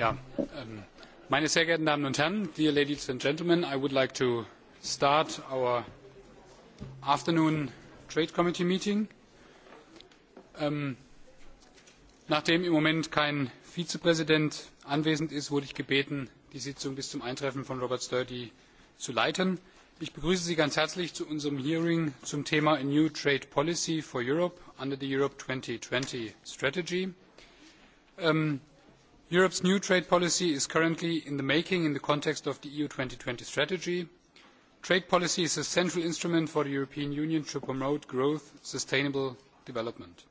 Yeah. Ähm, meine sehr geehrten Damen und Herren, dear ladies and gentlemen, I would like to start our afternoon Trade Committee meeting. Ähm, nachdem im Moment kein Vizepräsident anwesend ist, wurde ich gebeten, die Sitzung bis zum Eintreffen von Robert Sturdy zu leiten. Ich begrüße Sie ganz herzlich zu unserem Hearing zum Thema A New Trade Policy for Europe under the Europe 2020 Strategy. Ähm, Europe's new trade policy is currently in the making in the context of the EU 2020 strategy. Trade policy is a central instrument for the European Union to promote growth, sustainable development.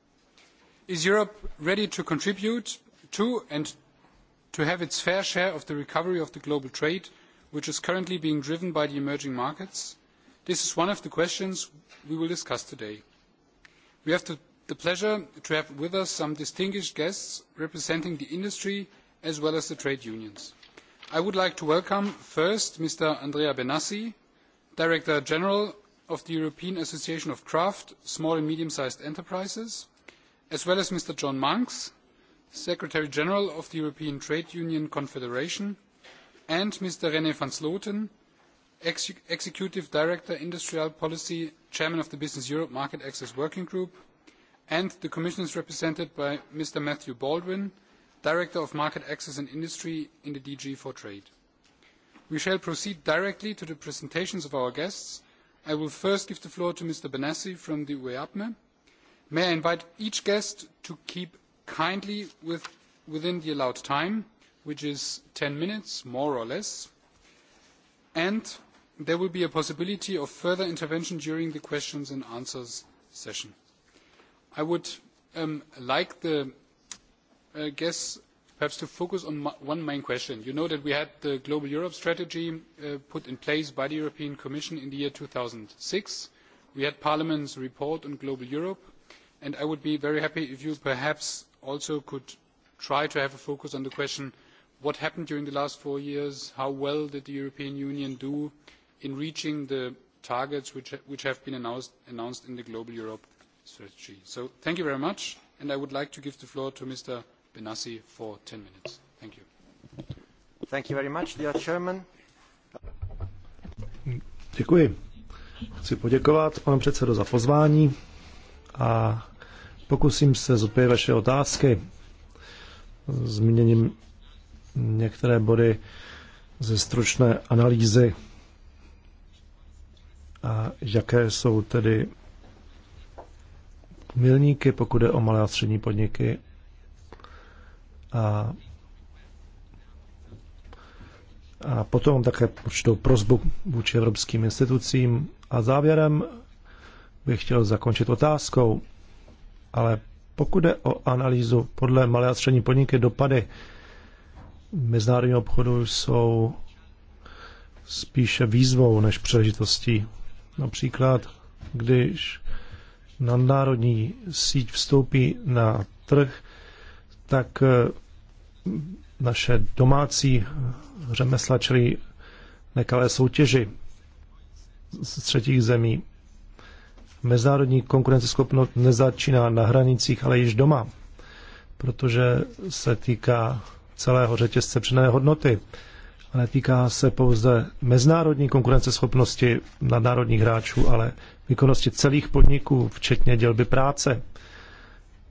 Is Europe ready to contribute to and to have its fair share of the recovery of the global trade, which is currently being driven by the emerging markets? This is one of the questions we will discuss today. We have to the pleasure to have with us some distinguished guests representing the industry as well as the trade unions. I would like to welcome first Mr. Andrea Benassi, Director General of the European Association of Craft, Small and Medium-Sized Enterprises, as well as Mr. John Monks, Secretary General of the European Trade Union Confederation, and Mr. René van Sloten, Ex Executive Director Industrial Policy, Chairman of the Business Europe Market Access Working Group, and the Commission is represented by Mr. Matthew Baldwin, Director of Market Access and Industry in the DG for Trade. We shall proceed directly to the presentations of our guests. I will first give the floor to Mr. Benassi from the UEPME. E. May I invite each guest to keep kindly within the allowed time, which is 10 minutes, more or less, and there will be a possibility of further intervention during the questions and answers session. I would um, like the uh, guests perhaps to focus on one main question. You know that we had the Global Europe strategy uh, put in place by the European Commission in the year two thousand and six We had Parliament's report on Global Europe, and I would be very happy if you perhaps also could try to have a focus on the question what happened during the last four years, how well did the European Union do in reaching the targets which, have been announced in the Global Europe strategy. thank you very much, and I would like to give the floor to Mr. Benassi for ten minutes. Thank you. Thank you very much, dear chairman. Děkuji. Chci poděkovat, pane předsedo, za pozvání a pokusím se zodpovědět vaše otázky. Zmíním některé body ze stručné analýzy a jaké jsou tedy milníky, pokud je o malé a střední podniky. A, a potom také určitou prozbu vůči evropským institucím. A závěrem bych chtěl zakončit otázkou, ale pokud je o analýzu podle malé a střední podniky dopady mezinárodního obchodu jsou spíše výzvou než přežitostí. Například, když nadnárodní síť vstoupí na trh, tak eh, naše domácí řemesla čelí nekalé soutěži z třetích zemí. Mezinárodní konkurenceschopnost nezačíná na hranicích, ale již doma, protože se týká celého řetězce přené hodnoty ale týká se pouze mezinárodní konkurenceschopnosti nadnárodních hráčů, ale výkonnosti celých podniků, včetně dělby práce,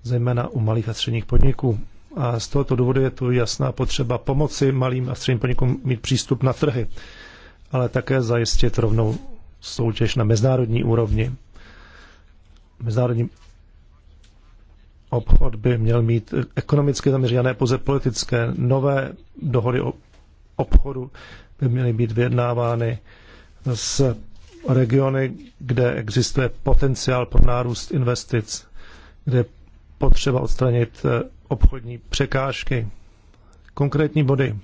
zejména u malých a středních podniků. A z tohoto důvodu je tu jasná potřeba pomoci malým a středním podnikům mít přístup na trhy, ale také zajistit rovnou soutěž na mezinárodní úrovni. Mezinárodní obchod by měl mít ekonomické zaměřené pouze politické. Nové dohody o obchodu by měly být vyjednávány s regiony, kde existuje potenciál pro nárůst investic, kde je potřeba odstranit eh, obchodní překážky. Konkrétní body.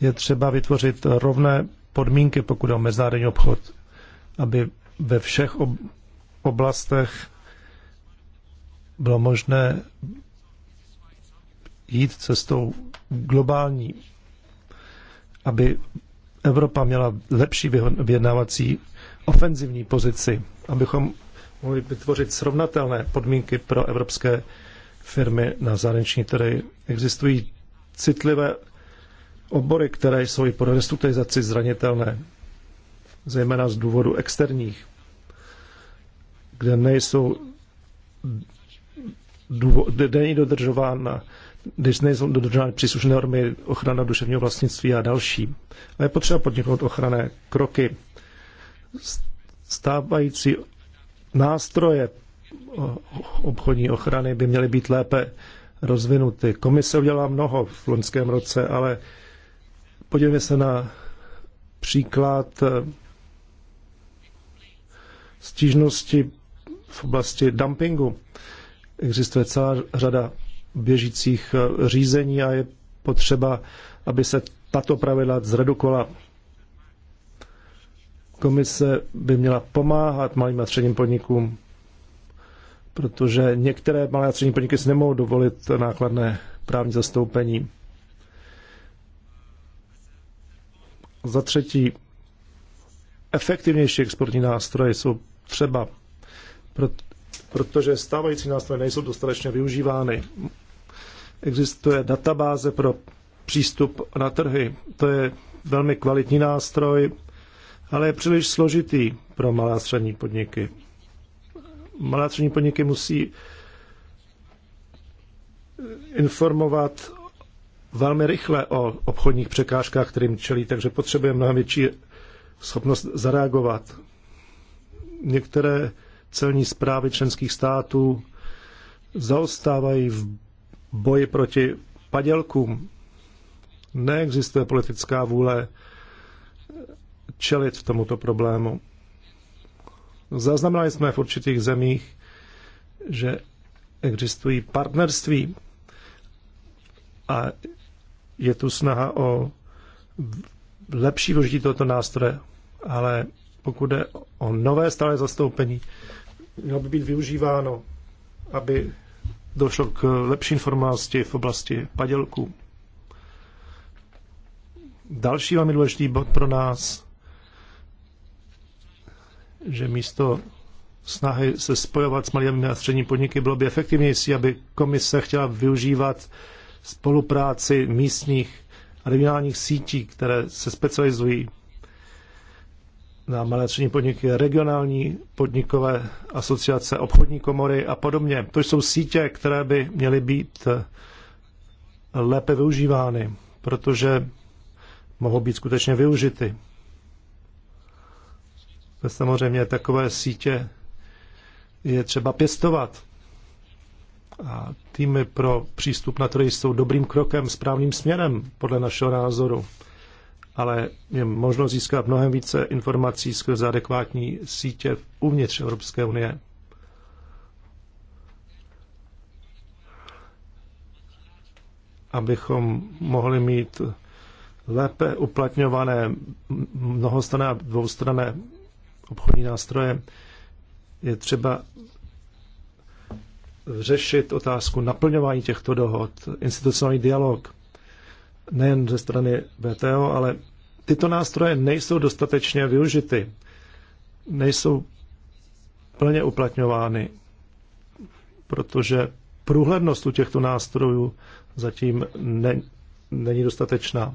Je třeba vytvořit rovné podmínky, pokud o mezinárodní obchod, aby ve všech oblastech bylo možné jít cestou globální aby Evropa měla lepší vyjednávací ofenzivní pozici, abychom mohli vytvořit srovnatelné podmínky pro evropské firmy na zahraniční trhy. Existují citlivé obory, které jsou i pro restrukturalizaci zranitelné, zejména z důvodu externích, kde nejsou důvod, není dodržována, když nejsou dodržovány příslušné normy ochrana duševního vlastnictví a další. A je potřeba podniknout ochranné kroky. Stávající nástroje obchodní ochrany by měly být lépe rozvinuty. Komise udělala mnoho v loňském roce, ale podívejme se na příklad eh, stížnosti v oblasti dumpingu. Existuje celá řada běžících eh, řízení a je potřeba, aby se tato pravidla zredukovala. Komise by měla pomáhat malým a středním podnikům, protože některé malé a střední podniky si nemohou dovolit nákladné právní zastoupení. Za třetí, efektivnější exportní nástroje jsou třeba protože stávající nástroje nejsou dostatečně využívány. Existuje databáze pro přístup na trhy. To je velmi kvalitní nástroj, ale je příliš složitý pro malé a střední podniky. Malé a střední podniky musí informovat velmi rychle o obchodních překážkách, kterým čelí, takže potřebuje mnohem větší schopnost zareagovat. Některé celní zprávy členských států zaostávají v boji proti padělkům. Neexistuje politická vůle čelit tomuto problému. Zaznamenali jsme v určitých zemích, že existují partnerství a je tu snaha o lepší využití tohoto nástroje, ale pokud jde o nové stále zastoupení, mělo by být využíváno, aby došlo k lepší informovanosti v oblasti padělků. Další velmi důležitý bod pro nás, že místo snahy se spojovat s malými a střední podniky bylo by efektivnější, aby komise chtěla využívat spolupráci místních a regionálních sítí, které se specializují na malé střední podniky, regionální podnikové asociace, obchodní komory a podobně. To jsou sítě, které by měly být eh, lépe využívány, protože mohou být skutečně využity. Samozřejmě takové sítě je třeba pěstovat. A týmy pro přístup na trhy jsou dobrým krokem, správným směrem, podle našeho názoru ale je možno získat mnohem více informací skrze adekvátní sítě uvnitř Evropské unie. Abychom mohli mít lépe uplatňované mnohostrané a dvoustrané obchodní nástroje, je třeba řešit otázku naplňování těchto dohod, institucionální dialog, nejen ze strany VTO, ale tyto nástroje nejsou dostatečně využity, nejsou plně uplatňovány, protože průhlednost u těchto nástrojů zatím ne, není dostatečná.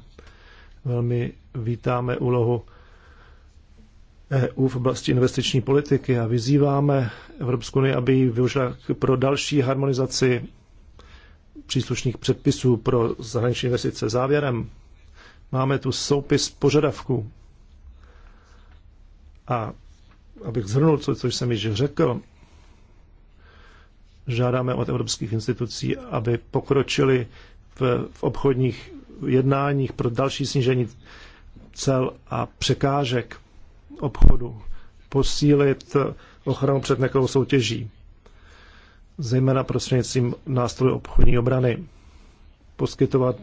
Velmi vítáme úlohu EU v oblasti investiční politiky a vyzýváme Evropskou unii, aby ji využila pro další harmonizaci příslušných předpisů pro zahraniční investice. Závěrem Máme tu soupis požadavků. A abych zhrnul, co, což jsem již řekl, žádáme od evropských institucí, aby pokročili v, v obchodních jednáních pro další snížení cel a překážek obchodu, posílit ochranu před nekalou soutěží, zejména prostřednictvím nástrojů obchodní obrany, poskytovat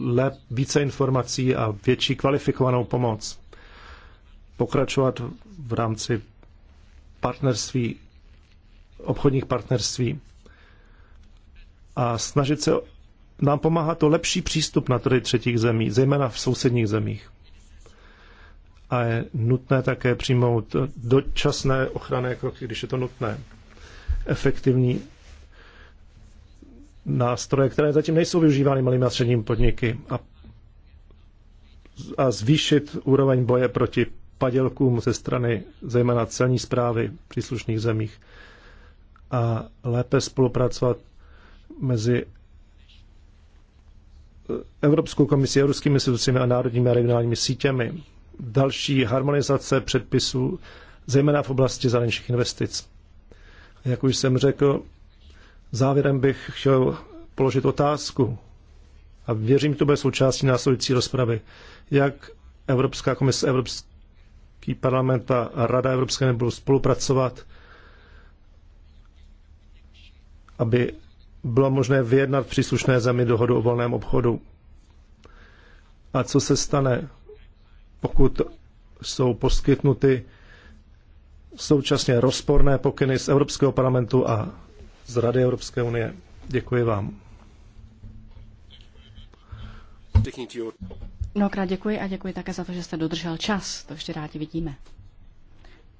lep, více informací a větší kvalifikovanou pomoc. Pokračovat v rámci partnerství, obchodních partnerství a snažit se nám pomáhá to lepší přístup na trhy třetích zemí, zejména v sousedních zemích. A je nutné také přijmout dočasné ochranné kroky, když je to nutné. Efektivní nástroje, které zatím nejsou využívány malými a středními podniky a, a zvýšit úroveň boje proti padělkům ze strany zejména celní zprávy v příslušných zemích a lépe spolupracovat mezi eh, Evropskou komisí, evropskými institucemi a národními a regionálními sítěmi. Další harmonizace předpisů, zejména v oblasti zahraničních investic. Jak už jsem řekl, Závěrem bych chtěl položit otázku a věřím, že to bude součástí následující rozpravy. Jak Evropská komise, Evropský parlament a Rada Evropské nebudou spolupracovat, aby bylo možné vyjednat příslušné zemi dohodu o volném obchodu. A co se stane, pokud jsou poskytnuty současně rozporné pokyny z Evropského parlamentu a z Rady Evropské unie. Děkuji vám. Mnohokrát děkuji a děkuji také za to, že jste dodržel čas. To vždy rádi vidíme.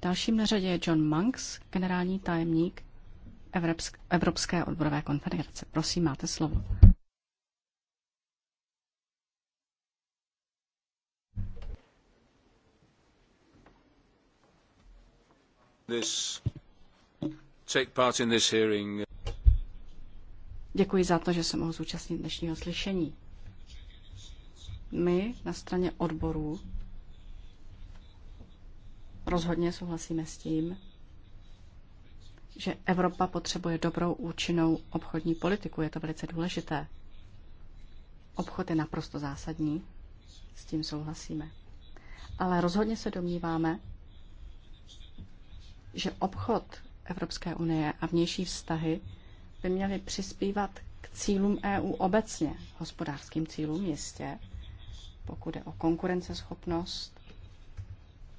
Dalším na řadě je John Monks, generální tajemník Evropské odborové konfederace. Prosím, máte slovo. This Děkuji za to, že se mohu zúčastnit dnešního slyšení. My na straně odborů rozhodně souhlasíme s tím, že Evropa potřebuje dobrou účinnou obchodní politiku. Je to velice důležité. Obchod je naprosto zásadní, s tím souhlasíme. Ale rozhodně se domníváme, že obchod Evropské unie a vnější vztahy by měly přispívat k cílům EU obecně, hospodářským cílům jistě, pokud je o konkurenceschopnost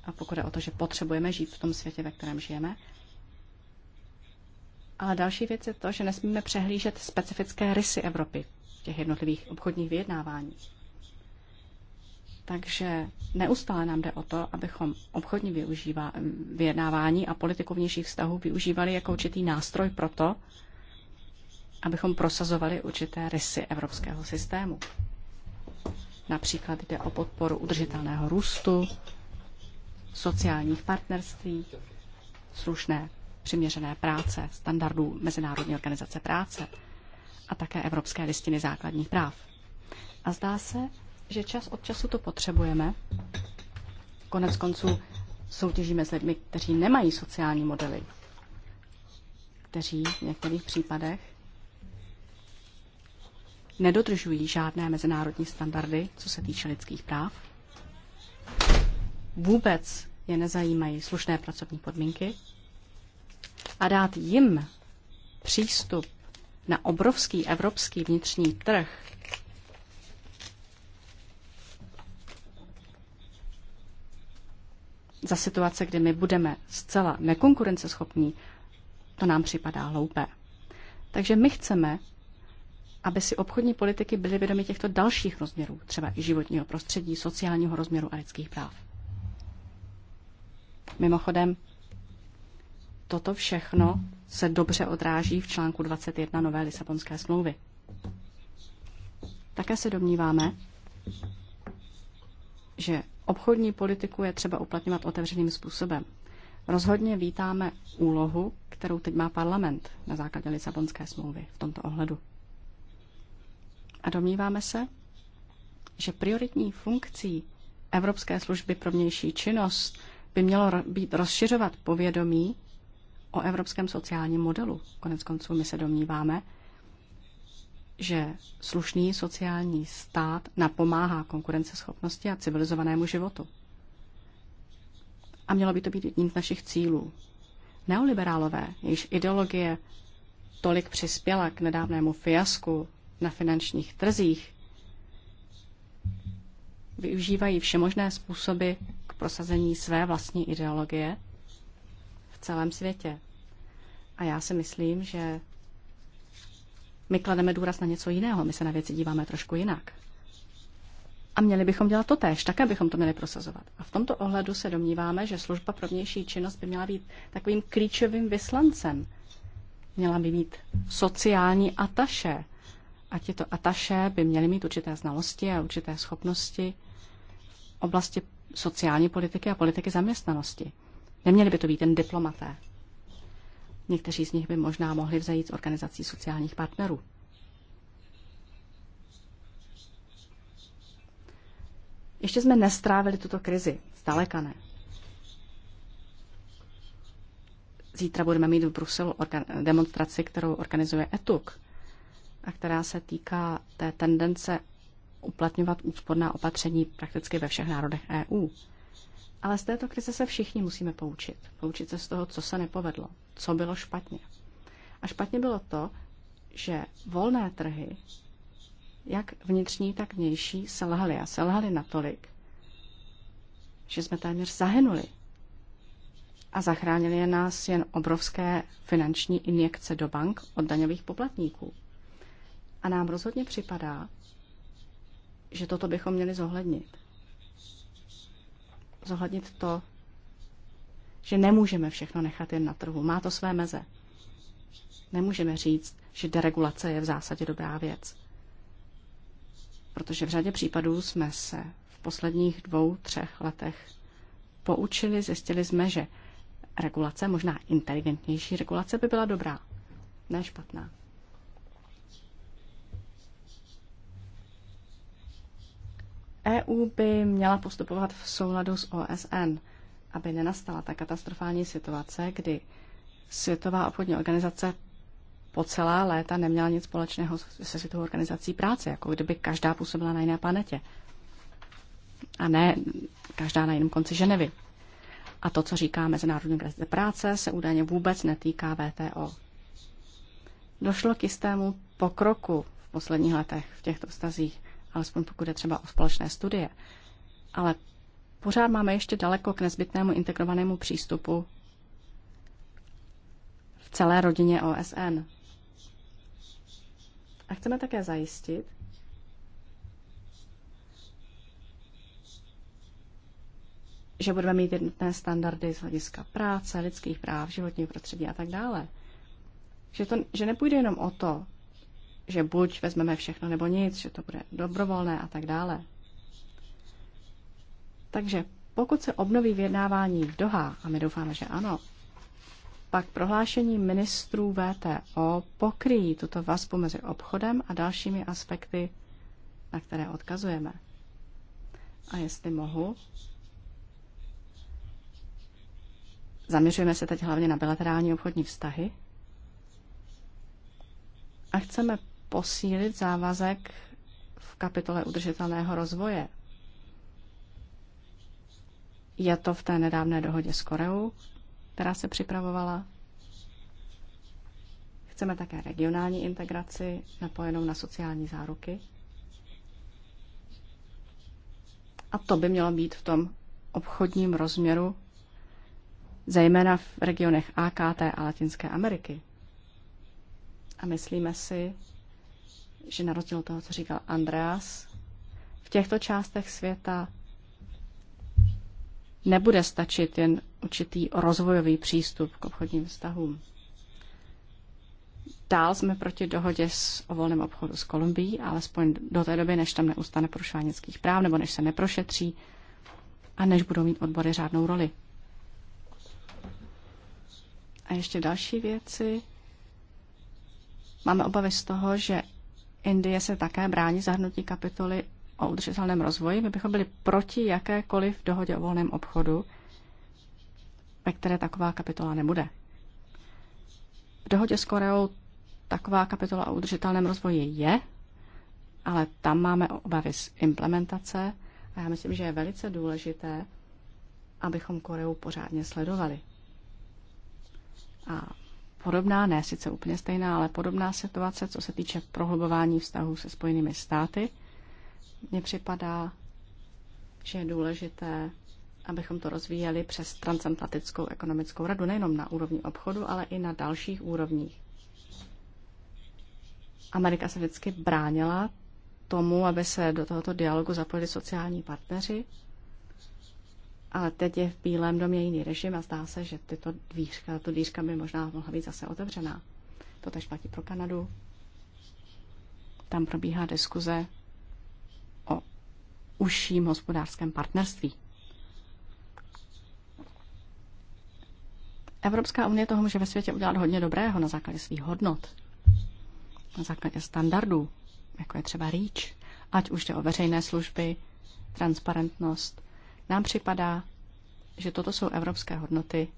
a pokud je o to, že potřebujeme žít v tom světě, ve kterém žijeme. Ale další věc je to, že nesmíme přehlížet specifické rysy Evropy v těch jednotlivých obchodních vyjednáváních. Takže neustále nám jde o to, abychom obchodní využívá, vyjednávání a politiku vnějších vztahů využívali jako určitý nástroj pro to, abychom prosazovali určité rysy evropského systému. Například jde o podporu udržitelného růstu, sociálních partnerství, slušné přiměřené práce, standardů Mezinárodní organizace práce a také Evropské listiny základních práv. A zdá se, že čas od času to potřebujeme. Konec konců soutěžíme s lidmi, kteří nemají sociální modely, kteří v některých případech nedodržují žádné mezinárodní standardy, co se týče lidských práv. Vůbec je nezajímají slušné pracovní podmínky. A dát jim přístup na obrovský evropský vnitřní trh za situace, kdy my budeme zcela nekonkurenceschopní, to nám připadá hloupé. Takže my chceme, aby si obchodní politiky byly vědomi těchto dalších rozměrů, třeba i životního prostředí, sociálního rozměru a lidských práv. Mimochodem, toto všechno se dobře odráží v článku 21 nové Lisabonské smlouvy. Také se domníváme, že Obchodní politiku je třeba uplatňovat otevřeným způsobem. Rozhodně vítáme úlohu, kterou teď má parlament na základě Lisabonské smlouvy v tomto ohledu. A domníváme se, že prioritní funkcí Evropské služby pro vnější činnost by mělo být rozšiřovat povědomí o evropském sociálním modelu. Konec konců my se domníváme, že slušný sociální stát napomáhá konkurenceschopnosti a civilizovanému životu. A mělo by to být jedním z našich cílů. Neoliberálové, jejichž ideologie tolik přispěla k nedávnému fiasku na finančních trzích, využívají všemožné způsoby k prosazení své vlastní ideologie v celém světě. A já si myslím, že my klademe důraz na něco jiného, my se na věci díváme trošku jinak. A měli bychom dělat to též, také bychom to měli prosazovat. A v tomto ohledu se domníváme, že služba pro vnější činnost by měla být takovým klíčovým vyslancem. Měla by mít sociální ataše. A tyto ataše by měli mít určité znalosti a určité schopnosti v oblasti sociální politiky a politiky zaměstnanosti. Neměli by to být jen diplomaté. Někteří z nich by možná mohli vzejít z organizací sociálních partnerů. Ještě jsme nestrávili tuto krizi, zdaleka ne. Zítra budeme mít v Bruselu demonstraci, kterou organizuje ETUK a která se týká té tendence uplatňovat úsporná opatření prakticky ve všech národech EU. Ale z této krize se všichni musíme poučit. Poučit se z toho, co se nepovedlo co bylo špatně. A špatně bylo to, že volné trhy, jak vnitřní, tak vnější, selhaly a selhaly natolik, že jsme téměř zahynuli a zachránili je nás jen obrovské finanční injekce do bank od daňových poplatníků. A nám rozhodně připadá, že toto bychom měli zohlednit. Zohlednit to, že nemůžeme všechno nechat jen na trhu. Má to své meze. Nemůžeme říct, že deregulace je v zásadě dobrá věc. Protože v řadě případů jsme se v posledních dvou, třech letech poučili, zjistili jsme, že regulace, možná inteligentnější regulace, by byla dobrá, ne špatná. EU by měla postupovat v souladu s OSN – aby nenastala ta katastrofální situace, kdy Světová obchodní organizace po celá léta neměla nic společného se Světovou organizací práce, jako kdyby každá působila na jiné planetě. A ne každá na jiném konci Ženevy. A to, co říká Mezinárodní organizace práce, se údajně vůbec netýká VTO. Došlo k jistému pokroku v posledních letech v těchto vztazích, alespoň pokud je třeba o společné studie. Ale pořád máme ještě daleko k nezbytnému integrovanému přístupu v celé rodině OSN. A chceme také zajistit, že budeme mít jednotné standardy z hlediska práce, lidských práv, životního prostředí a tak dále. Že, to, že nepůjde jenom o to, že buď vezmeme všechno nebo nic, že to bude dobrovolné a tak dále. Takže pokud se obnoví vyjednávání v Doha, a my doufáme, že ano, pak prohlášení ministrů VTO pokryjí tuto vazbu mezi obchodem a dalšími aspekty, na které odkazujeme. A jestli mohu, zaměřujeme se teď hlavně na bilaterální obchodní vztahy a chceme posílit závazek v kapitole udržitelného rozvoje je to v té nedávné dohodě s Koreou, která se připravovala. Chceme také regionální integraci napojenou na sociální záruky. A to by mělo být v tom obchodním rozměru, zejména v regionech AKT a Latinské Ameriky. A myslíme si, že na rozdíl toho, co říkal Andreas, v těchto částech světa nebude stačit jen určitý rozvojový přístup k obchodním vztahům. Dál jsme proti dohodě s, o volném obchodu s Kolumbií, alespoň do té doby, než tam neustane porušování práv nebo než se neprošetří a než budou mít odbory řádnou roli. A ještě další věci. Máme obavy z toho, že Indie se také brání zahrnutí kapitoly o udržitelném rozvoji, my bychom byli proti jakékoliv dohodě o volném obchodu, ve které taková kapitola nebude. V dohodě s Koreou taková kapitola o udržitelném rozvoji je, ale tam máme obavy z implementace a já myslím, že je velice důležité, abychom Koreu pořádně sledovali. A podobná, ne sice úplně stejná, ale podobná situace, co se týče prohlubování vztahů se Spojenými státy – mně připadá, že je důležité, abychom to rozvíjeli přes transatlantickou ekonomickou radu, nejenom na úrovni obchodu, ale i na dalších úrovních. Amerika se vždycky bránila tomu, aby se do tohoto dialogu zapojili sociální partneři, ale teď je v Bílém domě jiný režim a zdá se, že tyto dvířka, tato dvířka by možná mohla být zase otevřená. To tež platí pro Kanadu. Tam probíhá diskuze užším hospodářském partnerství. Evropská unie toho může ve světě udělat hodně dobrého na základě svých hodnot, na základě standardů, jako je třeba REACH, ať už jde o veřejné služby, transparentnost. Nám připadá, že toto jsou evropské hodnoty,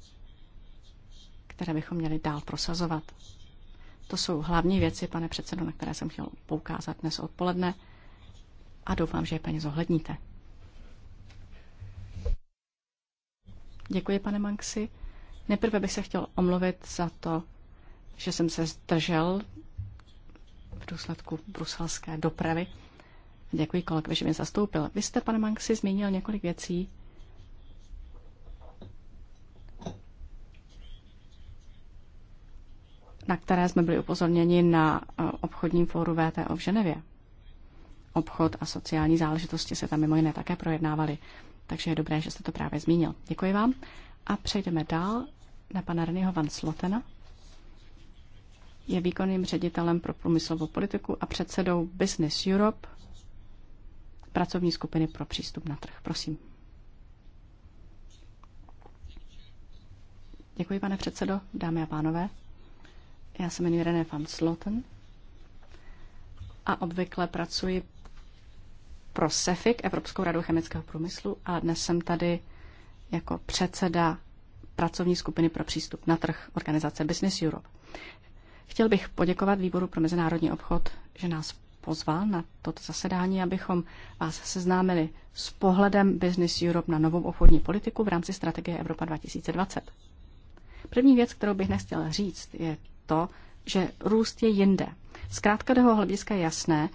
které bychom měli dál prosazovat. To jsou hlavní věci, pane předsedo, na které jsem chtěl poukázat dnes odpoledne a doufám, že je plně zohledníte. Děkuji, pane Manxi. Nejprve bych se chtěl omluvit za to, že jsem se zdržel v důsledku bruselské dopravy. Děkuji kolegovi, že mě zastoupil. Vy jste, pane Manxi, zmínil několik věcí. na které jsme byli upozorněni na eh, obchodním fóru VTO v Ženevě obchod a sociální záležitosti se tam mimo jiné také projednávaly. Takže je dobré, že jste to právě zmínil. Děkuji vám. A přejdeme dál na pana Reného Van Slotena. Je výkonným ředitelem pro průmyslovou politiku a předsedou Business Europe, pracovní skupiny pro přístup na trh. Prosím. Děkuji, pane předsedo, dámy a pánové. Já se jmenuji René van Sloten a obvykle pracuji pro SEFIC, Evropskou radu chemického průmyslu, a dnes jsem tady jako předseda pracovní skupiny pro přístup na trh organizace Business Europe. Chtěl bych poděkovat Výboru pro mezinárodní obchod, že nás pozval na toto zasedání, abychom vás seznámili s pohledem Business Europe na novou obchodní politiku v rámci strategie Evropa 2020. První věc, kterou bych nechtěl říct, je to, že růst je jinde. Z krátkodobého hlediska je jasné,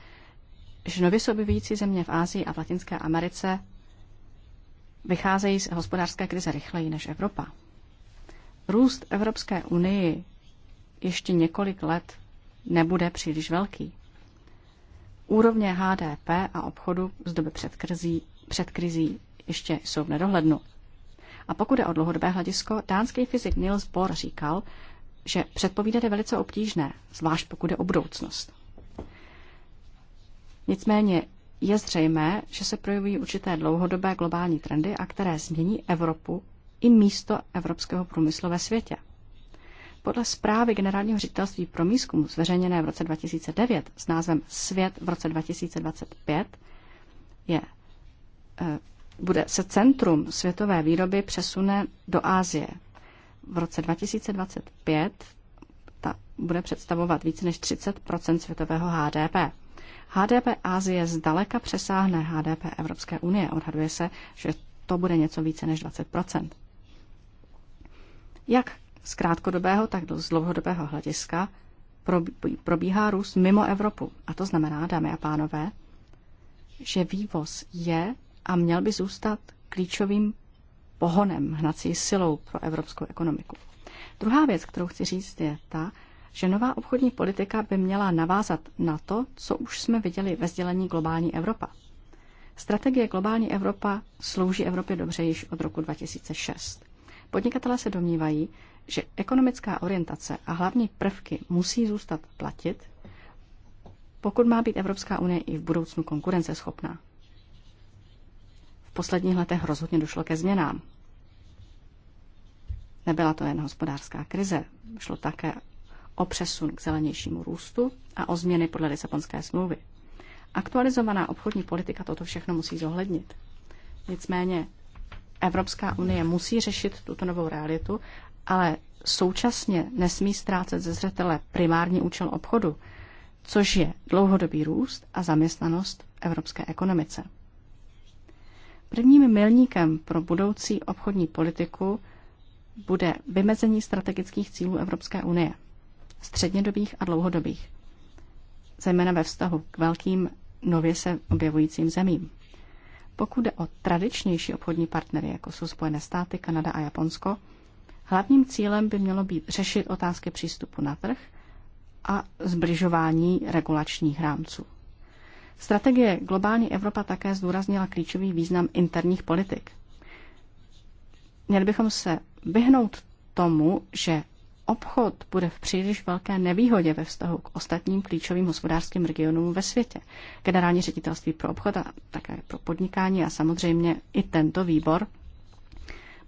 že nově se objevující země v Ázii a v Latinské Americe vycházejí z hospodářské krize rychleji než Evropa. Růst Evropské unii ještě několik let nebude příliš velký. Úrovně HDP a obchodu z doby před krizí, před krizí ještě jsou v nedohlednu. A pokud je o dlouhodobé hledisko, dánský fyzik Niels Bohr říkal, že předpovídat je velice obtížné, zvlášť pokud je o budoucnost. Nicméně je zřejmé, že se projevují určité dlouhodobé globální trendy, a které změní Evropu i místo evropského průmyslu ve světě. Podle zprávy Generálního ředitelství pro výzkum zveřejněné v roce 2009 s názvem Svět v roce 2025 je, eh, bude se centrum světové výroby přesune do Ázie. V roce 2025 ta bude představovat více než 30 světového HDP. HDP Asie zdaleka přesáhne HDP Evropské unie. Odhaduje se, že to bude něco více než 20 Jak z krátkodobého, tak z dlouhodobého hlediska probíhá růst mimo Evropu. A to znamená, dámy a pánové, že vývoz je a měl by zůstat klíčovým pohonem, hnací silou pro evropskou ekonomiku. Druhá věc, kterou chci říct, je ta, že nová obchodní politika by měla navázat na to, co už jsme viděli ve sdělení Globální Evropa. Strategie Globální Evropa slouží Evropě dobře již od roku 2006. Podnikatelé se domnívají, že ekonomická orientace a hlavní prvky musí zůstat platit, pokud má být Evropská unie i v budoucnu konkurenceschopná. V posledních letech rozhodně došlo ke změnám. Nebyla to jen hospodářská krize, šlo také o přesun k zelenějšímu růstu a o změny podle Lisabonské smlouvy. Aktualizovaná obchodní politika toto všechno musí zohlednit. Nicméně Evropská unie musí řešit tuto novou realitu, ale současně nesmí ztrácet ze zřetele primární účel obchodu, což je dlouhodobý růst a zaměstnanost v evropské ekonomice. Prvním milníkem pro budoucí obchodní politiku bude vymezení strategických cílů Evropské unie – střednědobých a dlouhodobých, zejména ve vztahu k velkým nově se objevujícím zemím. Pokud jde o tradičnější obchodní partnery, jako jsou Spojené státy, Kanada a Japonsko, hlavním cílem by mělo být řešit otázky přístupu na trh a zbližování regulačních rámců. Strategie Globální Evropa také zdůraznila klíčový význam interních politik. Měli bychom se vyhnout tomu, že obchod bude v příliš velké nevýhodě ve vztahu k ostatním klíčovým hospodářským regionům ve světě. Generální ředitelství pro obchod a také pro podnikání a samozřejmě i tento výbor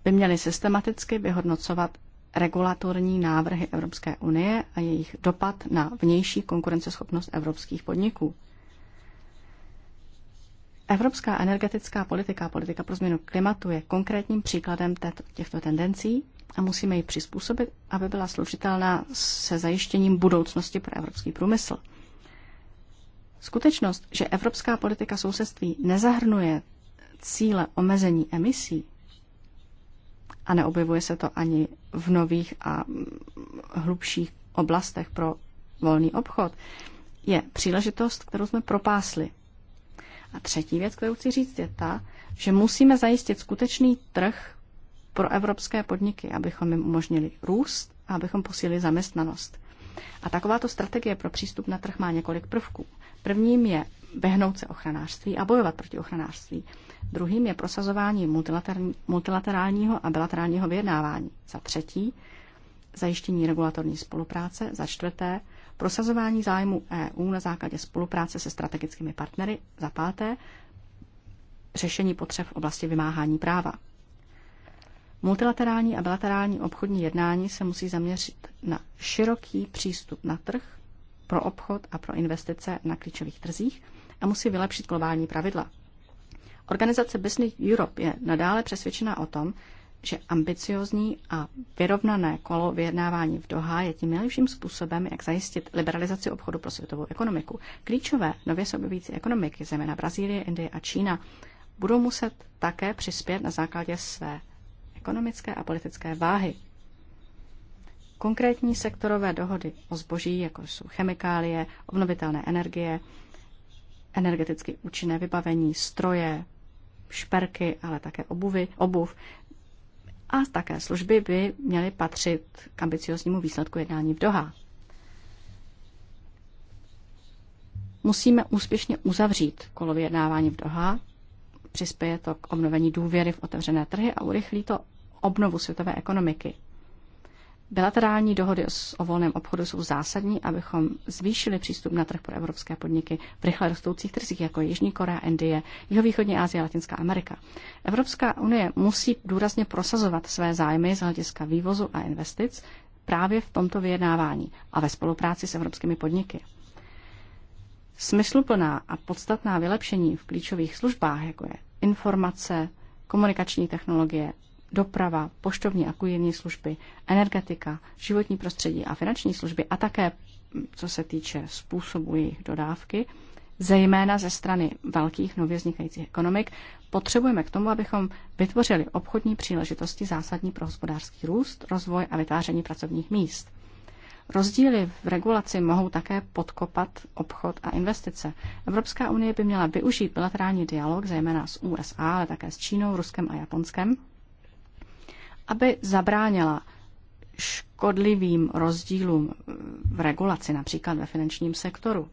by měli systematicky vyhodnocovat regulatorní návrhy Evropské unie a jejich dopad na vnější konkurenceschopnost evropských podniků. Evropská energetická politika a politika pro změnu klimatu je konkrétním příkladem těchto tendencí a musíme ji přizpůsobit, aby byla slučitelná se zajištěním budoucnosti pro evropský průmysl. Skutečnost, že evropská politika sousedství nezahrnuje cíle omezení emisí a neobjevuje se to ani v nových a hlubších oblastech pro volný obchod, je příležitost, kterou jsme propásli. A třetí věc, kterou chci říct, je ta, že musíme zajistit skutečný trh pro evropské podniky, abychom jim umožnili růst a abychom posílili zaměstnanost. A takováto strategie pro přístup na trh má několik prvků. Prvním je vyhnout se ochranářství a bojovat proti ochranářství. Druhým je prosazování multilaterálního a bilaterálního vyjednávání. Za třetí zajištění regulatorní spolupráce. Za čtvrté prosazování zájmu EU na základě spolupráce se strategickými partnery. Za páté řešení potřeb v oblasti vymáhání práva. Multilaterální a bilaterální obchodní jednání se musí zaměřit na široký přístup na trh pro obchod a pro investice na klíčových trzích a musí vylepšit globální pravidla. Organizace Business Europe je nadále přesvědčená o tom, že ambiciozní a vyrovnané kolo vyjednávání v Doha je tím nejlepším způsobem, jak zajistit liberalizaci obchodu pro světovou ekonomiku. Klíčové nově se objevující ekonomiky, zejména Brazílie, Indie a Čína, budou muset také přispět na základě své ekonomické a politické váhy. Konkrétní sektorové dohody o zboží, jako jsou chemikálie, obnovitelné energie, energeticky účinné vybavení, stroje, šperky, ale také obuvy, obuv a také služby by měly patřit k ambicioznímu výsledku jednání v Doha. Musíme úspěšně uzavřít kolo vyjednávání v Doha, přispěje to k obnovení důvěry v otevřené trhy a urychlí to obnovu světové ekonomiky. Bilaterální dohody o volném obchodu jsou zásadní, abychom zvýšili přístup na trh pro evropské podniky v rychle rostoucích trzích, jako Jižní Korea, Indie, Jihovýchodní Asie a Latinská Amerika. Evropská unie musí důrazně prosazovat své zájmy z hlediska vývozu a investic právě v tomto vyjednávání a ve spolupráci s evropskými podniky. Smysluplná a podstatná vylepšení v klíčových službách, jako je informace, komunikační technologie, doprava, poštovní a kujerní služby, energetika, životní prostředí a finanční služby a také, co se týče způsobu jejich dodávky, zejména ze strany velkých nově vznikajících ekonomik, potřebujeme k tomu, abychom vytvořili obchodní příležitosti zásadní pro hospodářský růst, rozvoj a vytváření pracovních míst. Rozdíly v regulaci mohou také podkopat obchod a investice. Evropská unie by měla využít bilaterální dialog, zejména s USA, ale také s Čínou, Ruskem a Japonskem, aby zabránila škodlivým rozdílům v regulaci, například ve finančním sektoru.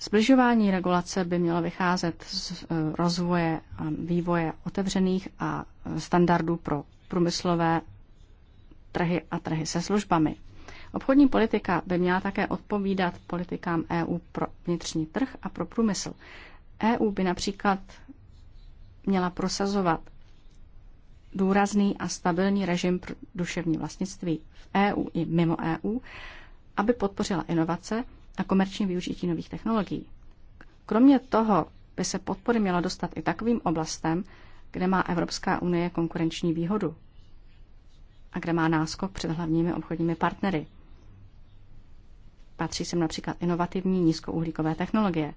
Zbližování regulace by mělo vycházet z eh, rozvoje a vývoje otevřených a standardů pro průmyslové trhy a trhy se službami. Obchodní politika by měla také odpovídat politikám EU pro vnitřní trh a pro průmysl. EU by například měla prosazovat důrazný a stabilní režim pro duševní vlastnictví v EU i mimo EU, aby podpořila inovace a komerční využití nových technologií. Kromě toho by se podpory měla dostat i takovým oblastem, kde má Evropská unie konkurenční výhodu a kde má náskok před hlavními obchodními partnery. Patří sem například inovativní nízkouhlíkové technologie.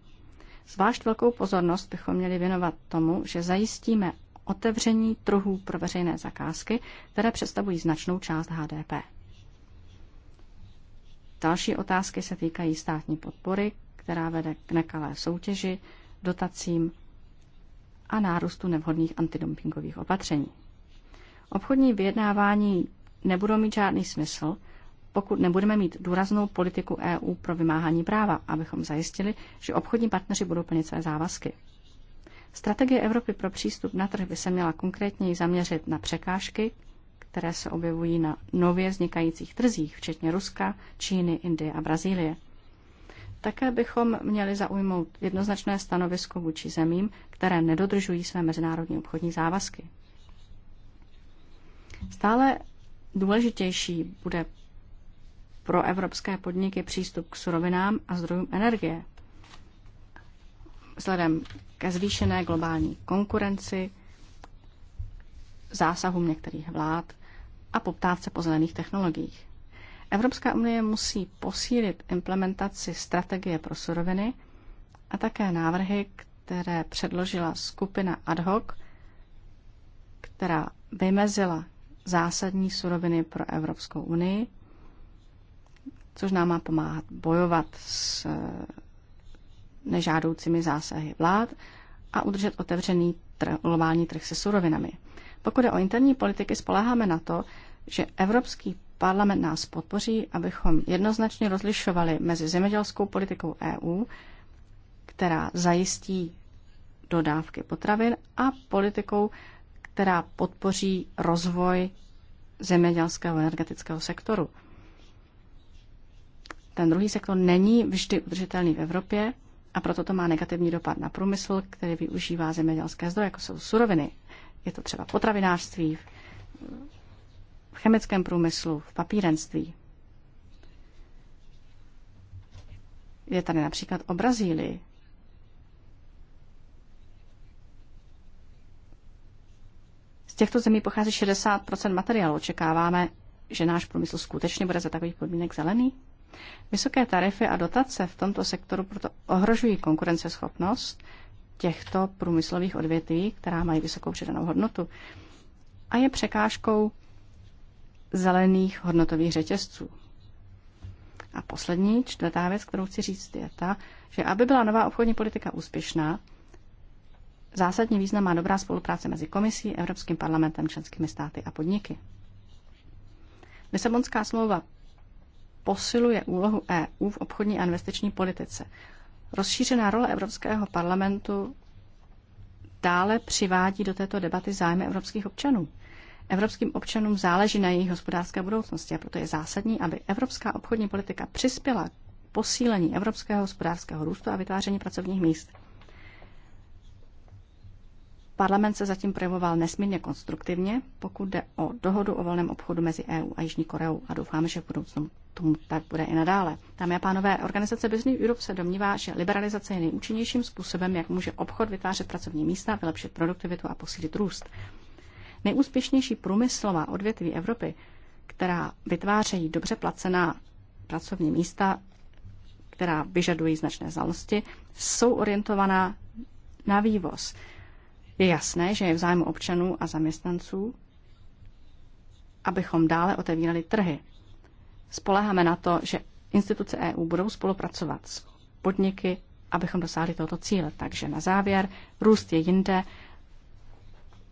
Zvlášť velkou pozornost bychom měli věnovat tomu, že zajistíme otevření trhů pro veřejné zakázky, které představují značnou část HDP. Další otázky se týkají státní podpory, která vede k nekalé soutěži, dotacím a nárůstu nevhodných antidumpingových opatření. Obchodní vyjednávání nebudou mít žádný smysl, pokud nebudeme mít důraznou politiku EU pro vymáhání práva, abychom zajistili, že obchodní partneři budou plnit své závazky. Strategie Evropy pro přístup na trh by se měla konkrétněji zaměřit na překážky, které se objevují na nově vznikajících trzích, včetně Ruska, Číny, Indie a Brazílie. Také bychom měli zaujmout jednoznačné stanovisko vůči zemím, které nedodržují své mezinárodní obchodní závazky. Stále důležitější bude pro evropské podniky přístup k surovinám a zdrojům energie – vzhledem ke zvýšené globální konkurenci, zásahům některých vlád a poptávce po zelených technologiích. Evropská unie musí posílit implementaci strategie pro suroviny a také návrhy, které předložila skupina ad hoc, která vymezila zásadní suroviny pro Evropskou unii, což nám má pomáhat bojovat s nežádoucími zásahy vlád a udržet otevřený tr- globální trh se surovinami. Pokud je o interní politiky, spoláháme na to, že Evropský parlament nás podpoří, abychom jednoznačně rozlišovali mezi zemědělskou politikou EU, která zajistí dodávky potravin, a politikou, která podpoří rozvoj zemědělského energetického sektoru. Ten druhý sektor není vždy udržitelný v Evropě a proto to má negativní dopad na průmysl, který využívá zemědělské zdroje, jako jsou suroviny. Je to třeba potravinářství, v chemickém průmyslu, v papírenství. Je tady například o Brazílii. Z těchto zemí pochází 60 materiálu. Očekáváme, že náš průmysl skutečně bude za takových podmínek zelený? Vysoké tarify a dotace v tomto sektoru proto ohrožují konkurenceschopnost těchto průmyslových odvětví, která mají vysokou přidanou hodnotu a je překážkou zelených hodnotových řetězců. A poslední, čtvrtá věc, kterou chci říct, je ta, že aby byla nová obchodní politika úspěšná, zásadní význam má dobrá spolupráce mezi komisí, Evropským parlamentem, členskými státy a podniky. Lisabonská smlouva posiluje úlohu EU v obchodní a investiční politice. Rozšířená role Evropského parlamentu dále přivádí do této debaty zájmy evropských občanů. Evropským občanům záleží na jejich hospodářské budoucnosti a proto je zásadní, aby evropská obchodní politika přispěla k posílení evropského hospodářského růstu a vytváření pracovních míst. Parlament se zatím projevoval nesmírně konstruktivně, pokud jde o dohodu o volném obchodu mezi EU a Jižní Koreou a doufáme, že v budoucnu tomu tak bude i nadále. Dámy a pánové, organizace Business Europe se domnívá, že liberalizace je nejúčinnějším způsobem, jak může obchod vytvářet pracovní místa, vylepšit produktivitu a posílit růst. Nejúspěšnější průmyslová odvětví Evropy, která vytvářejí dobře placená pracovní místa, která vyžadují značné znalosti, jsou orientovaná na vývoz. Je jasné, že je v zájmu občanů a zaměstnanců, abychom dále otevírali trhy Spoleháme na to, že instituce EU budou spolupracovat s podniky, abychom dosáhli tohoto cíle. Takže na závěr, růst je jinde.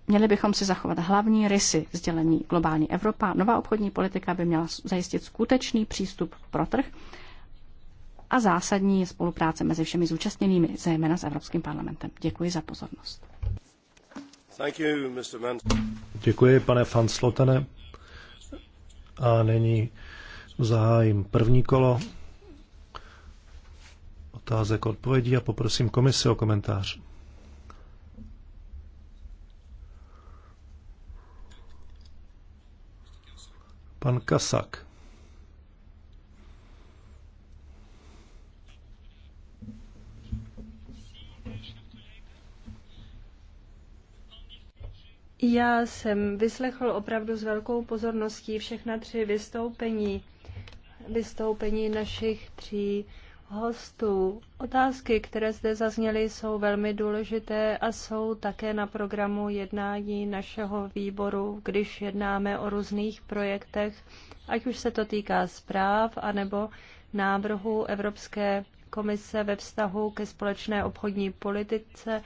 Měli bychom si zachovat hlavní rysy sdělení globální Evropa. Nová obchodní politika by měla zajistit skutečný přístup pro trh a zásadní je spolupráce mezi všemi zúčastněnými, zejména s Evropským parlamentem. Děkuji za pozornost. You, Děkuji, pane Fanslotene. A nyní Zahájím první kolo otázek odpovědí a poprosím komisi o komentář. Pan Kasak. Já jsem vyslechl opravdu s velkou pozorností všechna tři vystoupení vystoupení našich tří hostů. Otázky, které zde zazněly, jsou velmi důležité a jsou také na programu jednání našeho výboru, když jednáme o různých projektech, ať už se to týká zpráv anebo návrhu Evropské komise ve vztahu ke společné obchodní politice,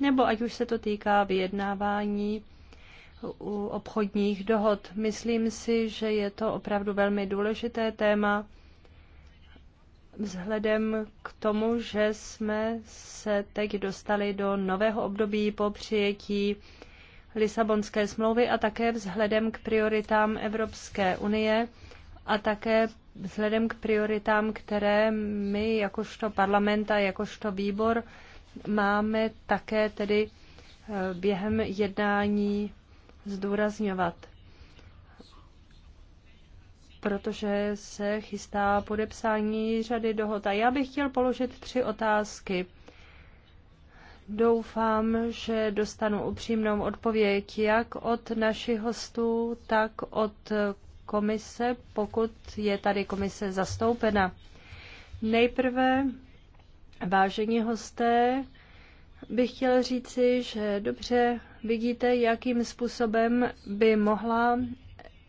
nebo ať už se to týká vyjednávání u obchodních dohod. Myslím si, že je to opravdu velmi důležité téma vzhledem k tomu, že jsme se teď dostali do nového období po přijetí Lisabonské smlouvy a také vzhledem k prioritám Evropské unie a také vzhledem k prioritám, které my jakožto parlament a jakožto výbor máme také tedy eh, během jednání zdůrazňovat, protože se chystá podepsání řady dohod. A já bych chtěl položit tři otázky. Doufám, že dostanu upřímnou odpověď jak od našich hostů, tak od komise, pokud je tady komise zastoupena. Nejprve, vážení hosté, bych chtěl říci, že dobře vidíte, jakým způsobem by mohla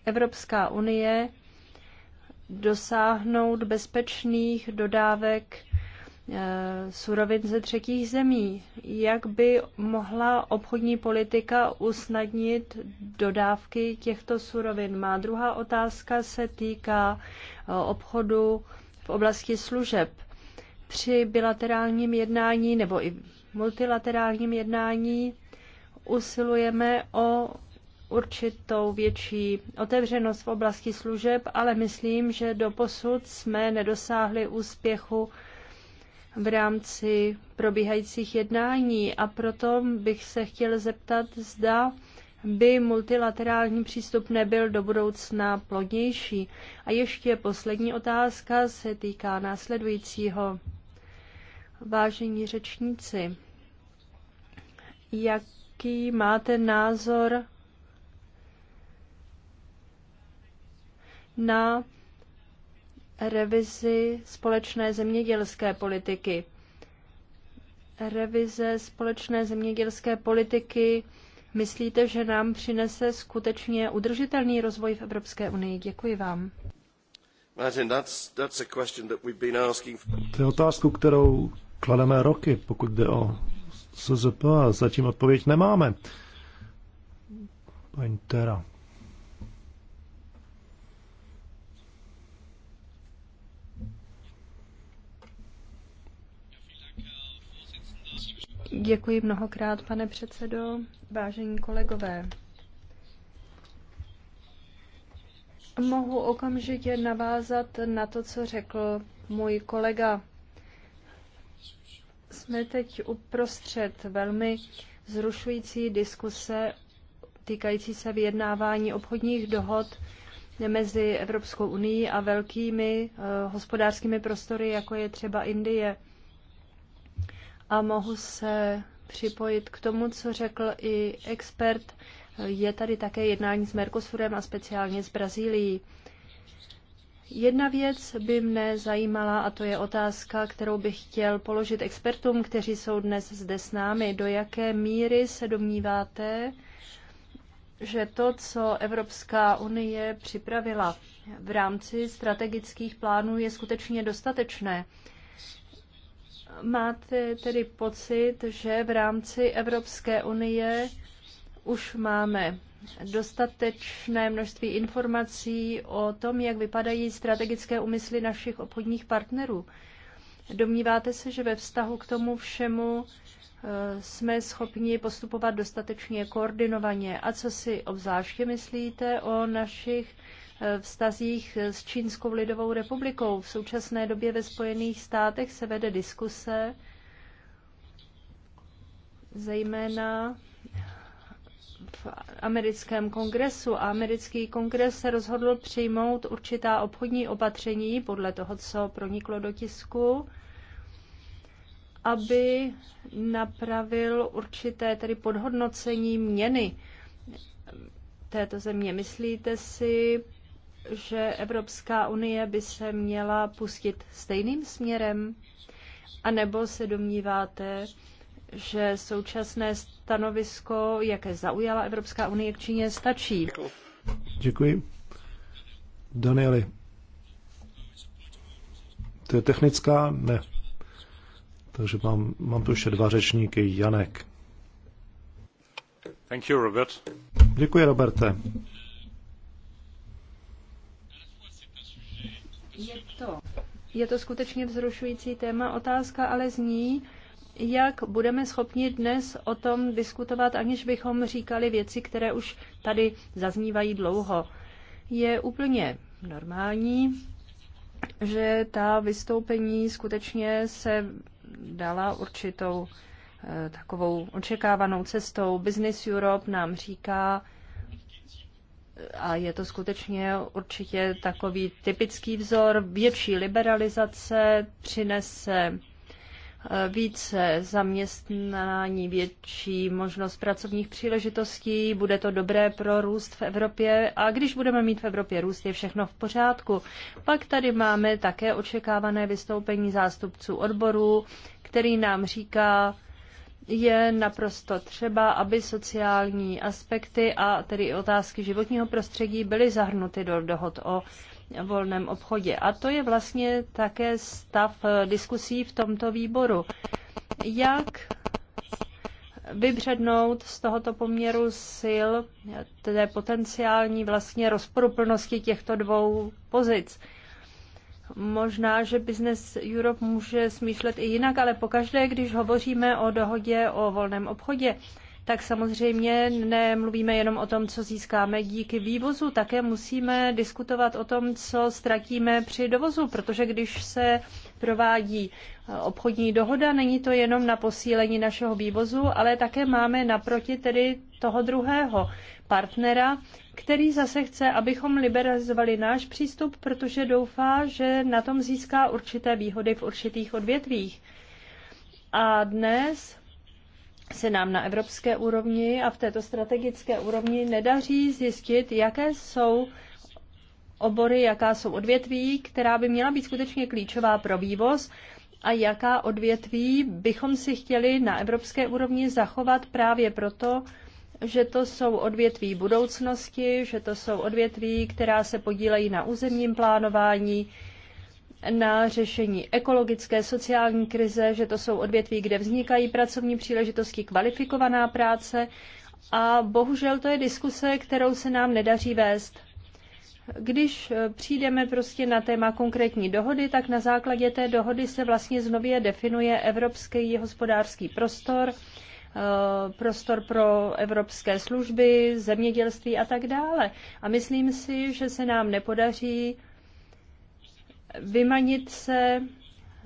Evropská unie dosáhnout bezpečných dodávek eh, surovin ze třetích zemí. Jak by mohla obchodní politika usnadnit dodávky těchto surovin? Má druhá otázka se týká eh, obchodu v oblasti služeb. Při bilaterálním jednání nebo i multilaterálním jednání usilujeme o určitou větší otevřenost v oblasti služeb, ale myslím, že doposud jsme nedosáhli úspěchu v rámci probíhajících jednání a proto bych se chtěl zeptat, zda by multilaterální přístup nebyl do budoucna plodnější. A ještě poslední otázka se týká následujícího. Vážení řečníci, jaký máte názor na revizi společné zemědělské politiky? Revize společné zemědělské politiky myslíte, že nám přinese skutečně udržitelný rozvoj v Evropské unii? Děkuji vám. Martin, that's, that's a question that we've been asking. To je otázku, kterou klademe roky, pokud jde o SZP a zatím odpověď nemáme. Paní Tera. Děkuji mnohokrát, pane předsedo, vážení kolegové. Mohu okamžitě navázat na to, co řekl můj kolega jsme teď uprostřed velmi zrušující diskuse týkající se vyjednávání obchodních dohod mezi Evropskou unii a velkými eh, hospodářskými prostory, jako je třeba Indie. A mohu se připojit k tomu, co řekl i expert. Je tady také jednání s Mercosurem a speciálně s Brazílií. Jedna věc by mne zajímala, a to je otázka, kterou bych chtěl položit expertům, kteří jsou dnes zde s námi. Do jaké míry se domníváte, že to, co Evropská unie připravila v rámci strategických plánů, je skutečně dostatečné? Máte tedy pocit, že v rámci Evropské unie už máme dostatečné množství informací o tom, jak vypadají strategické úmysly našich obchodních partnerů. Domníváte se, že ve vztahu k tomu všemu eh, jsme schopni postupovat dostatečně koordinovaně? A co si obzvláště myslíte o našich eh, vztazích s Čínskou lidovou republikou? V současné době ve Spojených státech se vede diskuse, zejména v americkém kongresu a americký kongres se rozhodl přijmout určitá obchodní opatření podle toho, co proniklo do tisku, aby napravil určité tedy podhodnocení měny této země. Myslíte si, že Evropská unie by se měla pustit stejným směrem? A nebo se domníváte, že současné stanovisko, jaké zaujala Evropská unie k Číně, stačí. Děkuji. Danieli. To je technická? Ne. Takže mám, mám tu ještě dva řečníky. Janek. Thank you, Robert. Děkuji, Roberte. Je to, je to skutečně vzrušující téma. Otázka ale zní, jak budeme schopni dnes o tom diskutovat, aniž bychom říkali věci, které už tady zaznívají dlouho. Je úplně normální, že ta vystoupení skutečně se dala určitou eh, takovou očekávanou cestou. Business Europe nám říká, a je to skutečně určitě takový typický vzor, větší liberalizace přinese více zaměstnání, větší možnost pracovních příležitostí, bude to dobré pro růst v Evropě a když budeme mít v Evropě růst, je všechno v pořádku. Pak tady máme také očekávané vystoupení zástupců odborů, který nám říká, je naprosto třeba, aby sociální aspekty a tedy otázky životního prostředí byly zahrnuty do dohod o volném obchodě. A to je vlastně také stav eh, diskusí v tomto výboru. Jak vybřednout z tohoto poměru sil, tedy potenciální vlastně rozporuplnosti těchto dvou pozic. Možná, že Business Europe může smýšlet i jinak, ale pokaždé, když hovoříme o dohodě o volném obchodě, tak samozřejmě nemluvíme jenom o tom, co získáme díky vývozu, také musíme diskutovat o tom, co ztratíme při dovozu, protože když se provádí obchodní dohoda, není to jenom na posílení našeho vývozu, ale také máme naproti tedy toho druhého partnera, který zase chce, abychom liberalizovali náš přístup, protože doufá, že na tom získá určité výhody v určitých odvětvích. A dnes se nám na evropské úrovni a v této strategické úrovni nedaří zjistit, jaké jsou obory, jaká jsou odvětví, která by měla být skutečně klíčová pro vývoz a jaká odvětví bychom si chtěli na evropské úrovni zachovat právě proto, že to jsou odvětví budoucnosti, že to jsou odvětví, která se podílejí na územním plánování, na řešení ekologické, sociální krize, že to jsou odvětví, kde vznikají pracovní příležitosti, kvalifikovaná práce a bohužel to je diskuse, kterou se nám nedaří vést. Když eh, přijdeme prostě na téma konkrétní dohody, tak na základě té dohody se vlastně znově definuje evropský hospodářský prostor, eh, prostor pro evropské služby, zemědělství a tak dále. A myslím si, že se nám nepodaří vymanit se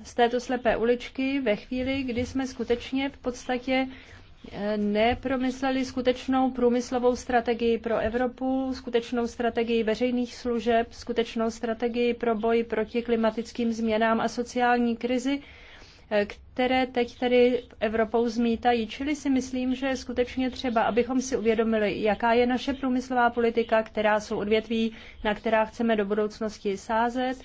z této slepé uličky ve chvíli, kdy jsme skutečně v podstatě eh, nepromysleli skutečnou průmyslovou strategii pro Evropu, skutečnou strategii veřejných služeb, skutečnou strategii pro boj proti klimatickým změnám a sociální krizi, eh, které teď tedy Evropou zmítají. Čili si myslím, že skutečně třeba, abychom si uvědomili, jaká je naše průmyslová politika, která jsou odvětví, na která chceme do budoucnosti sázet,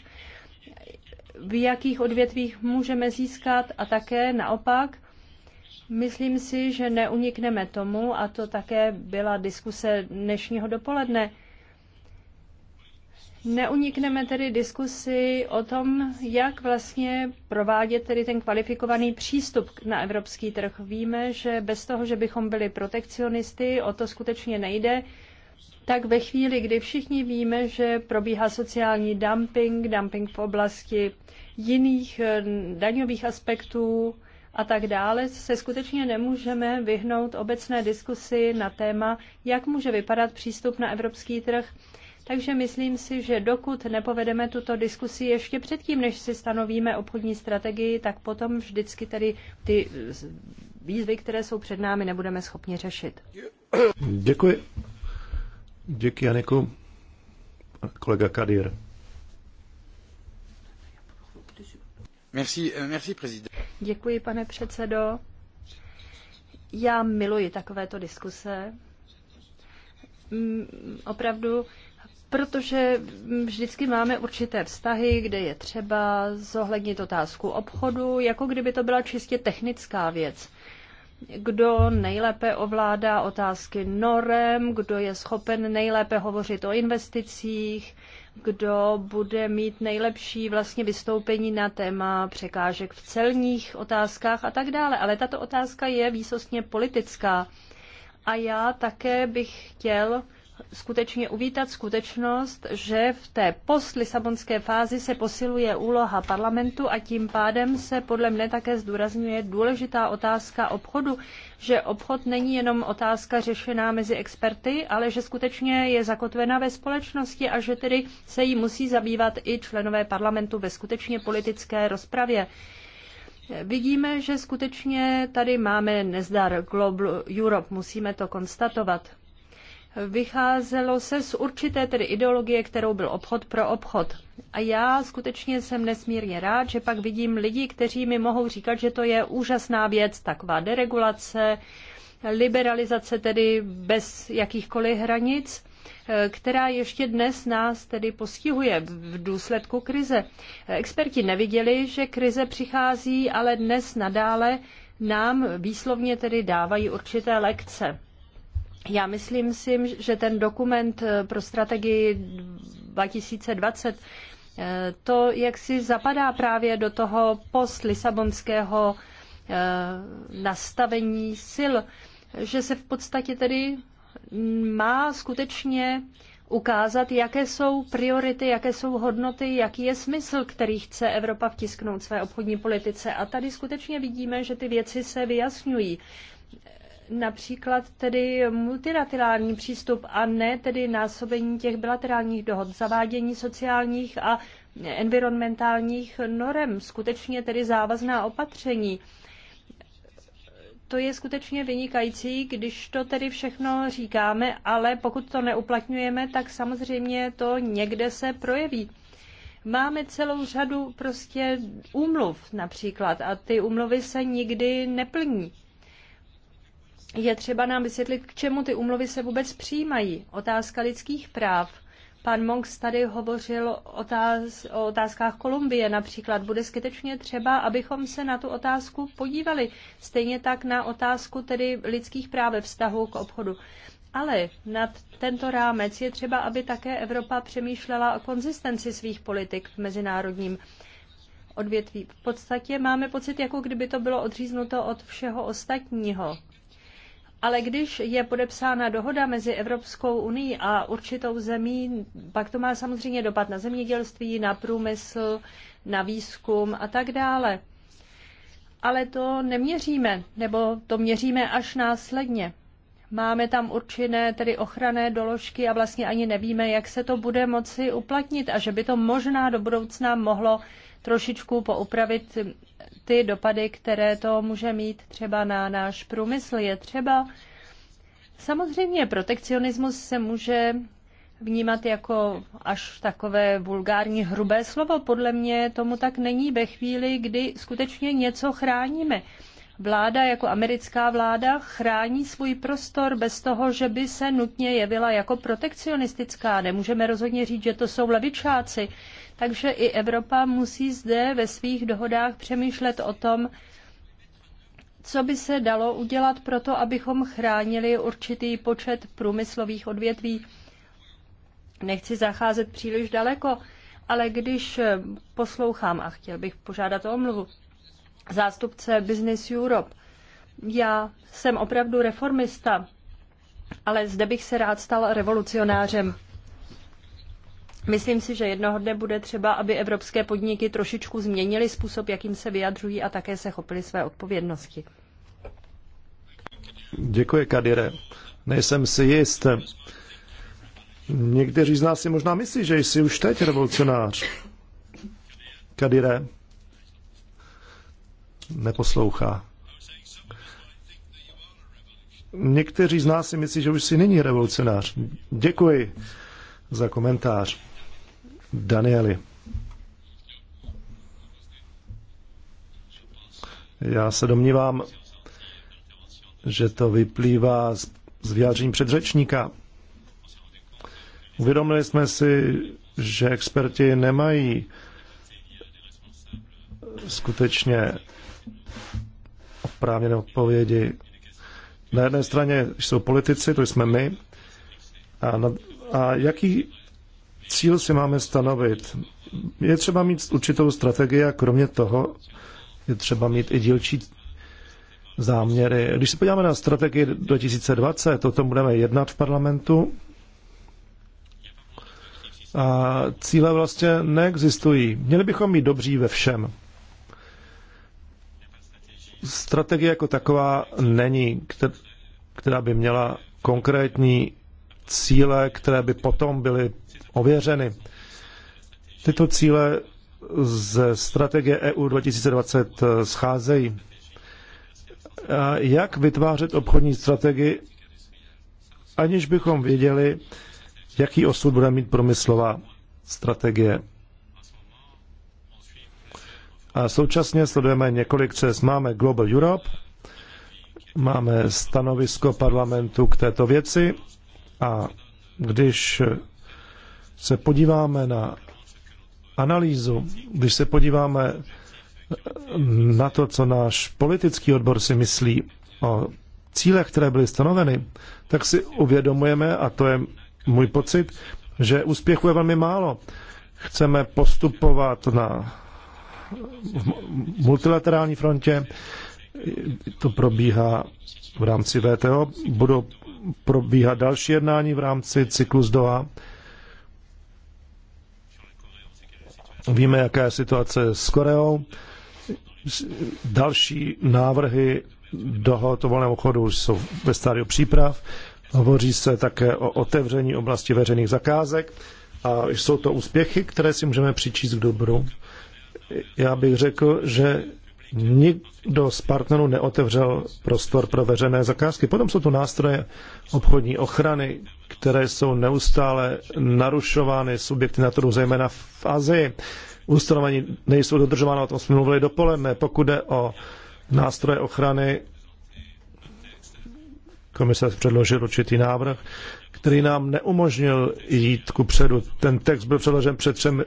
v jakých odvětvích můžeme získat a také naopak. Myslím si, že neunikneme tomu, a to také byla diskuse dnešního dopoledne, Neunikneme tedy diskusi o tom, jak vlastně provádět tedy ten kvalifikovaný přístup na evropský trh. Víme, že bez toho, že bychom byli protekcionisty, o to skutečně nejde tak ve chvíli, kdy všichni víme, že probíhá sociální dumping, dumping v oblasti jiných eh, daňových aspektů a tak dále, se skutečně nemůžeme vyhnout obecné diskusi na téma, jak může vypadat přístup na evropský trh. Takže myslím si, že dokud nepovedeme tuto diskusi ještě předtím, než si stanovíme obchodní strategii, tak potom vždycky tedy ty eh, výzvy, které jsou před námi, nebudeme schopni řešit. Děkuji. Děkuji, Janiku. Kolega Kadir. Merci, eh, merci, Děkuji, pane předsedo. Já miluji takovéto diskuse. Mm, opravdu protože vždycky máme určité vztahy, kde je třeba zohlednit otázku obchodu, jako kdyby to byla čistě technická věc kdo nejlépe ovládá otázky norem, kdo je schopen nejlépe hovořit o investicích, kdo bude mít nejlepší vlastně vystoupení na téma překážek v celních otázkách a tak dále. Ale tato otázka je výsostně politická. A já také bych chtěl skutečně uvítat skutečnost, že v té post-Lisabonské fázi se posiluje úloha parlamentu a tím pádem se podle mne také zdůrazňuje důležitá otázka obchodu, že obchod není jenom otázka řešená mezi experty, ale že skutečně je zakotvena ve společnosti a že tedy se jí musí zabývat i členové parlamentu ve skutečně politické rozpravě. Vidíme, že skutečně tady máme nezdar Global Europe, musíme to konstatovat vycházelo se z určité tedy ideologie, kterou byl obchod pro obchod. A já skutečně jsem nesmírně rád, že pak vidím lidi, kteří mi mohou říkat, že to je úžasná věc, taková deregulace, liberalizace tedy bez jakýchkoliv hranic eh, která ještě dnes nás tedy postihuje v důsledku krize. Experti neviděli, že krize přichází, ale dnes nadále nám výslovně tedy dávají určité lekce. Já myslím si, že ten dokument eh, pro strategii 2020 eh, to jak si zapadá právě do toho post-lisabonského eh, nastavení sil, že se v podstatě tedy má skutečně ukázat, jaké jsou priority, jaké jsou hodnoty, jaký je smysl, který chce Evropa vtisknout své obchodní politice. A tady skutečně vidíme, že ty věci se vyjasňují například tedy multilaterální přístup a ne tedy násobení těch bilaterálních dohod, zavádění sociálních a environmentálních norem, skutečně tedy závazná opatření. To je skutečně vynikající, když to tedy všechno říkáme, ale pokud to neuplatňujeme, tak samozřejmě to někde se projeví máme celou řadu prostě úmluv například a ty úmluvy se nikdy neplní je třeba nám vysvětlit, k čemu ty umluvy se vůbec přijímají. Otázka lidských práv. Pan Monks tady hovořil otáz, o otázkách Kolumbie například. Bude skutečně třeba, abychom se na tu otázku podívali. Stejně tak na otázku tedy lidských práv ve vztahu k obchodu. Ale nad tento rámec je třeba, aby také Evropa přemýšlela o konzistenci svých politik v mezinárodním odvětví. V podstatě máme pocit, jako kdyby to bylo odříznuto od všeho ostatního ale když je podepsána dohoda mezi Evropskou unii a určitou zemí, pak to má samozřejmě dopad na zemědělství, na průmysl, na výzkum a tak dále. Ale to neměříme, nebo to měříme až následně. Máme tam určené tedy ochranné doložky a vlastně ani nevíme, jak se to bude moci uplatnit a že by to možná do budoucna mohlo trošičku poupravit ty dopady, které to může mít třeba na náš průmysl. Je třeba Samozřejmě protekcionismus se může vnímat jako až takové vulgární hrubé slovo. Podle mě tomu tak není ve chvíli, kdy skutečně něco chráníme vláda jako americká vláda chrání svůj prostor bez toho, že by se nutně jevila jako protekcionistická. Nemůžeme rozhodně říct, že to jsou levičáci. Takže i Evropa musí zde ve svých dohodách přemýšlet o tom, co by se dalo udělat pro to, abychom chránili určitý počet průmyslových odvětví. Nechci zacházet příliš daleko, ale když poslouchám a chtěl bych požádat o omluvu, zástupce Business Europe. Já jsem opravdu reformista, ale zde bych se rád stal revolucionářem. Myslím si, že jednoho dne bude třeba, aby evropské podniky trošičku změnily způsob, jakým se vyjadřují a také se chopily své odpovědnosti. Děkuji, Kadire. Nejsem si jist. Někteří z nás si možná myslí, že jsi už teď revolucionář. Kadire, neposlouchá. Někteří z nás si myslí, že už si není revolucionář. Děkuji za komentář. Danieli. Já se domnívám, že to vyplývá z, z vyjádření předřečníka. Uvědomili jsme si, že experti nemají skutečně oprávněné odpovědi. Na jedné straně jsou politici, to jsme my, a, na, a jaký cíl si máme stanovit? Je třeba mít určitou strategii a kromě toho je třeba mít i dílčí záměry. Když se podíváme na strategii 2020, o tom budeme jednat v parlamentu. A cíle vlastně neexistují. Měli bychom být dobří ve všem strategie jako taková není, která by měla konkrétní cíle, které by potom byly ověřeny. Tyto cíle ze strategie EU 2020 scházejí. A jak vytvářet obchodní strategii, aniž bychom věděli, jaký osud bude mít promyslová strategie. A současně sledujeme několik cest. Máme Global Europe, máme stanovisko parlamentu k této věci a když se podíváme na analýzu, když se podíváme na to, co náš politický odbor si myslí o cílech, které byly stanoveny, tak si uvědomujeme, a to je můj pocit, že úspěchu je velmi málo. Chceme postupovat na v multilaterální frontě. To probíhá v rámci VTO. Budou probíhat další jednání v rámci cyklu z Doha. Víme, jaká je situace s Koreou. Další návrhy dohod o volném obchodu jsou ve stádiu příprav. Hovoří se také o otevření oblasti veřejných zakázek a jsou to úspěchy, které si můžeme přičíst k dobru já bych řekl, že nikdo z partnerů neotevřel prostor pro veřejné zakázky. Potom jsou tu nástroje obchodní ochrany, které jsou neustále narušovány subjekty na trhu, zejména v Azii. Ustanovení nejsou dodržována, o tom jsme mluvili dopoledne. Pokud jde o nástroje ochrany, komise předložil určitý návrh, který nám neumožnil jít ku předu. Ten text byl předložen před třemi,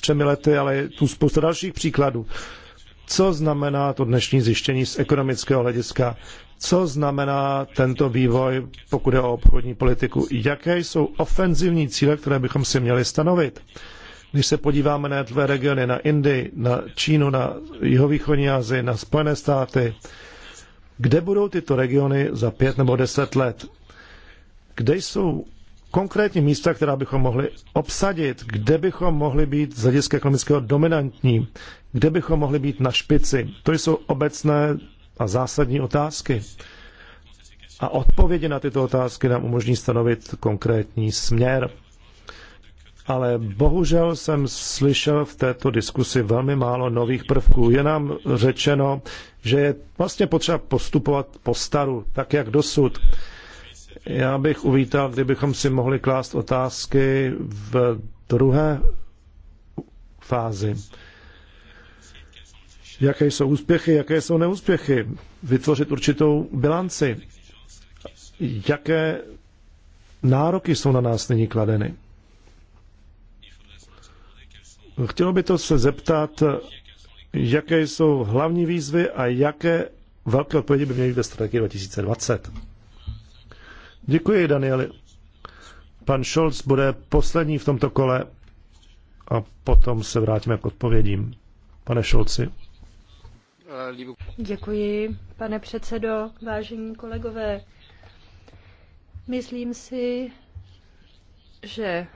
třemi lety, ale je tu spousta dalších příkladů. Co znamená to dnešní zjištění z ekonomického hlediska? Co znamená tento vývoj, pokud je o obchodní politiku? Jaké jsou ofenzivní cíle, které bychom si měli stanovit? Když se podíváme na tvé regiony, na Indii, na Čínu, na jihovýchodní Asii, na Spojené státy, kde budou tyto regiony za pět nebo deset let? kde jsou konkrétní místa, která bychom mohli obsadit, kde bychom mohli být z hlediska ekonomického dominantní, kde bychom mohli být na špici. To jsou obecné a zásadní otázky. A odpovědi na tyto otázky nám umožní stanovit konkrétní směr. Ale bohužel jsem slyšel v této diskusi velmi málo nových prvků. Je nám řečeno, že je vlastně potřeba postupovat po staru, tak jak dosud. Já bych uvítal, kdybychom si mohli klást otázky v druhé fázi. Jaké jsou úspěchy, jaké jsou neúspěchy? Vytvořit určitou bilanci. Jaké nároky jsou na nás nyní kladeny? Chtělo by to se zeptat, jaké jsou hlavní výzvy a jaké velké odpovědi by měly být ve strategii 2020. Děkuji, Danieli. Pan Scholz bude poslední v tomto kole a potom se vrátíme k odpovědím. Pane Scholzi. Děkuji, pane předsedo, vážení kolegové. Myslím si, že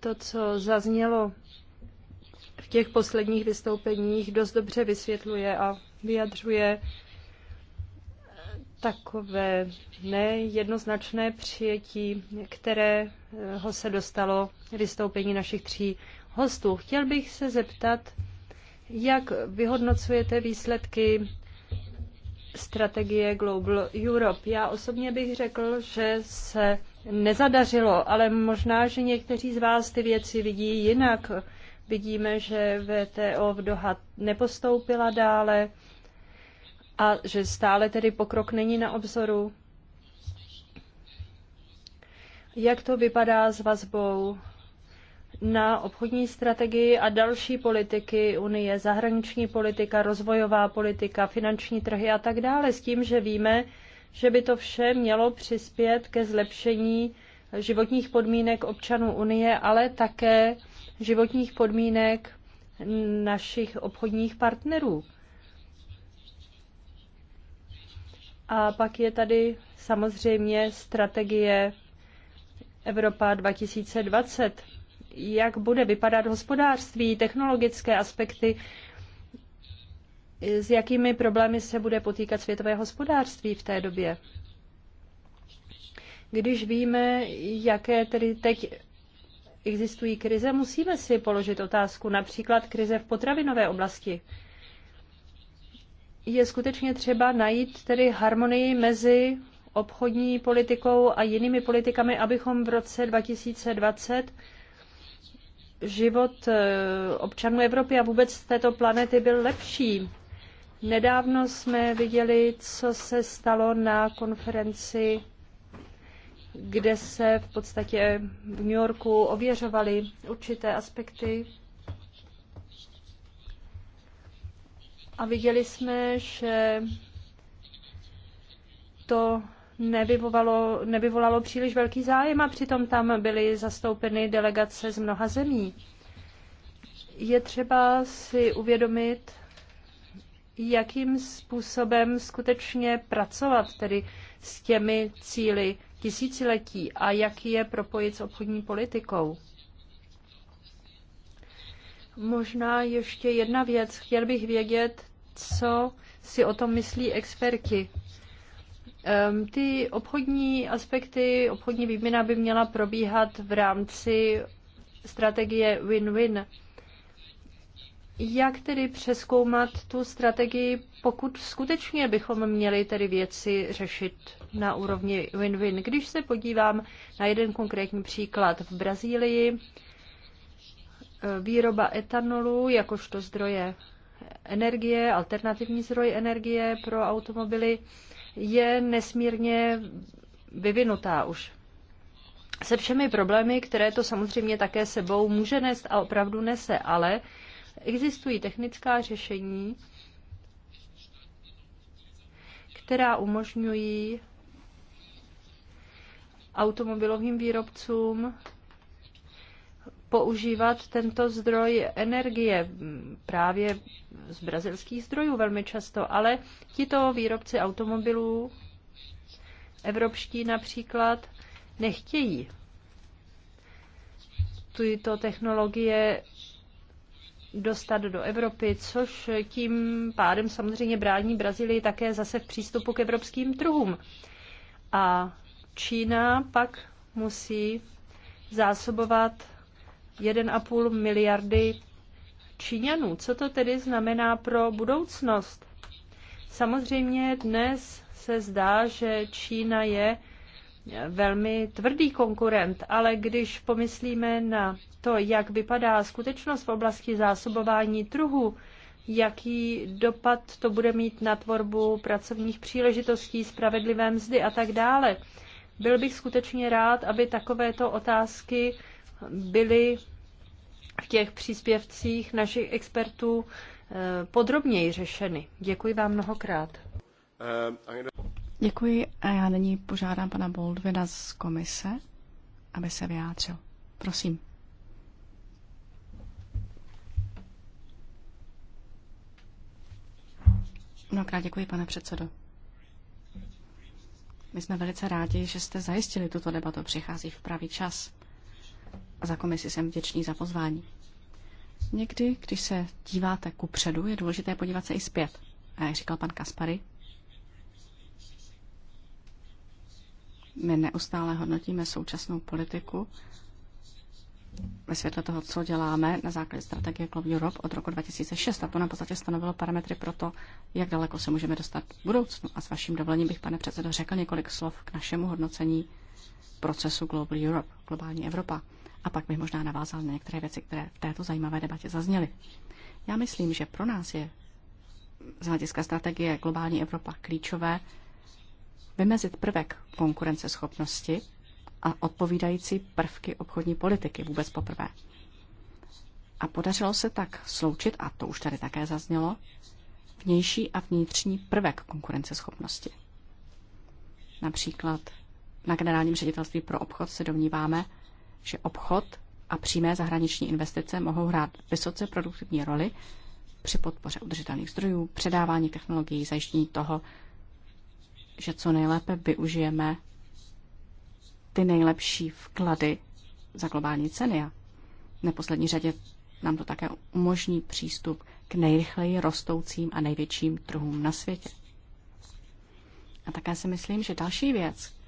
to, co zaznělo v těch posledních vystoupeních, dost dobře vysvětluje a vyjadřuje takové nejednoznačné přijetí, kterého eh, se dostalo vystoupení našich tří hostů. Chtěl bych se zeptat, jak vyhodnocujete výsledky strategie Global Europe. Já osobně bych řekl, že se nezadařilo, ale možná, že někteří z vás ty věci vidí jinak. Vidíme, že VTO v Doha nepostoupila dále a že stále tedy pokrok není na obzoru. Jak to vypadá s vazbou na obchodní strategii a další politiky Unie, zahraniční politika, rozvojová politika, finanční trhy a tak dále, s tím, že víme, že by to vše mělo přispět ke zlepšení životních podmínek občanů Unie, ale také životních podmínek našich obchodních partnerů. A pak je tady samozřejmě strategie Evropa 2020. Jak bude vypadat hospodářství, technologické aspekty, s jakými problémy se bude potýkat světové hospodářství v té době. Když víme, jaké tedy teď existují krize, musíme si položit otázku, například krize v potravinové oblasti je skutečně třeba najít tedy harmonii mezi obchodní politikou a jinými politikami, abychom v roce 2020 život eh, občanů Evropy a vůbec této planety byl lepší. Nedávno jsme viděli, co se stalo na konferenci, kde se v podstatě v New Yorku ověřovaly určité aspekty a viděli jsme, že to nevyvolalo, nevyvolalo příliš velký zájem a přitom tam byly zastoupeny delegace z mnoha zemí. Je třeba si uvědomit, jakým způsobem skutečně pracovat tedy s těmi cíly tisíciletí a jak je propojit s obchodní politikou. Možná ještě jedna věc. Chtěl bych vědět, co si o tom myslí experti. Ty obchodní aspekty, obchodní výměna by měla probíhat v rámci strategie win-win. Jak tedy přeskoumat tu strategii, pokud skutečně bychom měli tedy věci řešit na úrovni win-win? Když se podívám na jeden konkrétní příklad v Brazílii, eh, výroba etanolu jakožto zdroje energie, alternativní zdroj energie pro automobily je nesmírně vyvinutá už. Se všemi problémy, které to samozřejmě také sebou může nést a opravdu nese, ale existují technická řešení, která umožňují automobilovým výrobcům používat tento zdroj energie právě z brazilských zdrojů velmi často, ale tito výrobci automobilů, evropští například, nechtějí tyto technologie dostat do Evropy, což tím pádem samozřejmě brání Brazílii také zase v přístupu k evropským trhům. A Čína pak musí zásobovat 1,5 miliardy Číňanů. Co to tedy znamená pro budoucnost? Samozřejmě dnes se zdá, že Čína je velmi tvrdý konkurent, ale když pomyslíme na to, jak vypadá skutečnost v oblasti zásobování trhu, jaký dopad to bude mít na tvorbu pracovních příležitostí, spravedlivé mzdy a tak dále. Byl bych skutečně rád, aby takovéto otázky byly v těch příspěvcích našich expertů eh, podrobněji řešeny. Děkuji vám mnohokrát. Děkuji a já nyní požádám pana Boldvina z komise, aby se vyjádřil. Prosím. Mnohokrát děkuji, pane předsedo. My jsme velice rádi, že jste zajistili tuto debatu, přichází v pravý čas a za komisi jsem vděčný za pozvání. Někdy, když se díváte ku předu, je důležité podívat se i zpět. A jak říkal pan Kaspary, my neustále hodnotíme současnou politiku ve světle toho, co děláme na základě strategie Club Europe od roku 2006. A to v podstatě stanovilo parametry pro to, jak daleko se můžeme dostat v budoucnu. A s vaším dovolením bych, pane předsedo, řekl několik slov k našemu hodnocení procesu Global Europe, globální Evropa. A pak bych možná navázal na některé věci, které v této zajímavé debatě zazněly. Já myslím, že pro nás je z hlediska strategie Globální Evropa klíčové vymezit prvek konkurenceschopnosti a odpovídající prvky obchodní politiky vůbec poprvé. A podařilo se tak sloučit, a to už tady také zaznělo, vnější a vnitřní prvek konkurenceschopnosti. Například na generálním ředitelství pro obchod se domníváme, že obchod a přímé zahraniční investice mohou hrát vysoce produktivní roli při podpoře udržitelných zdrojů, předávání technologií, zajištění toho, že co nejlépe využijeme ty nejlepší vklady za globální ceny. A v neposlední řadě nám to také umožní přístup k nejrychleji rostoucím a největším trhům na světě. A také si myslím, že další věc,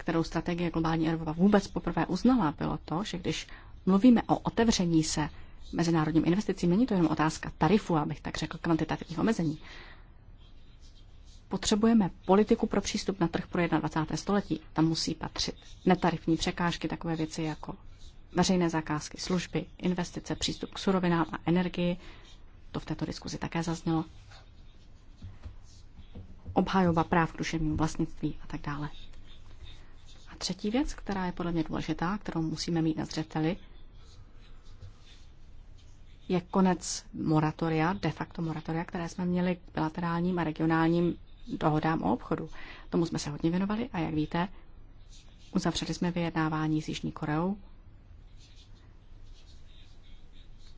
kterou strategie globální Evropa vůbec poprvé uznala, bylo to, že když mluvíme o otevření se mezinárodním investicím, není to jenom otázka tarifu, abych tak řekl, kvantitativních omezení. Potřebujeme politiku pro přístup na trh pro 21. století. Tam musí patřit netarifní překážky, takové věci jako veřejné zakázky, služby, investice, přístup k surovinám a energii. To v této diskuzi také zaznělo. Obhajoba práv k duševnímu vlastnictví a tak dále třetí věc, která je podle mě důležitá, kterou musíme mít na zřeteli, je konec moratoria, de facto moratoria, které jsme měli k bilaterálním a regionálním dohodám o obchodu. Tomu jsme se hodně věnovali a jak víte, uzavřeli jsme vyjednávání s Jižní Koreou.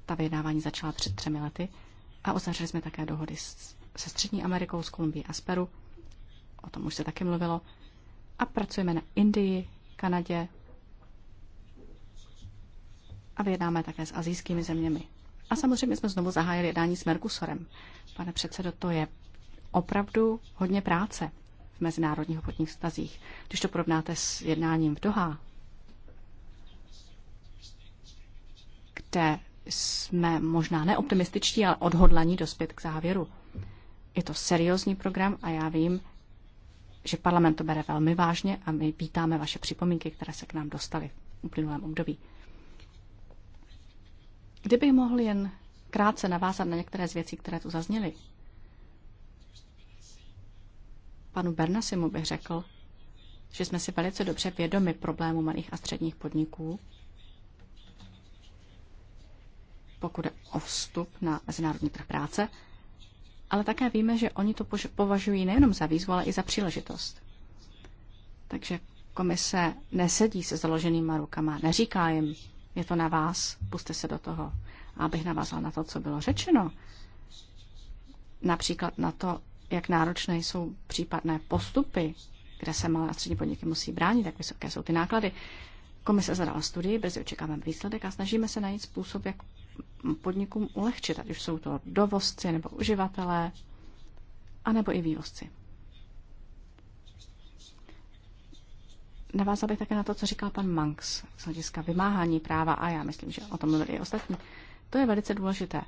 Ta vyjednávání začala před třemi lety a uzavřeli jsme také dohody se Střední Amerikou, s Kolumbií a Speru. O tom už se také mluvilo a pracujeme na Indii, Kanadě a vyjednáme také s azijskými zeměmi. A samozřejmě jsme znovu zahájili jednání s Mercusorem. Pane předsedo, to je opravdu hodně práce v mezinárodních obchodních stazích. Když to porovnáte s jednáním v Doha, kde jsme možná neoptimističtí, ale odhodlaní dospět k závěru. Je to seriózní program a já vím, že parlament to bere velmi vážně a my vítáme vaše připomínky, které se k nám dostaly v uplynulém období. Kdybych mohl jen krátce navázat na některé z věcí, které tu zazněly. Panu Bernasimu bych řekl, že jsme si velice dobře vědomi problému malých a středních podniků, pokud je o vstup na mezinárodní trh práce, ale také víme, že oni to považují nejenom za výzvu, ale i za příležitost. Takže komise nesedí se založenýma rukama, neříká jim, je to na vás, puste se do toho. abych navázal na to, co bylo řečeno, například na to, jak náročné jsou případné postupy, kde se malé a střední podniky musí bránit, jak vysoké jsou ty náklady. Komise zadala studii, brzy očekáváme výsledek a snažíme se najít způsob, jak podnikům ulehčit, ať už jsou to dovozci nebo uživatelé, anebo i vývozci. Navázal bych také na to, co říkal pan Manx z hlediska vymáhání práva a já myslím, že o tom mluvili i ostatní. To je velice důležité.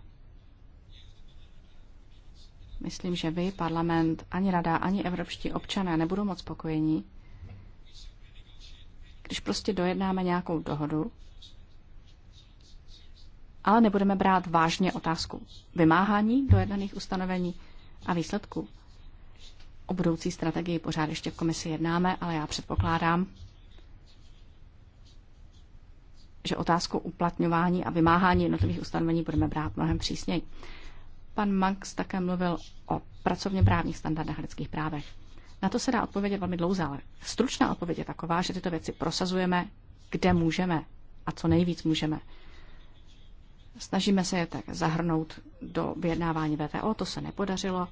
Myslím, že vy, parlament, ani rada, ani evropští občané nebudou moc spokojení, když prostě dojednáme nějakou dohodu, ale nebudeme brát vážně otázku vymáhání dojednaných ustanovení a výsledků. O budoucí strategii pořád ještě v komisi jednáme, ale já předpokládám, že otázku uplatňování a vymáhání jednotlivých ustanovení budeme brát mnohem přísněji. Pan Max také mluvil o pracovně právních standardech a lidských právech. Na to se dá odpovědět velmi dlouze, ale stručná odpověď je taková, že tyto věci prosazujeme, kde můžeme a co nejvíc můžeme. Snažíme se je tak zahrnout do vyjednávání VTO, to se nepodařilo.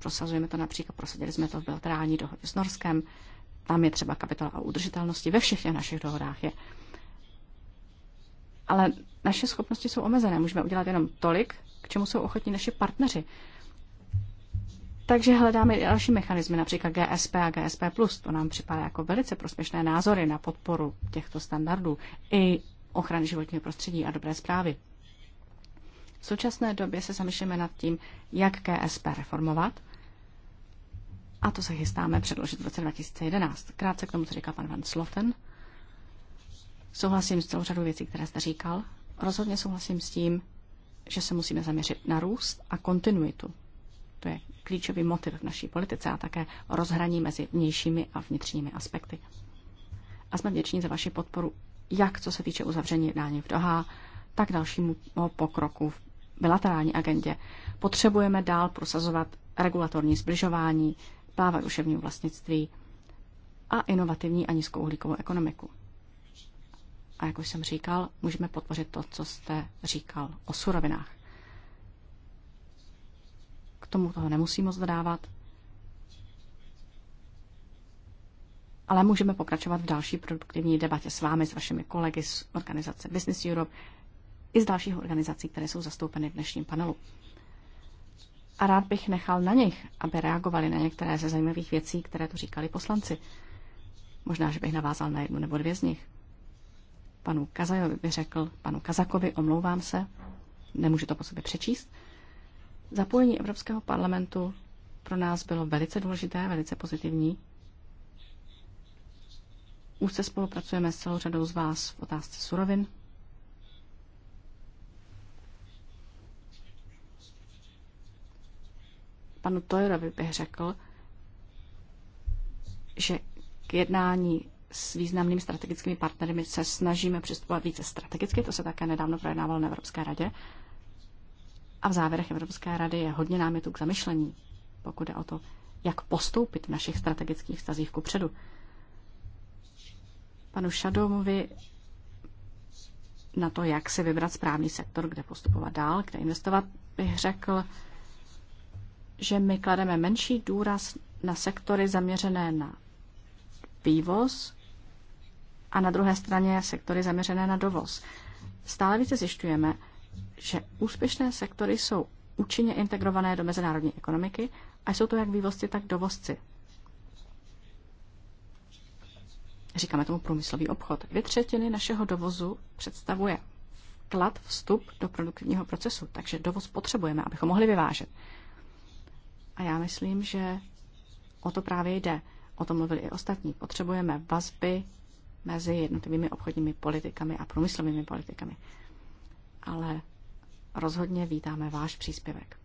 Prosazujeme to například, prosadili jsme to v bilaterální dohodě s Norskem, tam je třeba kapitola o udržitelnosti, ve všech těch našich dohodách je. Ale naše schopnosti jsou omezené, můžeme udělat jenom tolik, k čemu jsou ochotní naši partneři. Takže hledáme i další mechanismy, například GSP a GSP+. To nám připadá jako velice prospěšné názory na podporu těchto standardů i ochrany životního prostředí a dobré zprávy. V současné době se zamýšlíme nad tím, jak KSP reformovat, a to se chystáme předložit v roce 2011. Krátce k tomu, co říká pan Van Sloten. Souhlasím s celou řadou věcí, které jste říkal. Rozhodně souhlasím s tím, že se musíme zaměřit na růst a kontinuitu. To je klíčový motiv v naší politice a také rozhraní mezi vnějšími a vnitřními aspekty. A jsme vděční za vaši podporu jak co se týče uzavření jednání v Doha, tak dalšímu pokroku v bilaterální agendě. Potřebujeme dál prosazovat regulatorní zbližování, práva duševního vlastnictví a inovativní a nízkouhlíkovou ekonomiku. A jak už jsem říkal, můžeme podpořit to, co jste říkal o surovinách. K tomu toho nemusím moc dodávat. ale můžeme pokračovat v další produktivní debatě s vámi, s vašimi kolegy z organizace Business Europe i z dalších organizací, které jsou zastoupeny v dnešním panelu. A rád bych nechal na nich, aby reagovali na některé ze zajímavých věcí, které tu říkali poslanci. Možná, že bych navázal na jednu nebo dvě z nich. Panu Kazajovi by řekl, panu Kazakovi, omlouvám se, nemůžu to po sobě přečíst. Zapojení Evropského parlamentu pro nás bylo velice důležité, velice pozitivní už se spolupracujeme s celou řadou z vás v otázce surovin. Panu Tojerovi bych řekl, že k jednání s významnými strategickými partnery se snažíme přistupovat více strategicky, to se také nedávno projednávalo na Evropské radě. A v závěrech Evropské rady je hodně námětů k zamyšlení, pokud je o to, jak postoupit v našich strategických vztazích kupředu. předu panu Šadomovi na to, jak si vybrat správný sektor, kde postupovat dál, kde investovat, bych řekl, že my klademe menší důraz na sektory zaměřené na vývoz a na druhé straně sektory zaměřené na dovoz. Stále více zjišťujeme, že úspěšné sektory jsou účinně integrované do mezinárodní ekonomiky a jsou to jak vývozci, tak dovozci. říkáme tomu průmyslový obchod, dvě třetiny našeho dovozu představuje klad vstup do produktivního procesu. Takže dovoz potřebujeme, abychom mohli vyvážet. A já myslím, že o to právě jde. O tom mluvili i ostatní. Potřebujeme vazby mezi jednotlivými obchodními politikami a průmyslovými politikami. Ale rozhodně vítáme váš příspěvek.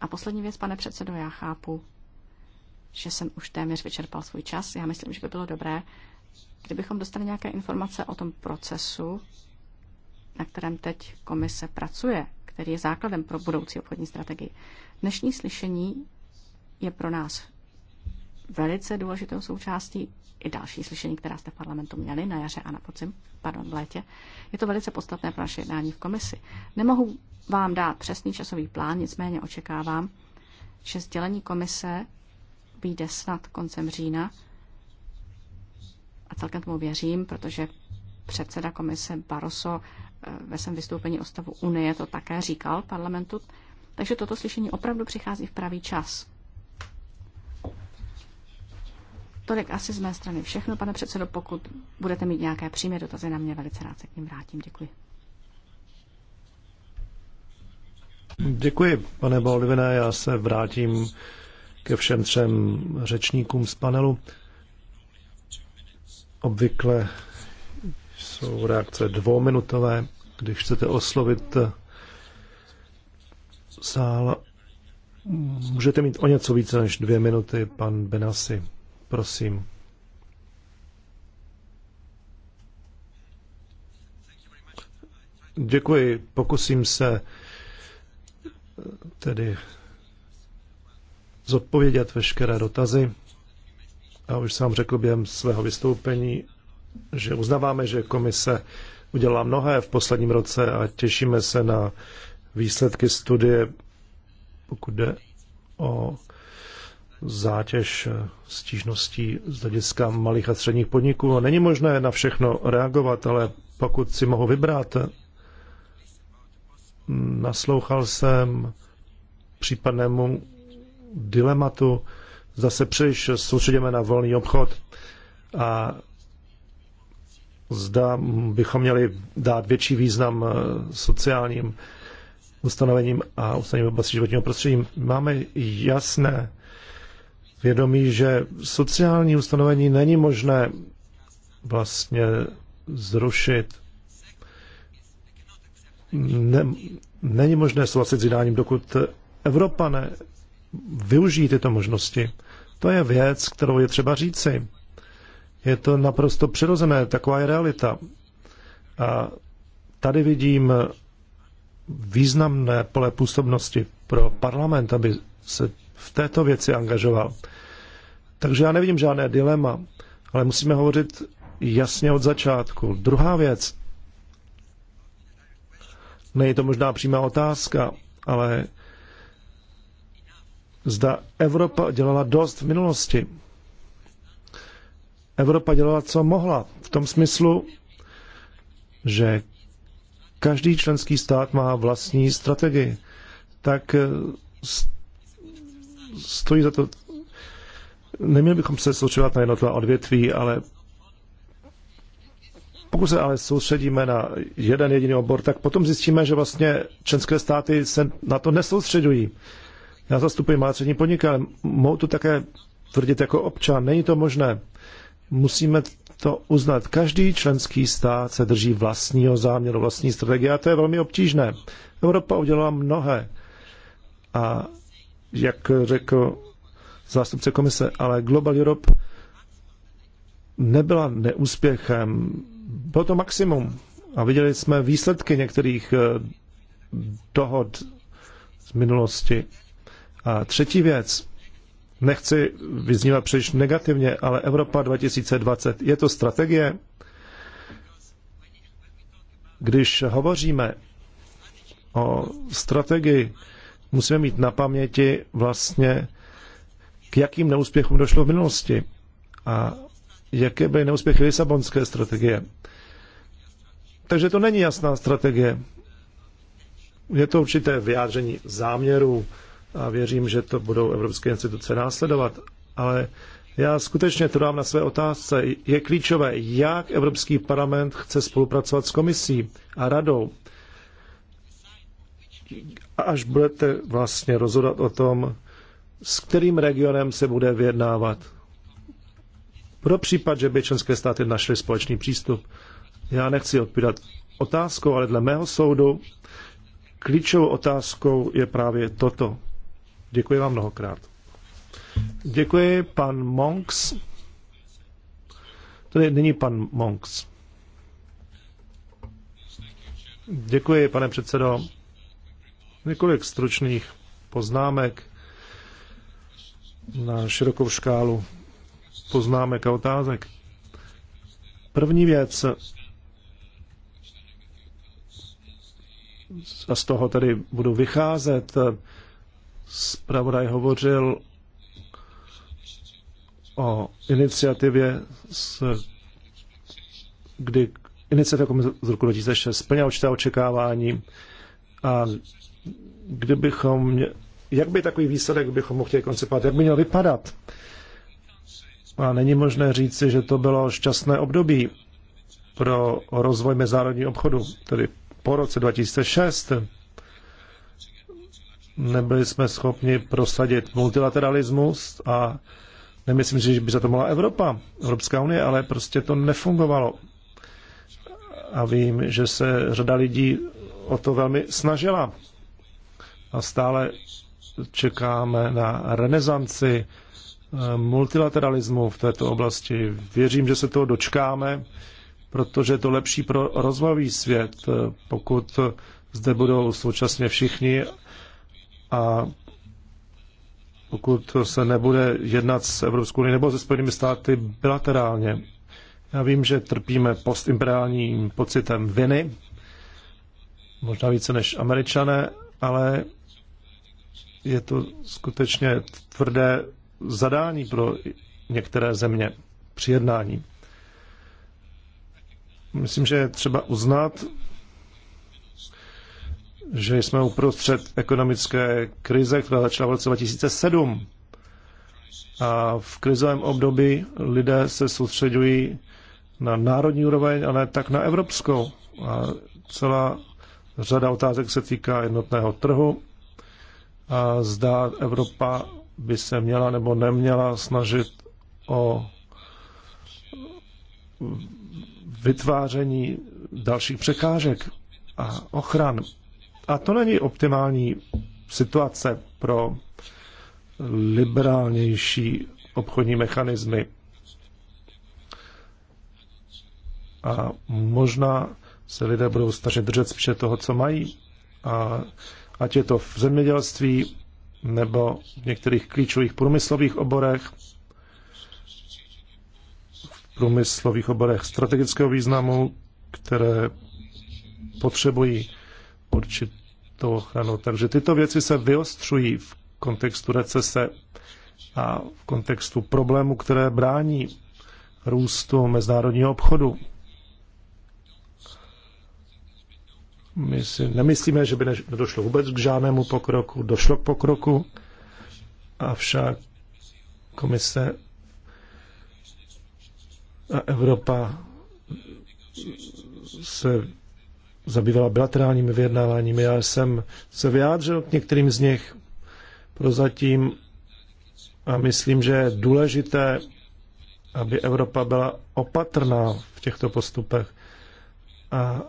A poslední věc, pane předsedo, já chápu, že jsem už téměř vyčerpal svůj čas. Já myslím, že by bylo dobré, kdybychom dostali nějaké informace o tom procesu, na kterém teď komise pracuje, který je základem pro budoucí obchodní strategii. Dnešní slyšení je pro nás velice důležitou součástí i další slyšení, která jste v parlamentu měli na jaře a na podzim, pardon, v létě. Je to velice podstatné pro naše jednání v komisi. Nemohu vám dát přesný časový plán, nicméně očekávám, že sdělení komise vyjde snad koncem října. A celkem tomu věřím, protože předseda komise Barroso eh, ve svém vystoupení o stavu Unie to také říkal parlamentu. Takže toto slyšení opravdu přichází v pravý čas. Tolik asi z mé strany všechno, pane předsedo. Pokud budete mít nějaké přímé dotazy na mě, velice rád se k ním vrátím. Děkuji. Děkuji, pane Baldivine. Já se vrátím ke všem třem řečníkům z panelu. Obvykle jsou reakce dvouminutové. Když chcete oslovit sál, můžete mít o něco více než dvě minuty. Pan Benasi, prosím. Děkuji. Pokusím se tedy zodpovědět veškeré dotazy. A už jsem řekl během svého vystoupení, že uznáváme, že komise udělala mnohé v posledním roce a těšíme se na výsledky studie, pokud jde o zátěž stížností z hlediska malých a středních podniků. No, není možné na všechno reagovat, ale pokud si mohu vybrat, naslouchal jsem případnému dilematu, zase příliš soustředíme na volný obchod a zda bychom měli dát větší význam eh, sociálním ustanovením a ustanovením oblasti životního prostředí. Máme jasné vědomí, že sociální ustanovení není možné vlastně zrušit. Ne, není možné souhlasit s jednáním, dokud Evropa ne využijí tyto možnosti. To je věc, kterou je třeba říci. Je to naprosto přirozené, taková je realita. A tady vidím významné pole působnosti pro parlament, aby se v této věci angažoval. Takže já nevidím žádné dilema, ale musíme hovořit jasně od začátku. Druhá věc, není to možná přímá otázka, ale zda Evropa dělala dost v minulosti. Evropa dělala, co mohla, v tom smyslu, že každý členský stát má vlastní strategii. Tak eh, stojí za to. Neměli bychom se soustředovat na jednotlivá odvětví, ale pokud se ale soustředíme na jeden jediný obor, tak potom zjistíme, že vlastně členské státy se na to nesoustředují. Já zastupuji malé střední podniky, ale mohu to také tvrdit jako občan. Není to možné. Musíme to uznat. Každý členský stát se drží vlastního záměru, vlastní strategie a to je velmi obtížné. Evropa udělala mnohé. A jak řekl zástupce komise, ale Global Europe nebyla neúspěchem. Bylo to maximum. A viděli jsme výsledky některých eh, dohod z minulosti. A třetí věc, nechci vyznívat příliš negativně, ale Evropa 2020 je to strategie. Když hovoříme o strategii, musíme mít na paměti vlastně, k jakým neúspěchům došlo v minulosti a jaké byly neúspěchy Lisabonské strategie. Takže to není jasná strategie. Je to určité vyjádření záměru, a věřím, že to budou evropské instituce následovat. Ale já skutečně to dám na své otázce. Je klíčové, jak Evropský parlament chce spolupracovat s komisí a radou. Až budete vlastně rozhodat o tom, s kterým regionem se bude vyjednávat. Pro případ, že by členské státy našly společný přístup. Já nechci odpírat otázkou, ale dle mého soudu klíčovou otázkou je právě toto. Děkuji vám mnohokrát. Děkuji, pan Monks. Tady není pan Monks. Děkuji, pane předsedo. Několik stručných poznámek na širokou škálu poznámek a otázek. První věc, a z toho tady budu vycházet, Spravodaj hovořil o iniciativě, s, kdy iniciativa komise z roku 2006 splněla určitá očekávání a kdybychom, jak by takový výsledek bychom mohli koncipovat, jak by měl vypadat? A není možné říci, že to bylo šťastné období pro rozvoj mezinárodního obchodu, tedy po roce 2006 nebyli jsme schopni prosadit multilateralismus a nemyslím, že by za to mohla Evropa, Evropská unie, ale prostě to nefungovalo. A vím, že se řada lidí o to velmi snažila. A stále čekáme na renesanci eh, multilateralismu v této oblasti. Věřím, že se toho dočkáme, protože je to lepší pro rozvojový svět, eh, pokud zde budou současně všichni a pokud se nebude jednat s Evropskou unii nebo se Spojenými státy bilaterálně. Já vím, že trpíme postimperiálním pocitem viny, možná více než američané, ale je to skutečně tvrdé zadání pro některé země při jednání. Myslím, že je třeba uznat, že jsme uprostřed ekonomické krize, která začala v roce 2007. A v krizovém období lidé se soustředují na národní úroveň, ale tak na evropskou. A celá řada otázek se týká jednotného trhu a zdá Evropa by se měla nebo neměla snažit o vytváření dalších překážek a ochran. A to není optimální situace pro liberálnější obchodní mechanismy. A možná se lidé budou snažit držet spíše toho, co mají. A ať je to v zemědělství nebo v některých klíčových průmyslových oborech, v průmyslových oborech strategického významu, které potřebují určitou ochranu. Takže tyto věci se vyostřují v kontextu recese a v kontextu problémů, které brání růstu mezinárodního obchodu. My si nemyslíme, že by nedošlo vůbec k žádnému pokroku. Došlo k pokroku, avšak komise a Evropa se zabývala bilaterálními vyjednáváními. Já jsem se vyjádřil k některým z nich prozatím a myslím, že je důležité, aby Evropa byla opatrná v těchto postupech a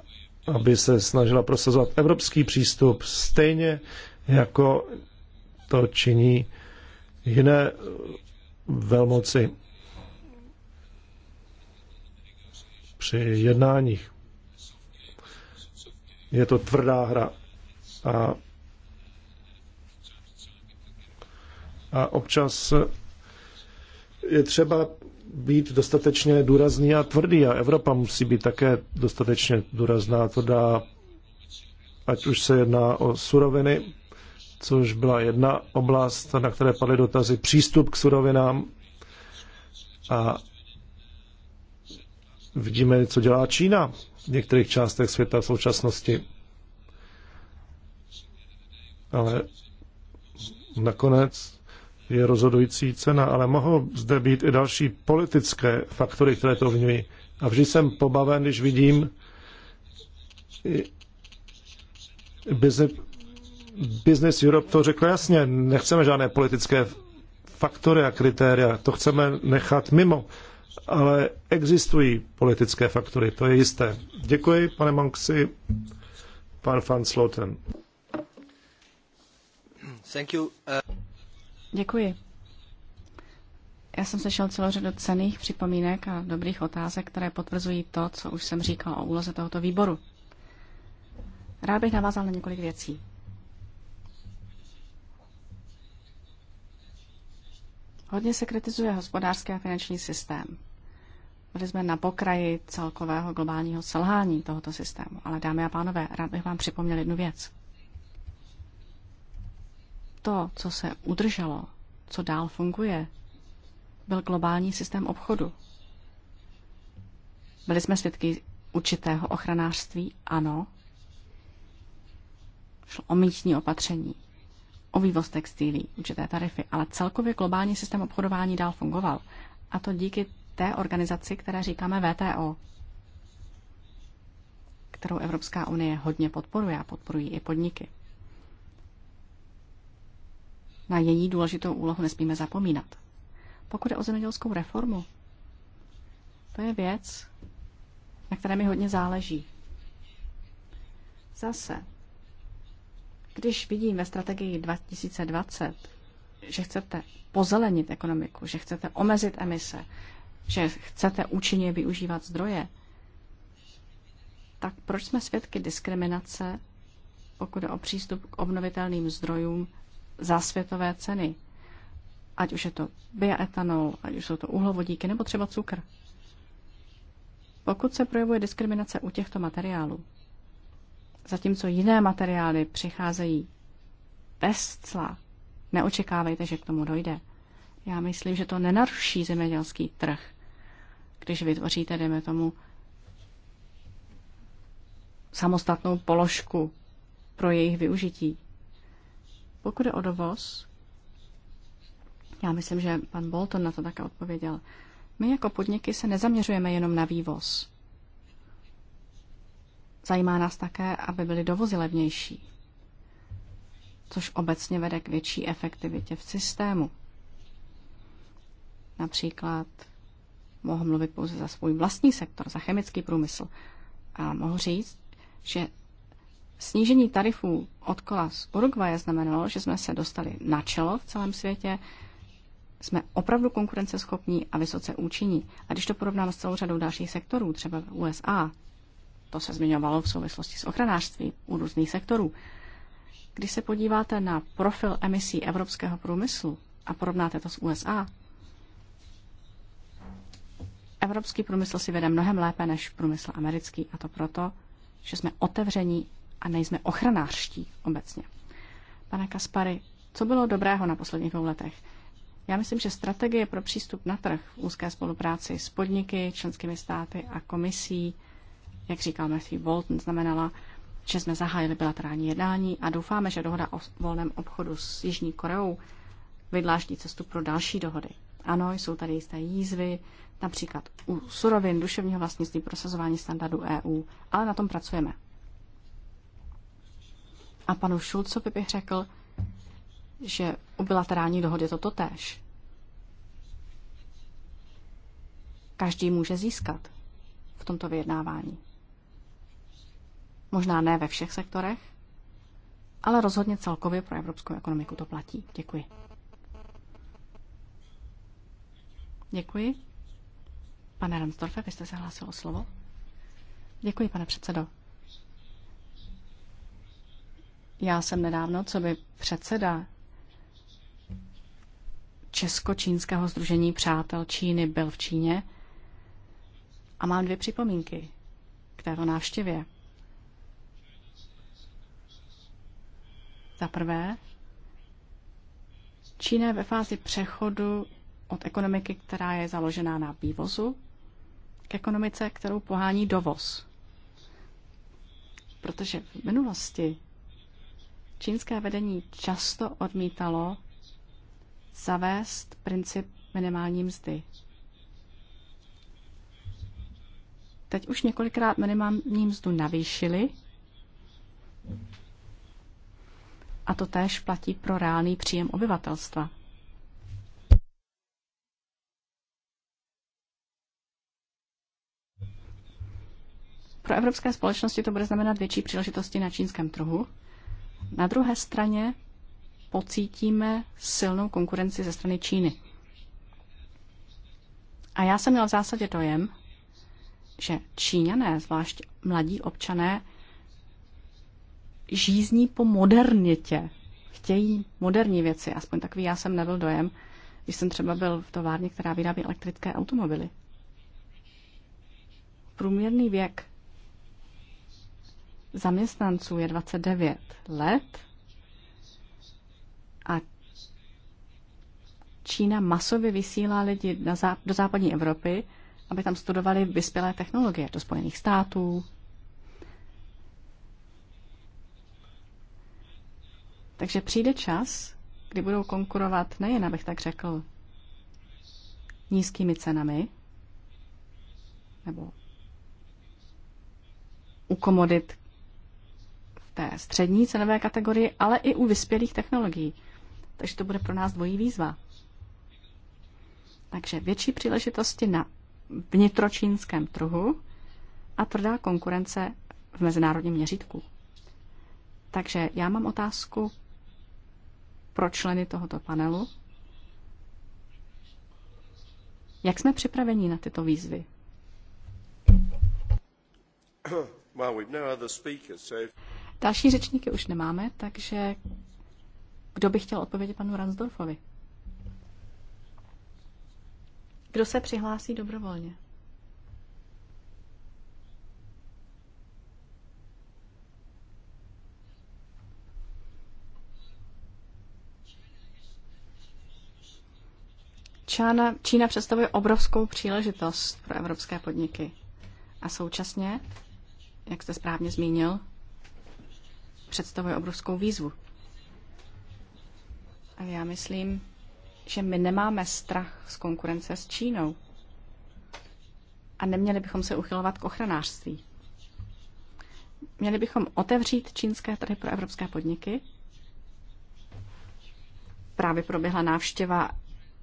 aby se snažila prosazovat evropský přístup stejně jako to činí jiné velmoci při jednáních. Je to tvrdá hra. A, a občas je třeba být dostatečně důrazný a tvrdý a Evropa musí být také dostatečně důrazná a tvrdá, ať už se jedná o suroviny, což byla jedna oblast, na které padly dotazy, přístup k surovinám a vidíme, co dělá Čína v některých částech světa v současnosti. Ale nakonec je rozhodující cena, ale mohou zde být i další politické faktory, které to vňují. A vždy jsem pobaven, když vidím Business Europe to řekl jasně, nechceme žádné politické faktory a kritéria, to chceme nechat mimo ale existují politické faktory, to je jisté. Děkuji, pane Monksi, pan van Sloten. Thank you. Uh- Děkuji. Já jsem slyšel celou řadu cených připomínek a dobrých otázek, které potvrzují to, co už jsem říkal o úloze tohoto výboru. Rád bych navázal na několik věcí. Hodně se kritizuje hospodářský a finanční systém byli jsme na pokraji celkového globálního selhání tohoto systému. Ale dámy a pánové, rád bych vám připomněl jednu věc. To, co se udrželo, co dál funguje, byl globální systém obchodu. Byli jsme svědky určitého ochranářství, ano. Šlo o místní opatření, o vývoz textilí, určité tarify, ale celkově globální systém obchodování dál fungoval. A to díky té organizaci, které říkáme VTO, kterou Evropská unie hodně podporuje a podporují i podniky. Na její důležitou úlohu nesmíme zapomínat. Pokud je o zemědělskou reformu, to je věc, na které mi hodně záleží. Zase, když vidím ve strategii 2020, že chcete pozelenit ekonomiku, že chcete omezit emise, že chcete účinně využívat zdroje, tak proč jsme svědky diskriminace, pokud je o přístup k obnovitelným zdrojům za světové ceny? Ať už je to bioetanol, ať už jsou to uhlovodíky nebo třeba cukr. Pokud se projevuje diskriminace u těchto materiálů, zatímco jiné materiály přicházejí bez cla, neočekávejte, že k tomu dojde. Já myslím, že to nenaruší zemědělský trh když vytvoříte, dejme tomu, samostatnou položku pro jejich využití. Pokud je o dovoz, já myslím, že pan Bolton na to také odpověděl. My jako podniky se nezaměřujeme jenom na vývoz. Zajímá nás také, aby byly dovozy levnější, což obecně vede k větší efektivitě v systému. Například mohu mluvit pouze za svůj vlastní sektor, za chemický průmysl. A mohu říct, že snížení tarifů od kola z Uruguaje znamenalo, že jsme se dostali na čelo v celém světě, jsme opravdu konkurenceschopní a vysoce účinní. A když to porovnám s celou řadou dalších sektorů, třeba v USA, to se zmiňovalo v souvislosti s ochranářstvím u různých sektorů. Když se podíváte na profil emisí evropského průmyslu a porovnáte to s USA, Evropský průmysl si vede mnohem lépe než průmysl americký a to proto, že jsme otevření a nejsme ochranářští obecně. Pane Kaspary, co bylo dobrého na posledních dvou letech? Já myslím, že strategie pro přístup na trh v úzké spolupráci s podniky, členskými státy a komisí, jak říkal Matthew Bolton, znamenala, že jsme zahájili bilaterální jednání a doufáme, že dohoda o volném obchodu s Jižní Koreou vydláždí cestu pro další dohody. Ano, jsou tady jisté jízvy, například u surovin, duševního vlastnictví, prosazování standardů EU, ale na tom pracujeme. A panu Šulcovi bych řekl, že u bilaterální dohody je to totéž. Každý může získat v tomto vyjednávání. Možná ne ve všech sektorech, ale rozhodně celkově pro evropskou ekonomiku to platí. Děkuji. Děkuji. Pane Ransdorfe, vy jste se hlásil o slovo? Děkuji, pane předsedo. Já jsem nedávno, co by předseda Česko-čínského združení přátel Číny byl v Číně a mám dvě připomínky k této návštěvě. Za prvé, Čína je ve fázi přechodu od ekonomiky, která je založená na vývozu, k ekonomice, kterou pohání dovoz. Protože v minulosti čínské vedení často odmítalo zavést princip minimální mzdy. Teď už několikrát minimální mzdu navýšili a to též platí pro reálný příjem obyvatelstva. Pro evropské společnosti to bude znamenat větší příležitosti na čínském trhu. Na druhé straně pocítíme silnou konkurenci ze strany Číny. A já jsem měl v zásadě dojem, že Číňané, zvlášť mladí občané, žízní po modernitě. Chtějí moderní věci, aspoň takový já jsem nebyl dojem, když jsem třeba byl v továrně, která vyrábí elektrické automobily. Průměrný věk zaměstnanců je 29 let a Čína masově vysílá lidi na zá, do západní Evropy, aby tam studovali vyspělé technologie do Spojených států. Takže přijde čas, kdy budou konkurovat nejen, abych tak řekl, nízkými cenami nebo u komodit, té střední cenové kategorii, ale i u vyspělých technologií. Takže to bude pro nás dvojí výzva. Takže větší příležitosti na vnitročínském trhu a tvrdá konkurence v mezinárodním měřítku. Takže já mám otázku pro členy tohoto panelu. Jak jsme připraveni na tyto výzvy? No Další řečníky už nemáme, takže kdo by chtěl odpovědět panu Ransdorfovi? Kdo se přihlásí dobrovolně? Čína, Čína představuje obrovskou příležitost pro evropské podniky. A současně, jak jste správně zmínil, představuje obrovskou výzvu. A já myslím, že my nemáme strach z konkurence s Čínou. A neměli bychom se uchylovat k ochranářství. Měli bychom otevřít čínské trhy pro evropské podniky. Právě proběhla návštěva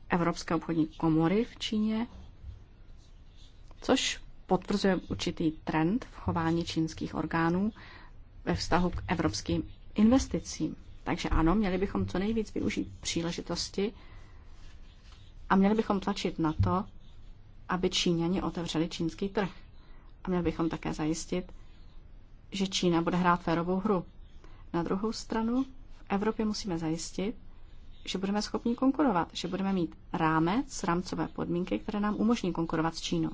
Evropské obchodní komory v Číně, což potvrzuje určitý trend v chování čínských orgánů ve vztahu k evropským investicím. Takže ano, měli bychom co nejvíc využít příležitosti a měli bychom tlačit na to, aby Číňani otevřeli čínský trh. A měli bychom také zajistit, že Čína bude hrát férovou hru. Na druhou stranu v Evropě musíme zajistit, že budeme schopni konkurovat, že budeme mít rámec, rámcové podmínky, které nám umožní konkurovat s Čínou.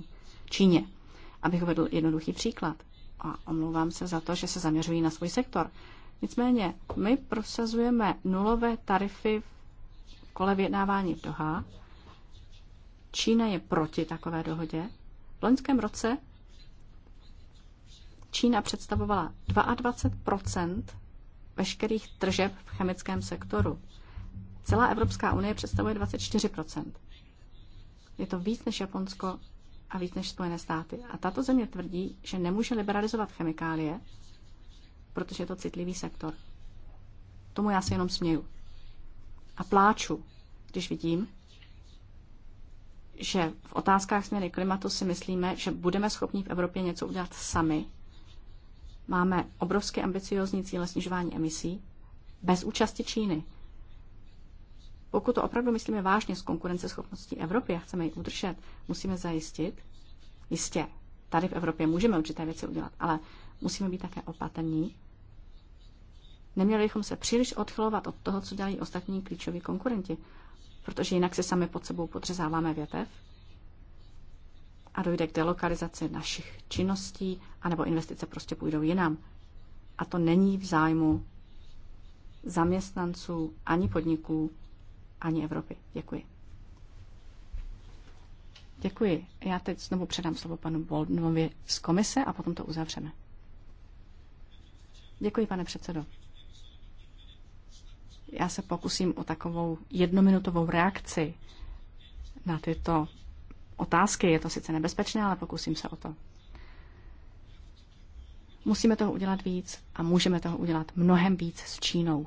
Číně. Abych uvedl jednoduchý příklad a omlouvám se za to, že se zaměřují na svůj sektor. Nicméně my prosazujeme nulové tarify v kole vyjednávání v Doha. Čína je proti takové dohodě. V loňském roce Čína představovala 22 veškerých tržeb v chemickém sektoru. Celá Evropská unie představuje 24 Je to víc než Japonsko a víc než Spojené státy. A tato země tvrdí, že nemůže liberalizovat chemikálie, protože je to citlivý sektor. Tomu já se jenom směju. A pláču, když vidím, že v otázkách změny klimatu si myslíme, že budeme schopni v Evropě něco udělat sami. Máme obrovské ambiciozní cíle snižování emisí bez účasti Číny. Pokud to opravdu myslíme vážně s konkurenceschopností Evropy a chceme ji udržet, musíme zajistit, jistě, tady v Evropě můžeme určité věci udělat, ale musíme být také opatrní. Neměli bychom se příliš odchylovat od toho, co dělají ostatní klíčoví konkurenti, protože jinak se sami pod sebou podřezáváme větev a dojde k delokalizaci našich činností, anebo investice prostě půjdou jinam. A to není v zájmu zaměstnanců ani podniků, ani Evropy. Děkuji. Děkuji. Já teď znovu předám slovo panu Boldnovi z komise a potom to uzavřeme. Děkuji, pane předsedo. Já se pokusím o takovou jednominutovou reakci na tyto otázky. Je to sice nebezpečné, ale pokusím se o to. Musíme toho udělat víc a můžeme toho udělat mnohem víc s Čínou.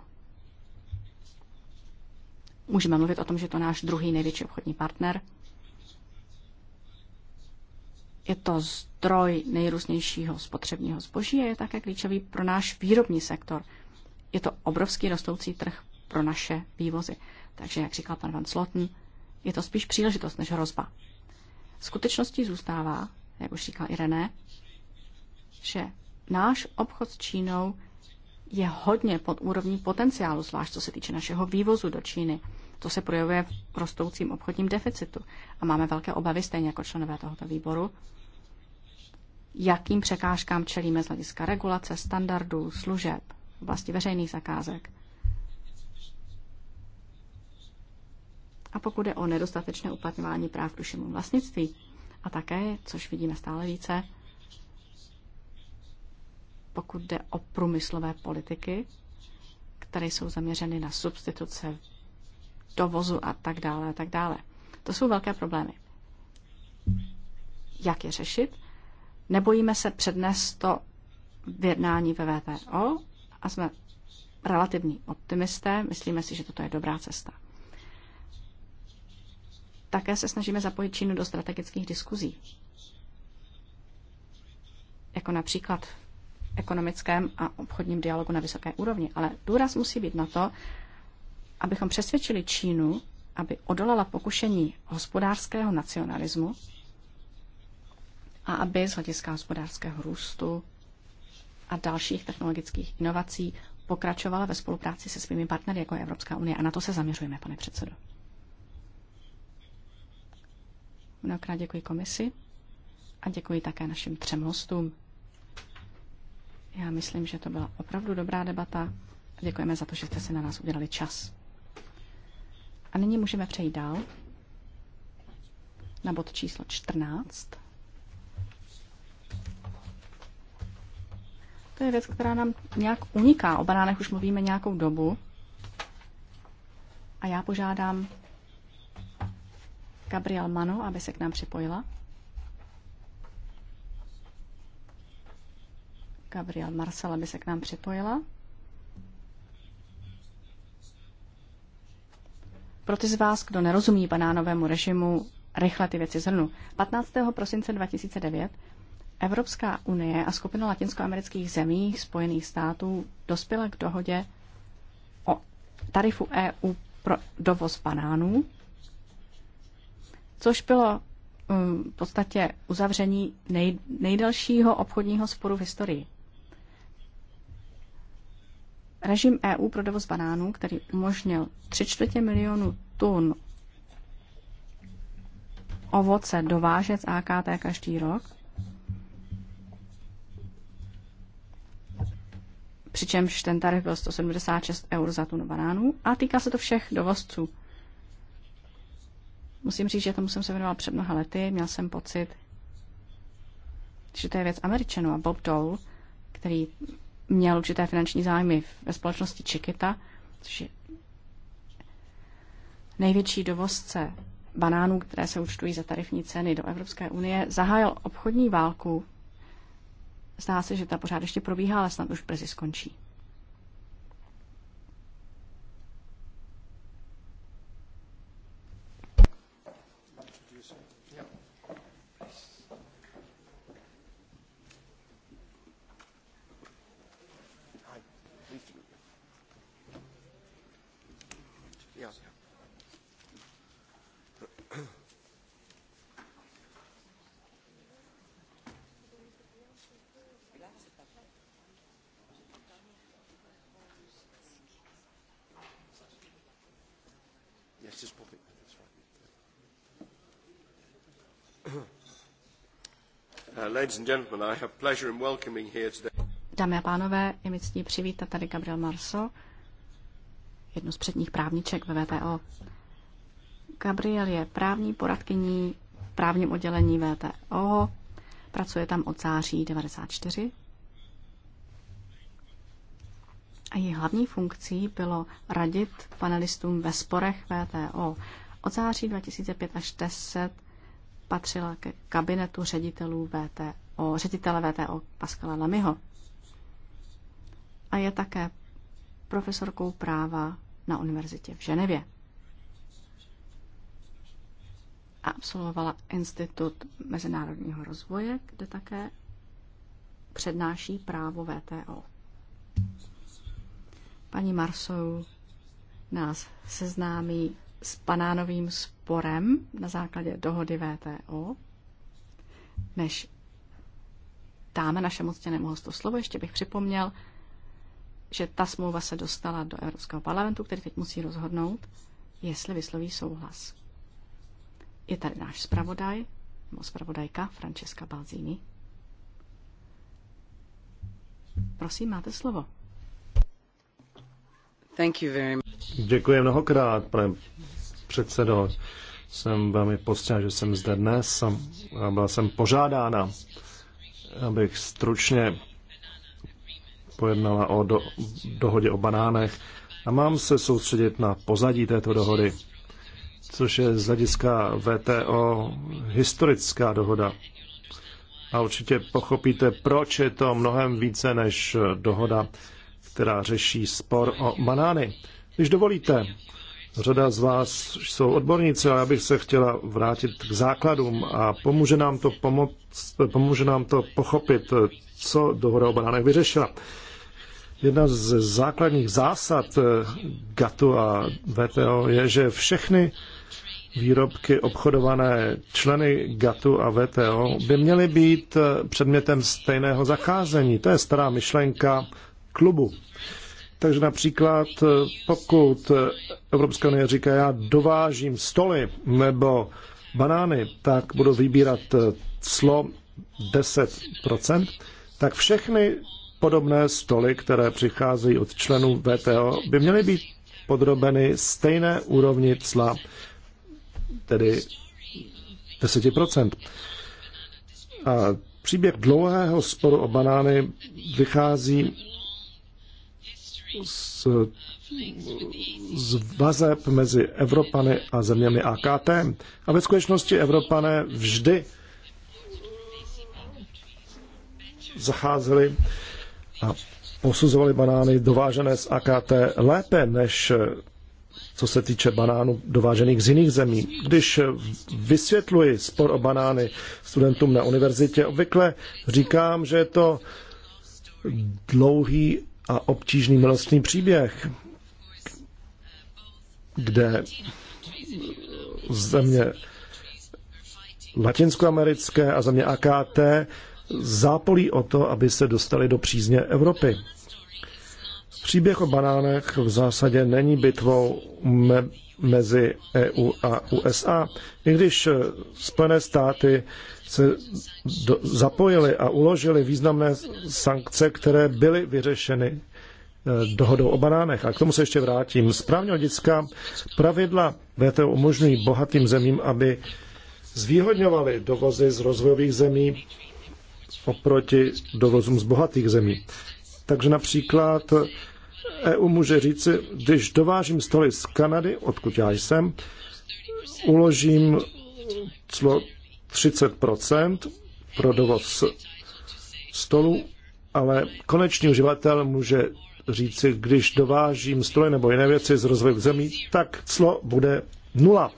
Můžeme mluvit o tom, že to náš druhý největší obchodní partner. Je to zdroj nejrůznějšího spotřebního zboží a je také klíčový pro náš výrobní sektor. Je to obrovský rostoucí trh pro naše vývozy. Takže, jak říkal pan Van Sloten, je to spíš příležitost než hrozba. Skutečností zůstává, jak už říkal i René, že náš obchod s Čínou je hodně pod úrovní potenciálu, zvlášť co se týče našeho vývozu do Číny. To se projevuje v rostoucím obchodním deficitu. A máme velké obavy, stejně jako členové tohoto výboru, jakým překážkám čelíme z hlediska regulace, standardů, služeb, oblasti veřejných zakázek. A pokud je o nedostatečné uplatňování práv duševního vlastnictví, a také, což vidíme stále více, pokud jde o průmyslové politiky, které jsou zaměřeny na substituce dovozu a tak dále a tak dále. To jsou velké problémy. Jak je řešit? Nebojíme se přednést to v jednání ve VTO a jsme relativní optimisté. Myslíme si, že toto je dobrá cesta. Také se snažíme zapojit Čínu do strategických diskuzí. Jako například ekonomickém a obchodním dialogu na vysoké úrovni. Ale důraz musí být na to, abychom přesvědčili Čínu, aby odolala pokušení hospodářského nacionalismu a aby z hlediska hospodářského růstu a dalších technologických inovací pokračovala ve spolupráci se svými partnery jako Evropská unie. A na to se zaměřujeme, pane předsedo. Mnohokrát děkuji komisi a děkuji také našim třem hostům. Já myslím, že to byla opravdu dobrá debata. Děkujeme za to, že jste si na nás udělali čas. A nyní můžeme přejít dál na bod číslo 14. To je věc, která nám nějak uniká. O banánech už mluvíme nějakou dobu. A já požádám Gabriel Mano, aby se k nám připojila. Gabriel Marcela by se k nám připojila. Pro ty z vás, kdo nerozumí banánovému režimu, rychle ty věci zhrnu. 15. prosince 2009 Evropská unie a skupina latinskoamerických zemí Spojených států dospěla k dohodě o tarifu EU pro dovoz banánů, což bylo um, v podstatě uzavření nej, nejdelšího obchodního sporu v historii. Režim EU pro dovoz banánů, který umožnil tři čtvrtě milionu tun ovoce dovážet z AKT každý rok, přičemž ten tarif byl 176 eur za tunu banánů a týká se to všech dovozců. Musím říct, že tomu jsem se věnoval před mnoha lety, měl jsem pocit, že to je věc Američanů a Bob Dole, který měl určité finanční zájmy ve společnosti Chiquita, což je největší dovozce banánů, které se účtují za tarifní ceny do Evropské unie, zahájil obchodní válku. Zdá se, že ta pořád ještě probíhá, ale snad už brzy skončí. Dámy a pánové, je mi ctí přivítat tady Gabriel Marso, jednu z předních právniček ve VTO. Gabriel je právní poradkyní v právním oddělení VTO, pracuje tam od září 94 a její hlavní funkcí bylo radit panelistům ve sporech VTO. Od září 2005 až 10 patřila ke kabinetu ředitelů VTO, ředitele VTO Pascala Lamiho. A je také profesorkou práva na univerzitě v Ženevě. A absolvovala Institut mezinárodního rozvoje, kde také přednáší právo VTO. Paní Marsou nás seznámí s panánovým sporem na základě dohody VTO. Než dáme našemu ctěnému hostu slovo, ještě bych připomněl, že ta smlouva se dostala do Evropského parlamentu, který teď musí rozhodnout, jestli vysloví souhlas. Je tady náš zpravodaj, nebo zpravodajka Francesca Balzini. Prosím, máte slovo. Děkuji mnohokrát, pane předsedo. Jsem velmi postěn, že jsem zde dnes a byla jsem požádána, abych stručně pojednala o do, dohodě o banánech a mám se soustředit na pozadí této dohody, což je z hlediska VTO historická dohoda. A určitě pochopíte, proč je to mnohem více než dohoda která řeší spor o banány. Když dovolíte, řada z vás jsou odborníci, ale já bych se chtěla vrátit k základům a pomůže nám to, pomoc, pomůže nám to pochopit, co dohoda o banánech vyřešila. Jedna z základních zásad GATU a VTO je, že všechny výrobky obchodované členy GATU a VTO by měly být předmětem stejného zacházení. To je stará myšlenka klubu. Takže například, eh, pokud Evropská unie říká, já dovážím stoly nebo banány, tak budu vybírat eh, clo 10%, tak všechny podobné stoly, které přicházejí od členů VTO, by měly být podrobeny stejné úrovni cla, tedy 10%. A příběh dlouhého sporu o banány vychází z, z vazeb mezi Evropany a zeměmi AKT. A ve skutečnosti Evropané vždy zacházeli a posuzovali banány dovážené z AKT lépe než co se týče banánů dovážených z jiných zemí. Když vysvětluji spor o banány studentům na univerzitě, obvykle říkám, že je to dlouhý a obtížný milostný příběh, kde země latinskoamerické a země AKT zápolí o to, aby se dostali do přízně Evropy. Příběh o banánech v zásadě není bitvou me- mezi EU a USA, i když Spojené státy se do, zapojili a uložili významné sankce, které byly vyřešeny eh, dohodou o banánech. A k tomu se ještě vrátím. Správně právního pravidla VTO umožňují bohatým zemím, aby zvýhodňovali dovozy z rozvojových zemí oproti dovozům z bohatých zemí. Takže například EU může říci, když dovážím stoly z Kanady, odkud já jsem, uložím clo 30 pro dovoz stolu, ale konečný uživatel může říci, když dovážím stroje nebo jiné věci z rozvojových zemí, tak clo bude nula.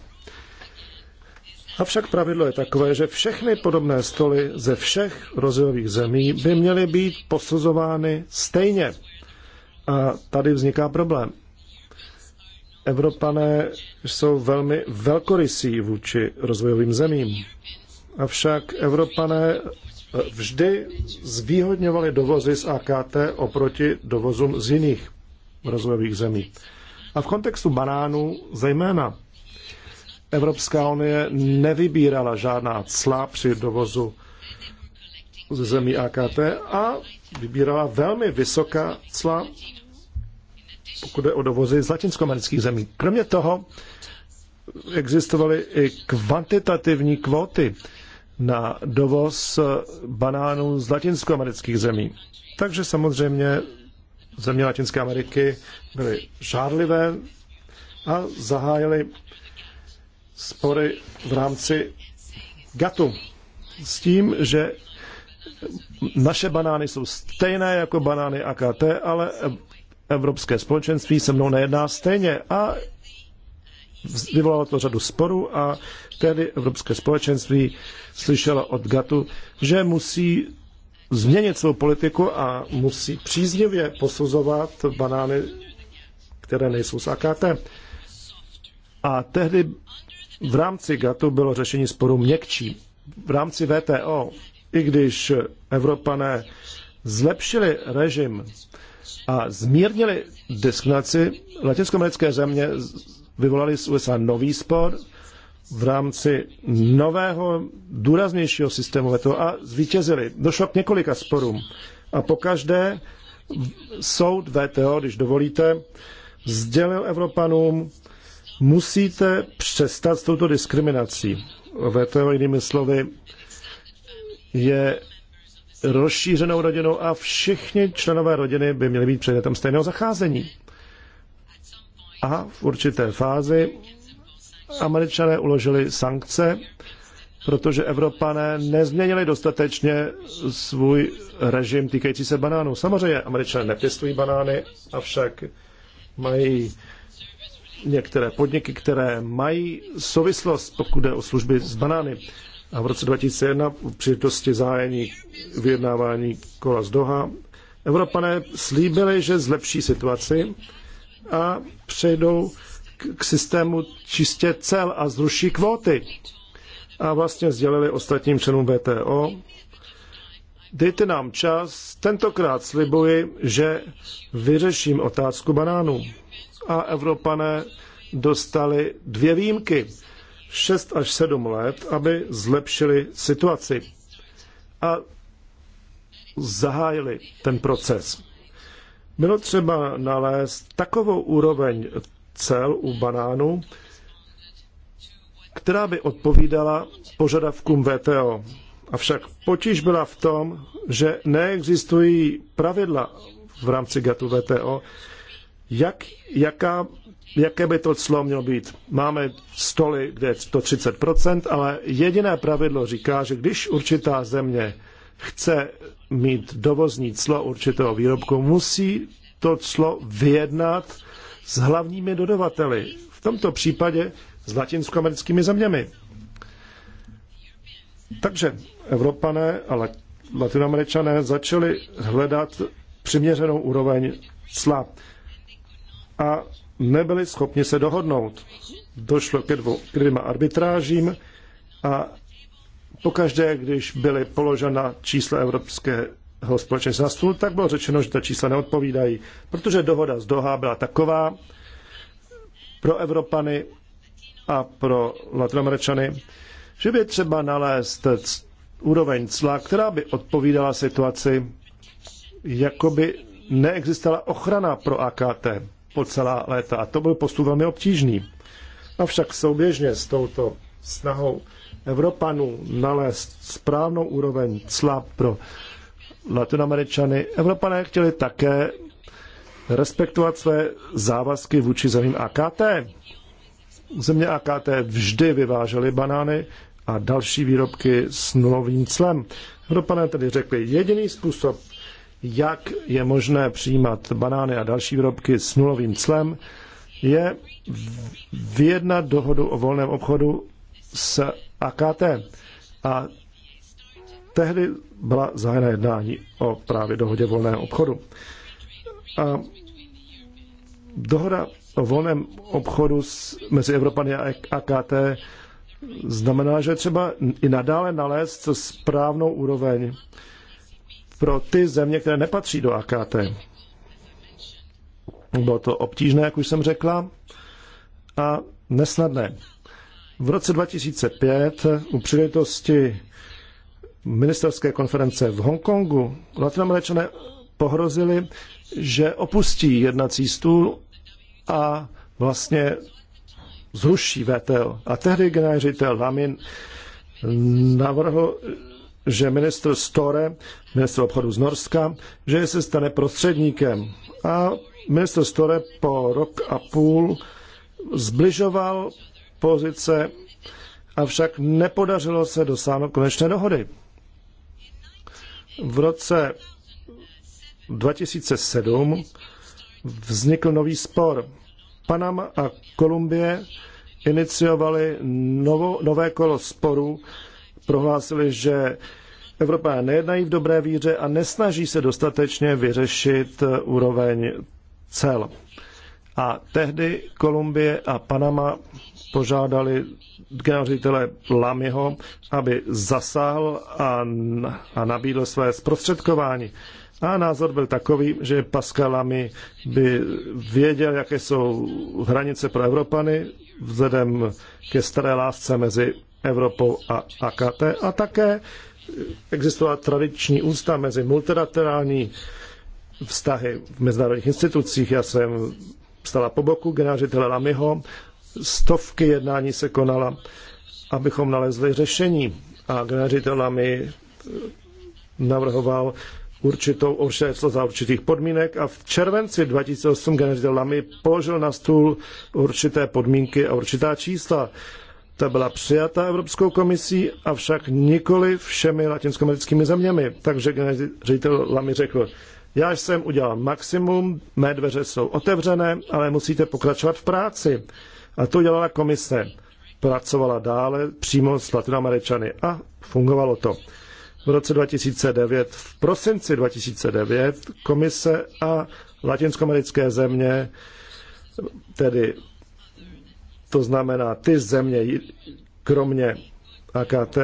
Avšak pravidlo je takové, že všechny podobné stoly ze všech rozvojových zemí by měly být posuzovány stejně. A tady vzniká problém. Evropané jsou velmi velkorysí vůči rozvojovým zemím. Avšak Evropané eh, vždy zvýhodňovali dovozy z AKT oproti dovozům z jiných rozvojových zemí. A v kontextu banánů zejména Evropská unie nevybírala žádná cla při dovozu ze zemí AKT a vybírala velmi vysoká cla, pokud je o dovozy z latinskoamerických zemí. Kromě toho existovaly i kvantitativní kvóty, na dovoz banánů z latinskoamerických zemí. Takže samozřejmě země Latinské Ameriky byly žádlivé a zahájily spory v rámci GATU s tím, že naše banány jsou stejné jako banány AKT, ale Evropské společenství se mnou nejedná stejně a vyvolalo to řadu sporů a Tedy Evropské společenství slyšelo od GATu, že musí změnit svou politiku a musí příznivě posuzovat banány, které nejsou z AKT. A tehdy v rámci GATu bylo řešení sporu měkčí. V rámci VTO, i když Evropané zlepšili režim a zmírnili diskriminaci, latinskoamerické země vyvolali z USA nový spor v rámci nového, důraznějšího systému veto a zvítězili. Došlo k několika sporům. A pokaždé soud VTO, když dovolíte, sdělil Evropanům, musíte přestat s touto diskriminací. VTO, jinými slovy, je rozšířenou rodinou a všichni členové rodiny by měli být předmětem stejného zacházení. A v určité fázi Američané uložili sankce, protože Evropané nezměnili dostatečně svůj režim týkající se banánů. Samozřejmě Američané nepěstují banány, avšak mají některé podniky, které mají souvislost, pokud jde o služby s banány. A v roce 2001 při dosti zájení vyjednávání kola z Doha Evropané slíbili, že zlepší situaci a přejdou k systému čistě cel a zruší kvóty. A vlastně sdělili ostatním členům VTO, dejte nám čas, tentokrát slibuji, že vyřeším otázku banánů. A Evropané dostali dvě výjimky, 6 až 7 let, aby zlepšili situaci. A zahájili ten proces. Bylo třeba nalézt takovou úroveň cel u banánů, která by odpovídala požadavkům VTO. Avšak potíž byla v tom, že neexistují pravidla v rámci GATU VTO, jak, jaká, jaké by to clo mělo být. Máme stoly, kde je 130%, ale jediné pravidlo říká, že když určitá země chce mít dovozní clo určitého výrobku, musí to clo vyjednat s hlavními dodavateli, v tomto případě s latinskoamerickými zeměmi. Takže Evropané a Latinoameričané začali hledat přiměřenou úroveň cla a nebyli schopni se dohodnout. Došlo ke, dvou, ke dvěma arbitrážím a pokaždé, když byly položena čísla Evropské ho společně na stůl, tak bylo řečeno, že ta čísla neodpovídají, protože dohoda z Doha byla taková pro Evropany a pro Latinoamerčany, že by třeba nalézt úroveň cla, která by odpovídala situaci, jako by neexistovala ochrana pro AKT po celá léta. A to byl postup velmi obtížný. Avšak souběžně s touto snahou Evropanů nalézt správnou úroveň cla pro Latinoameričany, Evropané chtěli také respektovat své závazky vůči zemím AKT. Země AKT vždy vyvážely banány a další výrobky s nulovým clem. Evropané tedy řekli, jediný způsob, jak je možné přijímat banány a další výrobky s nulovým clem, je vyjednat dohodu o volném obchodu s AKT. A Tehdy byla zájemná jednání o právě dohodě volného obchodu. A dohoda o volném obchodu mezi Evropany a AKT znamená, že třeba i nadále nalézt správnou úroveň pro ty země, které nepatří do AKT. Bylo to obtížné, jak už jsem řekla, a nesnadné. V roce 2005 u příležitosti ministerské konference v Hongkongu latinoameričané pohrozili, že opustí jednací stůl a vlastně zruší VTO. A tehdy generální ředitel Lamin navrhl, že ministr Store, ministr obchodu z Norska, že se stane prostředníkem. A ministr Store po rok a půl zbližoval pozice, avšak nepodařilo se dosáhnout konečné dohody. V roce 2007 vznikl nový spor. Panama a Kolumbie iniciovali novo, nové kolo sporu. prohlásili, že Evropa nejednají v dobré víře a nesnaží se dostatečně vyřešit úroveň cel. A tehdy Kolumbie a Panama požádali generálitele Lamyho, aby zasáhl a, a nabídl své zprostředkování. A názor byl takový, že Pascal Lamy by věděl, jaké jsou hranice pro Evropany vzhledem ke staré lásce mezi Evropou a AKT a také existovala tradiční ústa mezi multilaterální vztahy v mezinárodních institucích. Já jsem stala po boku generálitele Lamyho. Stovky jednání se konala, abychom nalezli řešení. A generálitel Lamy eh, navrhoval určitou určité za určitých podmínek a v červenci 2008 generálitel Lamy položil na stůl určité podmínky a určitá čísla. Ta byla přijata Evropskou komisí, avšak nikoli všemi latinskoamerickými zeměmi. Takže ředitel Lamy řekl, já jsem udělal maximum, mé dveře jsou otevřené, ale musíte pokračovat v práci. A to dělala komise. Pracovala dále přímo s Latinoameričany a fungovalo to. V roce 2009, v prosinci 2009, komise a latinskoamerické země, tedy to znamená ty země, kromě AKT,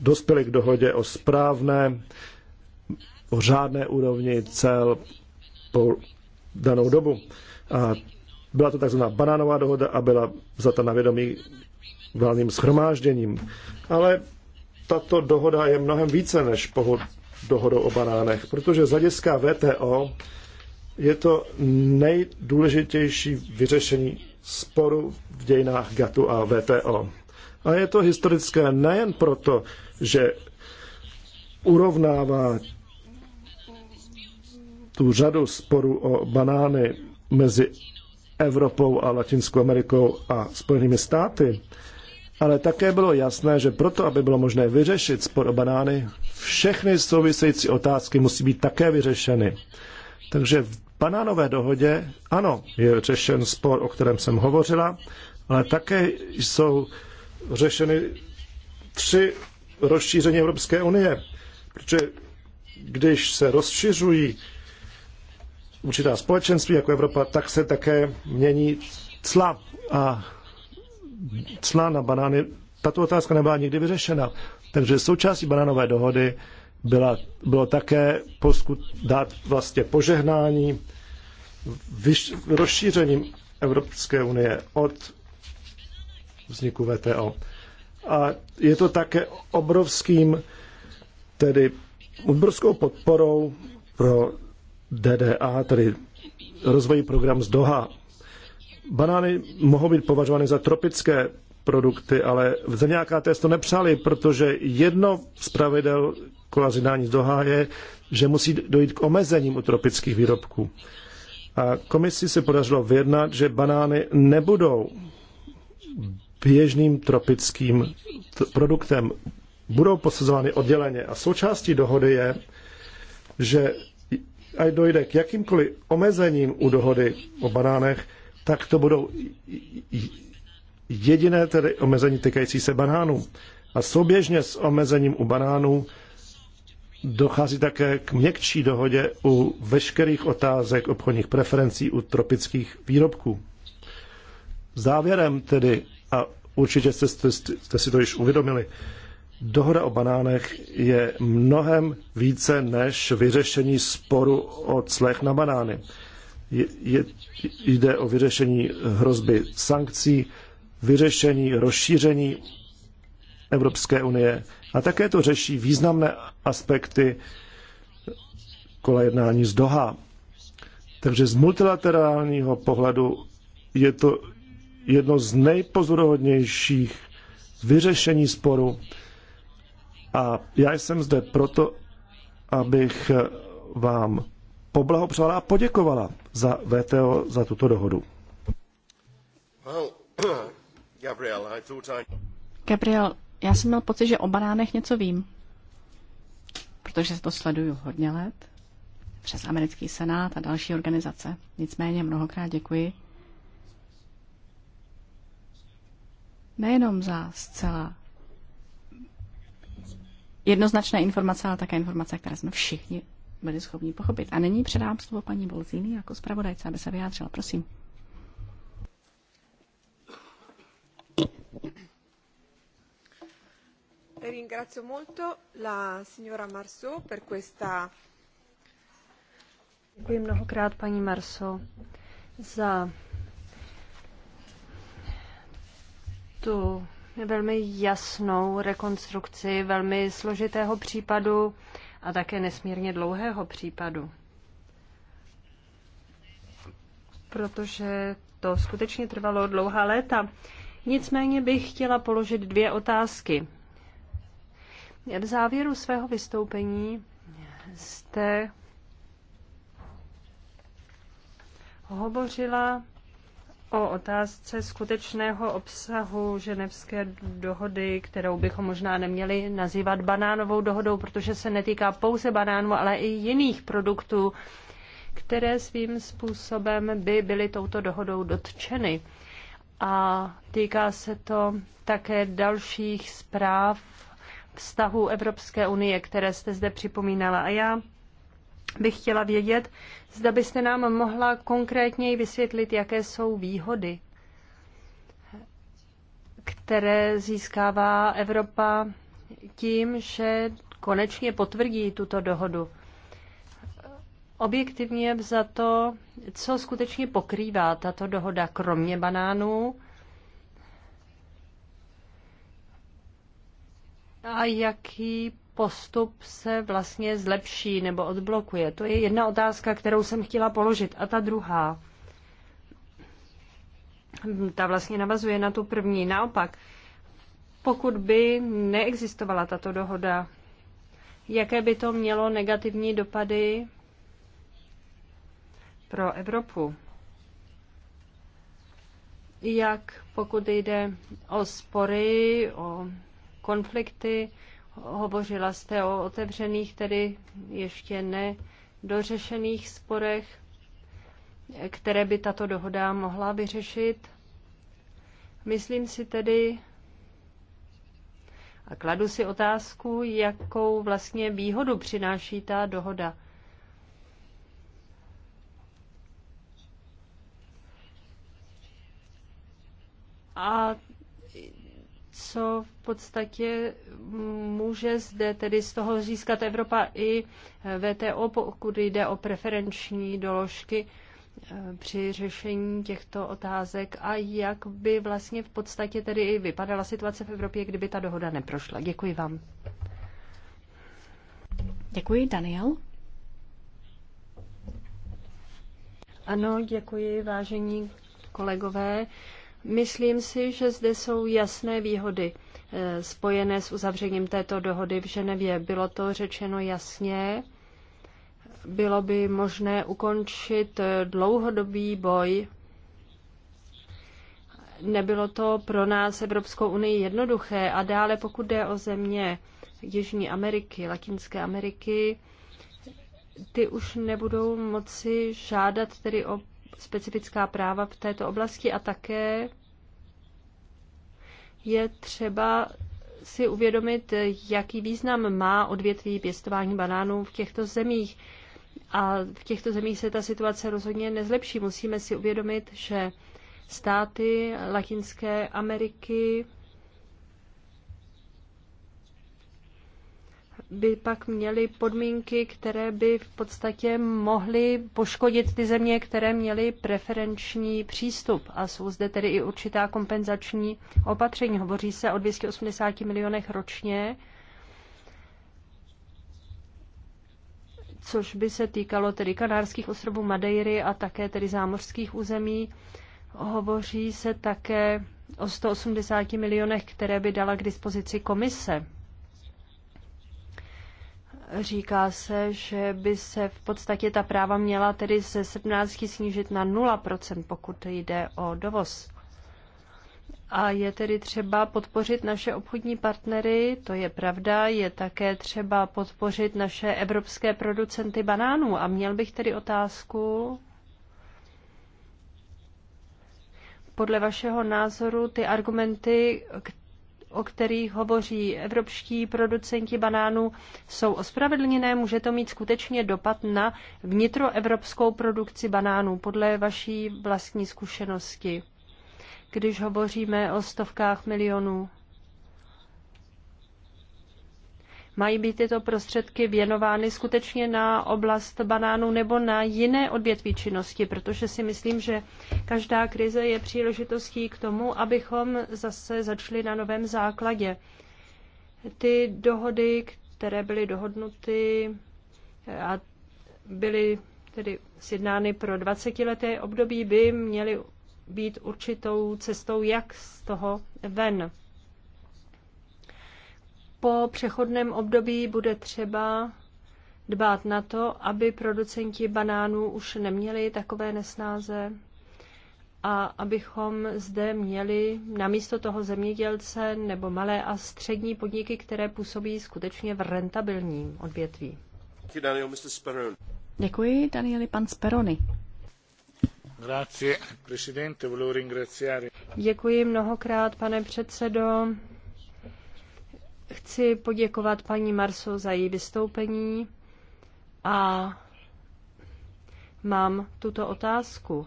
dospěly k dohodě o správné o řádné úrovni cel po danou dobu. A byla to takzvaná banánová dohoda a byla vzata na vědomí valným schromážděním. Ale tato dohoda je mnohem více než pohod dohodou o banánech, protože z hlediska VTO je to nejdůležitější vyřešení sporu v dějinách GATU a VTO. A je to historické nejen proto, že urovnává tu řadu sporů o banány mezi Evropou a Latinskou Amerikou a Spojenými státy, ale také bylo jasné, že proto, aby bylo možné vyřešit spor o banány, všechny související otázky musí být také vyřešeny. Takže v banánové dohodě, ano, je řešen spor, o kterém jsem hovořila, ale také jsou řešeny tři rozšíření Evropské unie. Protože když se rozšiřují určitá společenství jako Evropa, tak se také mění cla a cla na banány. Tato otázka nebyla nikdy vyřešena. Takže součástí banánové dohody byla, bylo také poskut dát vlastně požehnání vyš, rozšířením Evropské unie od vzniku VTO. A je to také obrovským, tedy obrovskou podporou pro DDA, tedy rozvoj program z Doha. Banány mohou být považovány za tropické produkty, ale v země test to nepřáli, protože jedno z pravidel kola z Doha je, že musí dojít k omezením u tropických výrobků. A komisi se podařilo vyjednat, že banány nebudou běžným tropickým produktem. Budou posuzovány odděleně. A součástí dohody je, že a dojde k jakýmkoliv omezením u dohody o banánech, tak to budou jediné tedy omezení týkající se banánů. A souběžně s omezením u banánů dochází také k měkčí dohodě u veškerých otázek obchodních preferencí u tropických výrobků. Závěrem tedy, a určitě jste, jste, jste si to již uvědomili, Dohoda o banánech je mnohem více než vyřešení sporu o clech na banány. Je, je, jde o vyřešení hrozby sankcí, vyřešení rozšíření Evropské unie a také to řeší významné aspekty kola jednání z Doha. Takže z multilaterálního pohledu je to jedno z nejpozoruhodnějších vyřešení sporu a já jsem zde proto, abych vám poblahopřála a poděkovala za VTO, za tuto dohodu. Gabriel, já jsem měl pocit, že o banánech něco vím, protože se to sleduju hodně let přes americký senát a další organizace. Nicméně mnohokrát děkuji nejenom za zcela jednoznačné informace, ale také informace, které jsme všichni byli schopni pochopit. A nyní předám slovo paní Bolzíny jako zpravodajce, aby se vyjádřila. Prosím. Ringrazio molto la signora Marceau per questa... Děkuji mnohokrát paní Marso za tu velmi jasnou rekonstrukci velmi složitého případu a také nesmírně dlouhého případu. Protože to skutečně trvalo dlouhá léta. Nicméně bych chtěla položit dvě otázky. V závěru svého vystoupení jste hovořila o otázce skutečného obsahu ženevské dohody, kterou bychom možná neměli nazývat banánovou dohodou, protože se netýká pouze banánů, ale i jiných produktů, které svým způsobem by byly touto dohodou dotčeny. A týká se to také dalších zpráv vztahu Evropské unie, které jste zde připomínala. A já bych chtěla vědět, zda byste nám mohla konkrétněji vysvětlit, jaké jsou výhody, které získává Evropa tím, že konečně potvrdí tuto dohodu. Objektivně za to, co skutečně pokrývá tato dohoda, kromě banánů, a jaký postup se vlastně zlepší nebo odblokuje? To je jedna otázka, kterou jsem chtěla položit. A ta druhá, ta vlastně navazuje na tu první. Naopak, pokud by neexistovala tato dohoda, jaké by to mělo negativní dopady pro Evropu? Jak pokud jde o spory, o konflikty, Hovořila jste o otevřených, tedy ještě nedořešených sporech, které by tato dohoda mohla vyřešit. Myslím si tedy, a kladu si otázku, jakou vlastně výhodu přináší ta dohoda. A co v podstatě může zde tedy z toho získat Evropa i VTO, pokud jde o preferenční doložky eh, při řešení těchto otázek a jak by vlastně v podstatě tedy i vypadala situace v Evropě, kdyby ta dohoda neprošla. Děkuji vám. Děkuji, Daniel. Ano, děkuji, vážení kolegové. Myslím si, že zde jsou jasné výhody eh, spojené s uzavřením této dohody v Ženevě. Bylo to řečeno jasně. Bylo by možné ukončit eh, dlouhodobý boj. Nebylo to pro nás Evropskou unii jednoduché. A dále, pokud jde o země Jižní Ameriky, Latinské Ameriky, ty už nebudou moci žádat tedy o specifická práva v této oblasti a také je třeba si uvědomit, jaký význam má odvětví pěstování banánů v těchto zemích. A v těchto zemích se ta situace rozhodně nezlepší. Musíme si uvědomit, že státy Latinské Ameriky by pak měly podmínky, které by v podstatě mohly poškodit ty země, které měly preferenční přístup. A jsou zde tedy i určitá kompenzační opatření. Hovoří se o 280 milionech ročně, což by se týkalo tedy kanárských ostrovů Madeiry a také tedy zámořských území. Hovoří se také o 180 milionech, které by dala k dispozici komise Říká se, že by se v podstatě ta práva měla tedy ze 17 snížit na 0%, pokud jde o dovoz. A je tedy třeba podpořit naše obchodní partnery, to je pravda, je také třeba podpořit naše evropské producenty banánů. A měl bych tedy otázku, podle vašeho názoru ty argumenty, o kterých hovoří evropští producenti banánů, jsou ospravedlněné? Může to mít skutečně dopad na vnitroevropskou produkci banánů podle vaší vlastní zkušenosti, když hovoříme o stovkách milionů Mají být tyto prostředky věnovány skutečně na oblast banánů nebo na jiné odvětví činnosti, protože si myslím, že každá krize je příležitostí k tomu, abychom zase začali na novém základě. Ty dohody, které byly dohodnuty a byly tedy sjednány pro 20-leté období, by měly být určitou cestou, jak z toho ven po přechodném období bude třeba dbát na to, aby producenti banánů už neměli takové nesnáze a abychom zde měli namísto toho zemědělce nebo malé a střední podniky, které působí skutečně v rentabilním odvětví. Děkuji, Danieli, pan Speroni. Děkuji mnohokrát, pane předsedo. Chci poděkovat paní Marso za její vystoupení a mám tuto otázku.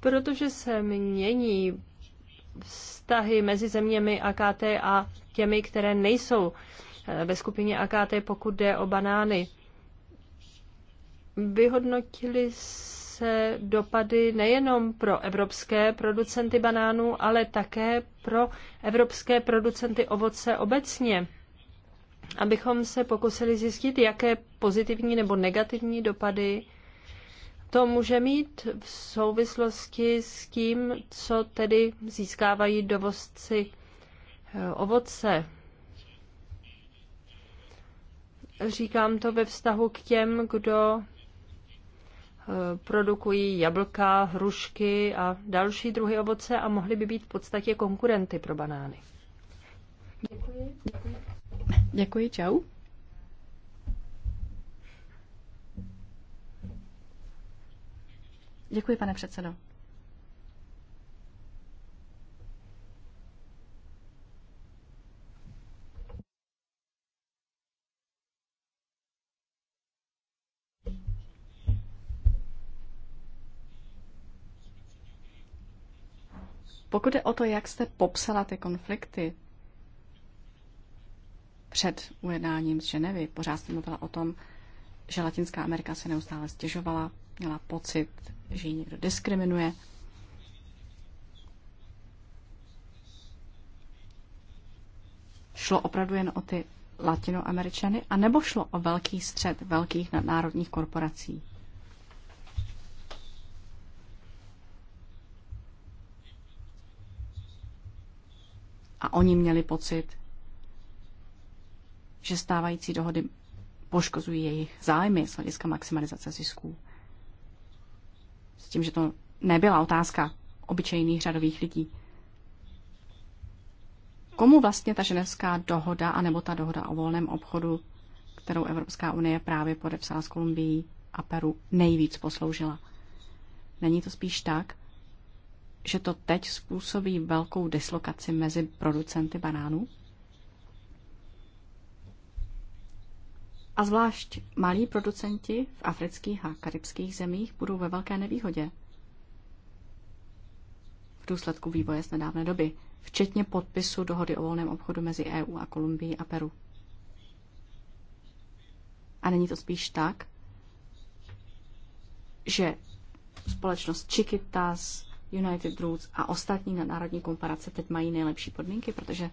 Protože se mění vztahy mezi zeměmi AKT a těmi, které nejsou eh, ve skupině AKT, pokud jde o banány. Vyhodnotili se dopady nejenom pro evropské producenty banánů, ale také pro evropské producenty ovoce obecně. Abychom se pokusili zjistit, jaké pozitivní nebo negativní dopady to může mít v souvislosti s tím, co tedy získávají dovozci eh, ovoce. Říkám to ve vztahu k těm, kdo Eh, produkují jablka, hrušky a další druhy ovoce a mohly by být v podstatě konkurenty pro banány. Děkuji. Děkuji, Děkuji čau. Děkuji, pane předsedo. Pokud je o to, jak jste popsala ty konflikty před ujednáním z Ženevy, pořád jste mluvila o tom, že Latinská Amerika se neustále stěžovala, měla pocit, že ji někdo diskriminuje. Šlo opravdu jen o ty Latinoameričany, anebo šlo o velký střed velkých nadnárodních korporací? a oni měli pocit, že stávající dohody poškozují jejich zájmy z hlediska maximalizace zisků. S tím, že to nebyla otázka obyčejných řadových lidí. Komu vlastně ta ženevská dohoda, anebo ta dohoda o volném obchodu, kterou Evropská unie právě podepsala s Kolumbií a Peru, nejvíc posloužila? Není to spíš tak, že to teď způsobí velkou dislokaci mezi producenty banánů? A zvlášť malí producenti v afrických a karibských zemích budou ve velké nevýhodě v důsledku vývoje z nedávné doby, včetně podpisu dohody o volném obchodu mezi EU a Kolumbií a Peru. A není to spíš tak, že společnost Chiquitas, United Roots a ostatní národní komparace teď mají nejlepší podmínky, protože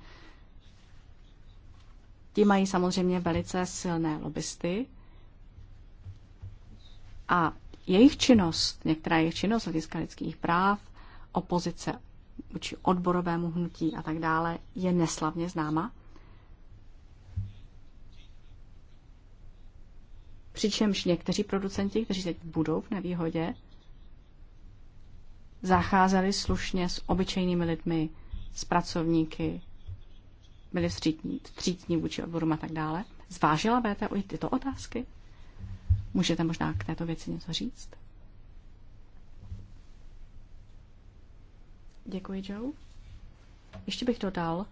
ti mají samozřejmě velice silné lobbysty a jejich činnost, některá jejich činnost hlediska lidských práv, opozice vůči odborovému hnutí a tak dále je neslavně známa. Přičemž někteří producenti, kteří teď budou v nevýhodě, zacházeli slušně s obyčejnými lidmi, s pracovníky, byli vstřícní, vstřícní vůči odborům a tak dále. Zvážila VTO i tyto otázky? Můžete možná k této věci něco říct? Děkuji, Joe. Ještě bych dodal,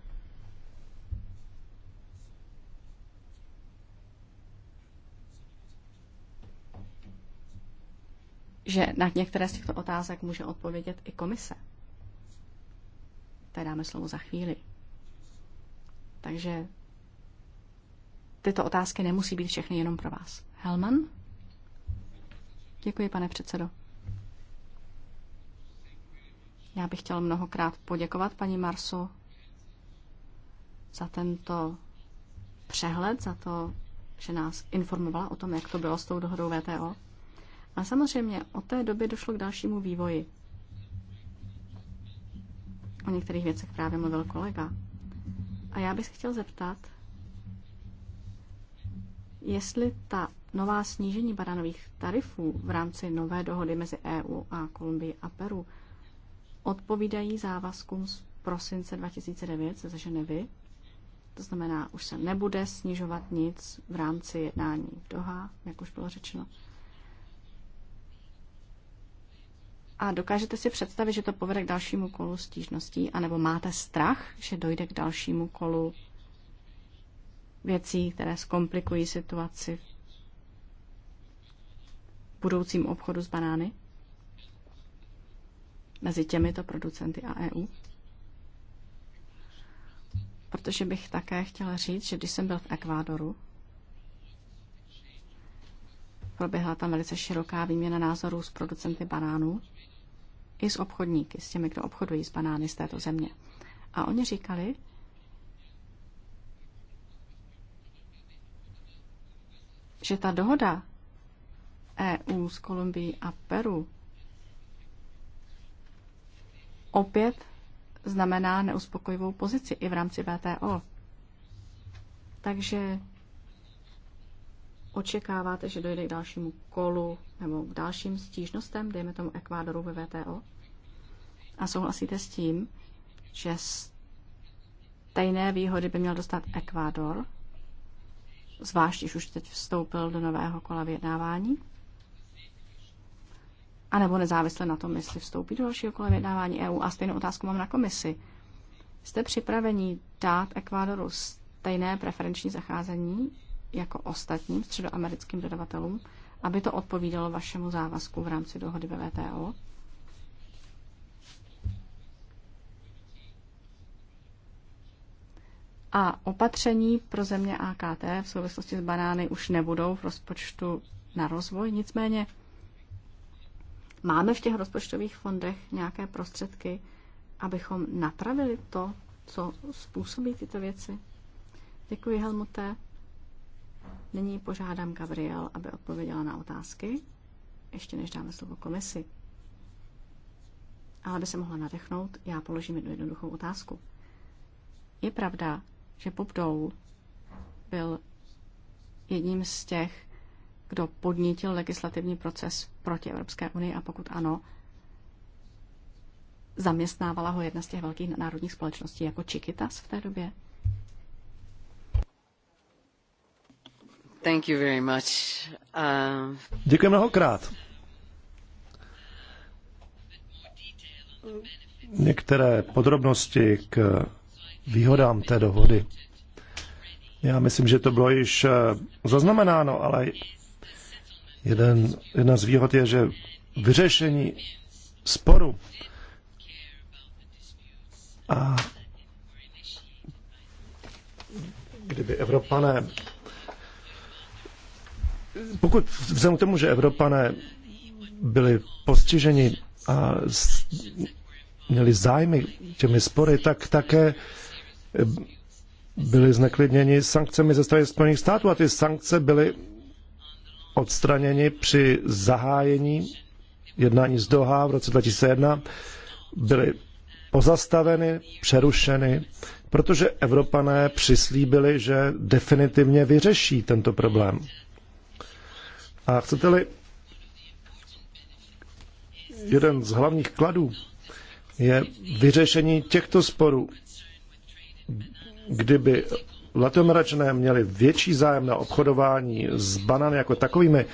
že na některé z těchto otázek může odpovědět i komise. Té dáme slovo za chvíli. Takže tyto otázky nemusí být všechny jenom pro vás. Helman? Děkuji, pane předsedo. Já bych chtěl mnohokrát poděkovat paní Marsu za tento přehled, za to, že nás informovala o tom, jak to bylo s tou dohodou VTO. A samozřejmě od té doby došlo k dalšímu vývoji. O některých věcech právě mluvil kolega. A já bych se chtěl zeptat, jestli ta nová snížení baranových tarifů v rámci nové dohody mezi EU a Kolumbii a Peru odpovídají závazkům z prosince 2009 ze Ženevy. To znamená, už se nebude snižovat nic v rámci jednání v Doha, jak už bylo řečeno. A dokážete si představit, že to povede k dalšímu kolu stížností, anebo máte strach, že dojde k dalšímu kolu věcí, které zkomplikují situaci v budoucím obchodu s banány mezi těmito producenty a EU? Protože bych také chtěla říct, že když jsem byl v Ekvádoru, proběhla tam velice široká výměna názorů s producenty banánů i s obchodníky, s těmi, kdo obchodují s banány z této země. A oni říkali, že ta dohoda EU s Kolumbií a Peru opět znamená neuspokojivou pozici i v rámci VTO. Takže Očekáváte, že dojde k dalšímu kolu nebo k dalším stížnostem, dejme tomu Ekvádoru ve VTO? A souhlasíte s tím, že stejné výhody by měl dostat Ekvádor, zvlášť když už teď vstoupil do nového kola vyjednávání? A nebo nezávisle na tom, jestli vstoupí do dalšího kola vyjednávání EU? A stejnou otázku mám na komisi. Jste připraveni dát Ekvádoru stejné preferenční zacházení jako ostatním středoamerickým dodavatelům, aby to odpovídalo vašemu závazku v rámci dohody VTO? A opatření pro země AKT v souvislosti s banány už nebudou v rozpočtu na rozvoj, nicméně máme v těch rozpočtových fondech nějaké prostředky, abychom napravili to, co způsobí tyto věci. Děkuji, Helmuté. Nyní požádám Gabriel, aby odpověděla na otázky, ještě než dáme slovo komisi. Ale aby se mohla nadechnout, já položím jednu jednoduchou otázku. Je pravda, že Bob Dole byl jedním z těch, kdo podnítil legislativní proces proti Evropské unii a pokud ano, zaměstnávala ho jedna z těch velkých národních společností jako Chiquitas v té době? Thank you very much. Uh, Děkuji mnohokrát. Některé podrobnosti k výhodám té dohody. Já myslím, že to bylo již eh, zaznamenáno, ale jeden, jedna z výhod je, že vyřešení sporu a kdyby Evropané pokud vzhledem k tomu, že Evropané byli postiženi a měli zájmy těmi spory, tak také byli zneklidněni sankcemi ze strany Spojených států a ty sankce byly odstraněny při zahájení jednání z Doha v roce 2001, byly pozastaveny, přerušeny, protože Evropané přislíbili, že definitivně vyřeší tento problém. A chcete-li jeden z hlavních kladů je vyřešení těchto sporů. Kdyby latomeračané měli větší zájem na obchodování s banány jako takovými,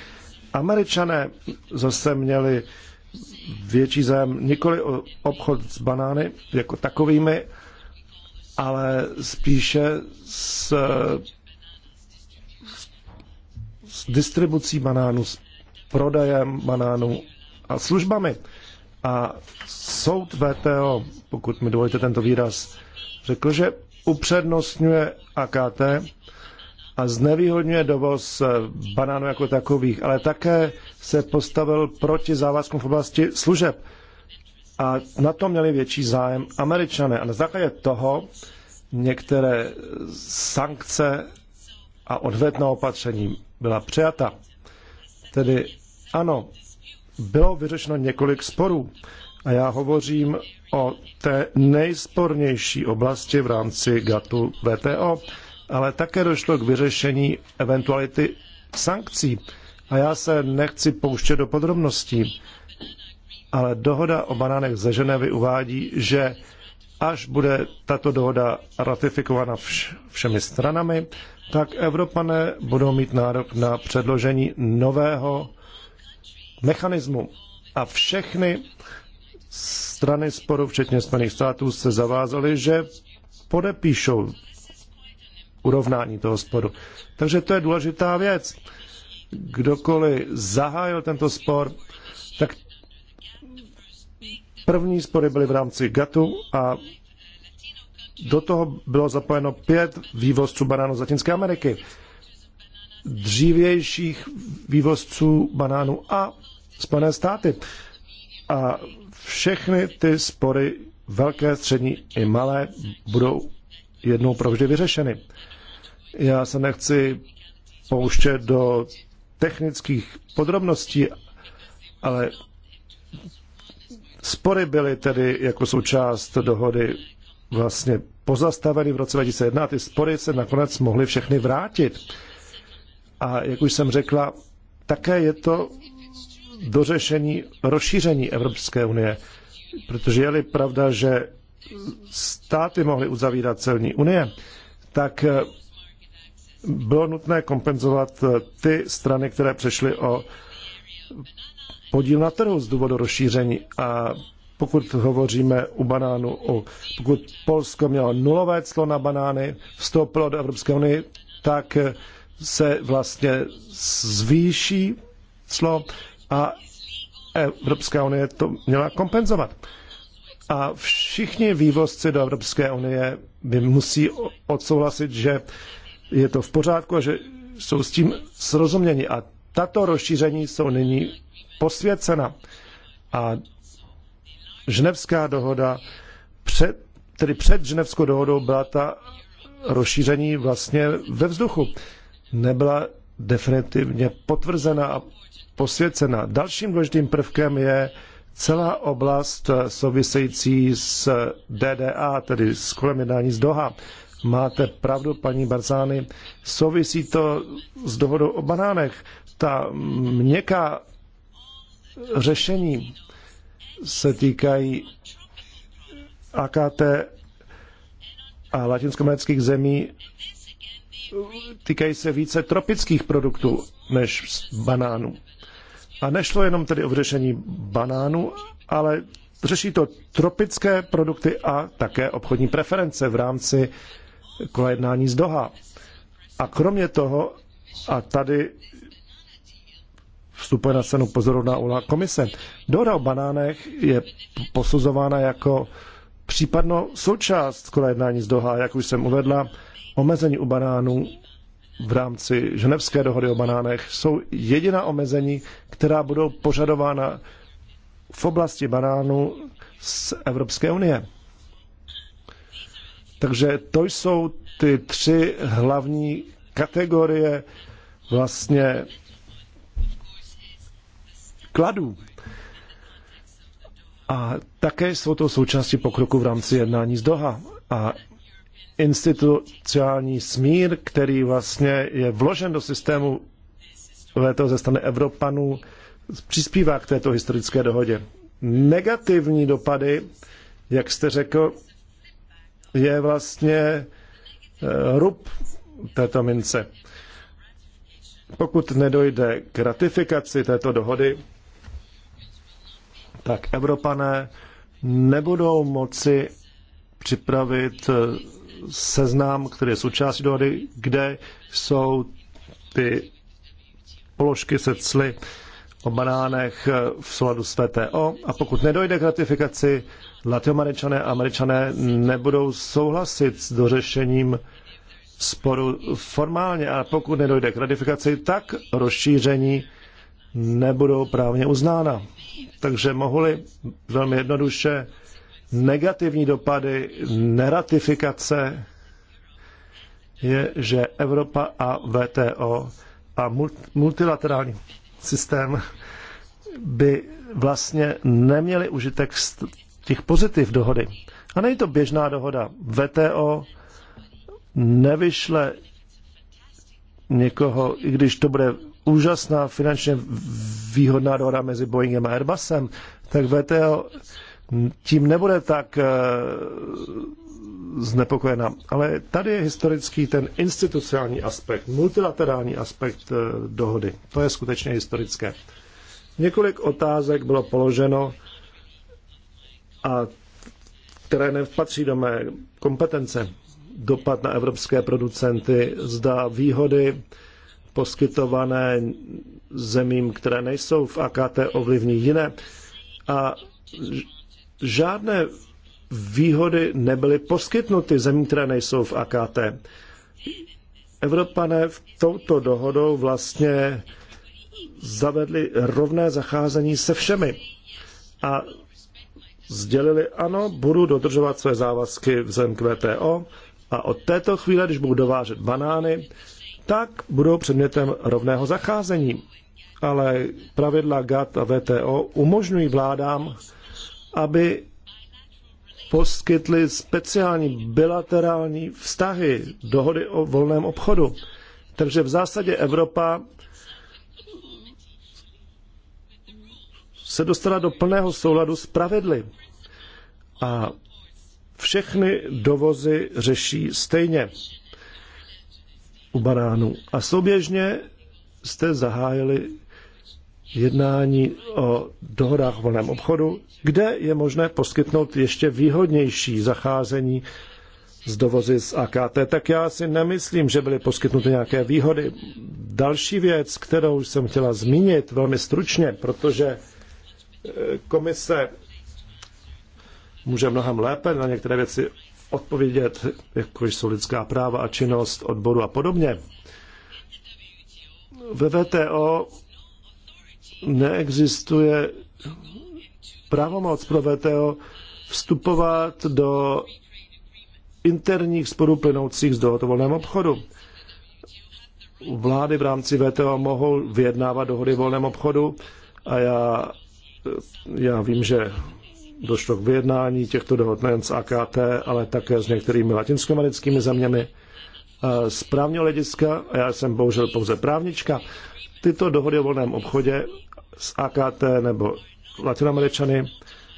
američané zase měli větší zájem nikoli o obchod s banány jako takovými, ale spíše s distribucí banánů, s prodejem banánů a službami. A soud VTO, pokud mi dovolíte tento výraz, řekl, že upřednostňuje AKT a znevýhodňuje dovoz banánů jako takových, ale také se postavil proti závazkům v oblasti služeb. A na to měli větší zájem američané. A na základě toho některé sankce a odvetná opatření byla přijata. Tedy ano, bylo vyřešeno několik sporů a já hovořím o té nejspornější oblasti v rámci GATU VTO, ale také došlo k vyřešení eventuality sankcí. A já se nechci pouštět do podrobností, ale dohoda o banánech ze Ženevy uvádí, že až bude tato dohoda ratifikována všemi stranami, tak Evropané budou mít nárok na předložení nového mechanismu. A všechny strany sporu, včetně Spojených států, se zavázaly, že podepíšou urovnání toho sporu. Takže to je důležitá věc. Kdokoliv zahájil tento spor, První spory byly v rámci GATU a do toho bylo zapojeno pět vývozců banánů z Latinské Ameriky, dřívějších vývozců banánů a Spojené státy. A všechny ty spory, velké, střední i malé, budou jednou provždy vyřešeny. Já se nechci pouštět do technických podrobností, ale Spory byly tedy jako součást dohody vlastně pozastaveny v roce 2001 a ty spory se nakonec mohly všechny vrátit. A jak už jsem řekla, také je to dořešení rozšíření Evropské unie, protože je-li pravda, že státy mohly uzavírat celní unie, tak bylo nutné kompenzovat ty strany, které přešly o podíl na trhu z důvodu rozšíření. A pokud hovoříme u banánu, o, pokud Polsko mělo nulové clo na banány, vstoupilo do Evropské unie, tak se vlastně zvýší clo a Evropská unie to měla kompenzovat. A všichni vývozci do Evropské unie by musí odsouhlasit, že je to v pořádku a že jsou s tím srozuměni. A tato rozšíření jsou nyní posvěcena. A ženevská dohoda, před, tedy před ženevskou dohodou byla ta rozšíření vlastně ve vzduchu. Nebyla definitivně potvrzena a posvěcena. Dalším důležitým prvkem je celá oblast související s DDA, tedy s kolem jednání z Doha. Máte pravdu, paní Barzány, souvisí to s dohodou o banánech. Ta měkká řešení se týkají AKT a latinskoamerických zemí, týkají se více tropických produktů než banánů. A nešlo jenom tedy o řešení banánů, ale řeší to tropické produkty a také obchodní preference v rámci kola jednání z Doha. A kromě toho, a tady vstupuje na scénu pozorovná úla komise. Dohoda o banánech je posuzována jako případno součást skoro jednání z Doha, jak už jsem uvedla, omezení u banánů v rámci ženevské dohody o banánech jsou jediná omezení, která budou požadována v oblasti banánů z Evropské unie. Takže to jsou ty tři hlavní kategorie vlastně kladů. A také jsou to součástí pokroku v rámci jednání z Doha. A institucionální smír, který vlastně je vložen do systému VTO ze strany Evropanů, přispívá k této historické dohodě. Negativní dopady, jak jste řekl, je vlastně eh, rub této mince. Pokud nedojde k ratifikaci této dohody, tak Evropané nebudou moci připravit eh, seznam, který je součástí dohody, kde jsou ty položky se cly o banánech eh, v souladu s VTO a pokud nedojde k ratifikaci, latinoameričané a američané nebudou souhlasit s dořešením sporu formálně a pokud nedojde k ratifikaci, tak rozšíření nebudou právně uznána. Takže mohli velmi jednoduše negativní dopady neratifikace je, že Evropa a VTO a multilaterální systém by vlastně neměli užitek z těch pozitiv dohody. A není to běžná dohoda. VTO nevyšle někoho, i když to bude úžasná finančně výhodná dohoda mezi Boeingem a Airbusem, tak VTO tím nebude tak eh, znepokojena. Ale tady je historický ten institucionální aspekt, multilaterální aspekt eh, dohody. To je skutečně historické. Několik otázek bylo položeno, a které nepatří do mé kompetence. Dopad na evropské producenty, zda výhody poskytované zemím, které nejsou v AKT, ovlivní jiné. A žádné výhody nebyly poskytnuty zemím, které nejsou v AKT. Evropané v touto dohodou vlastně zavedli rovné zacházení se všemi a sdělili, ano, budu dodržovat své závazky zem k VTO a od této chvíle, když budu dovážet banány, tak budou předmětem rovného zacházení. Ale pravidla GATT a VTO umožňují vládám, aby poskytly speciální bilaterální vztahy, dohody o volném obchodu. Takže v zásadě Evropa se dostala do plného souladu s pravidly. A všechny dovozy řeší stejně u baránů. A souběžně jste zahájili jednání o dohodách volném obchodu, kde je možné poskytnout ještě výhodnější zacházení z dovozy z AKT, tak já si nemyslím, že byly poskytnuty nějaké výhody. Další věc, kterou jsem chtěla zmínit velmi stručně, protože eh, komise může mnohem lépe na některé věci odpovědět, jako jsou lidská práva a činnost odboru a podobně. Ve VTO neexistuje pravomoc pro VTO vstupovat do interních sporů plynoucích z dohod obchodu. Vlády v rámci VTO mohou vyjednávat dohody volném obchodu a já, já vím, že došlo k vyjednání těchto dohod nejen s AKT, ale také s některými latinskoamerickými zeměmi. Z právního hlediska, a já jsem bohužel pouze právnička, tyto dohody o volném obchodě s AKT nebo latinoameričany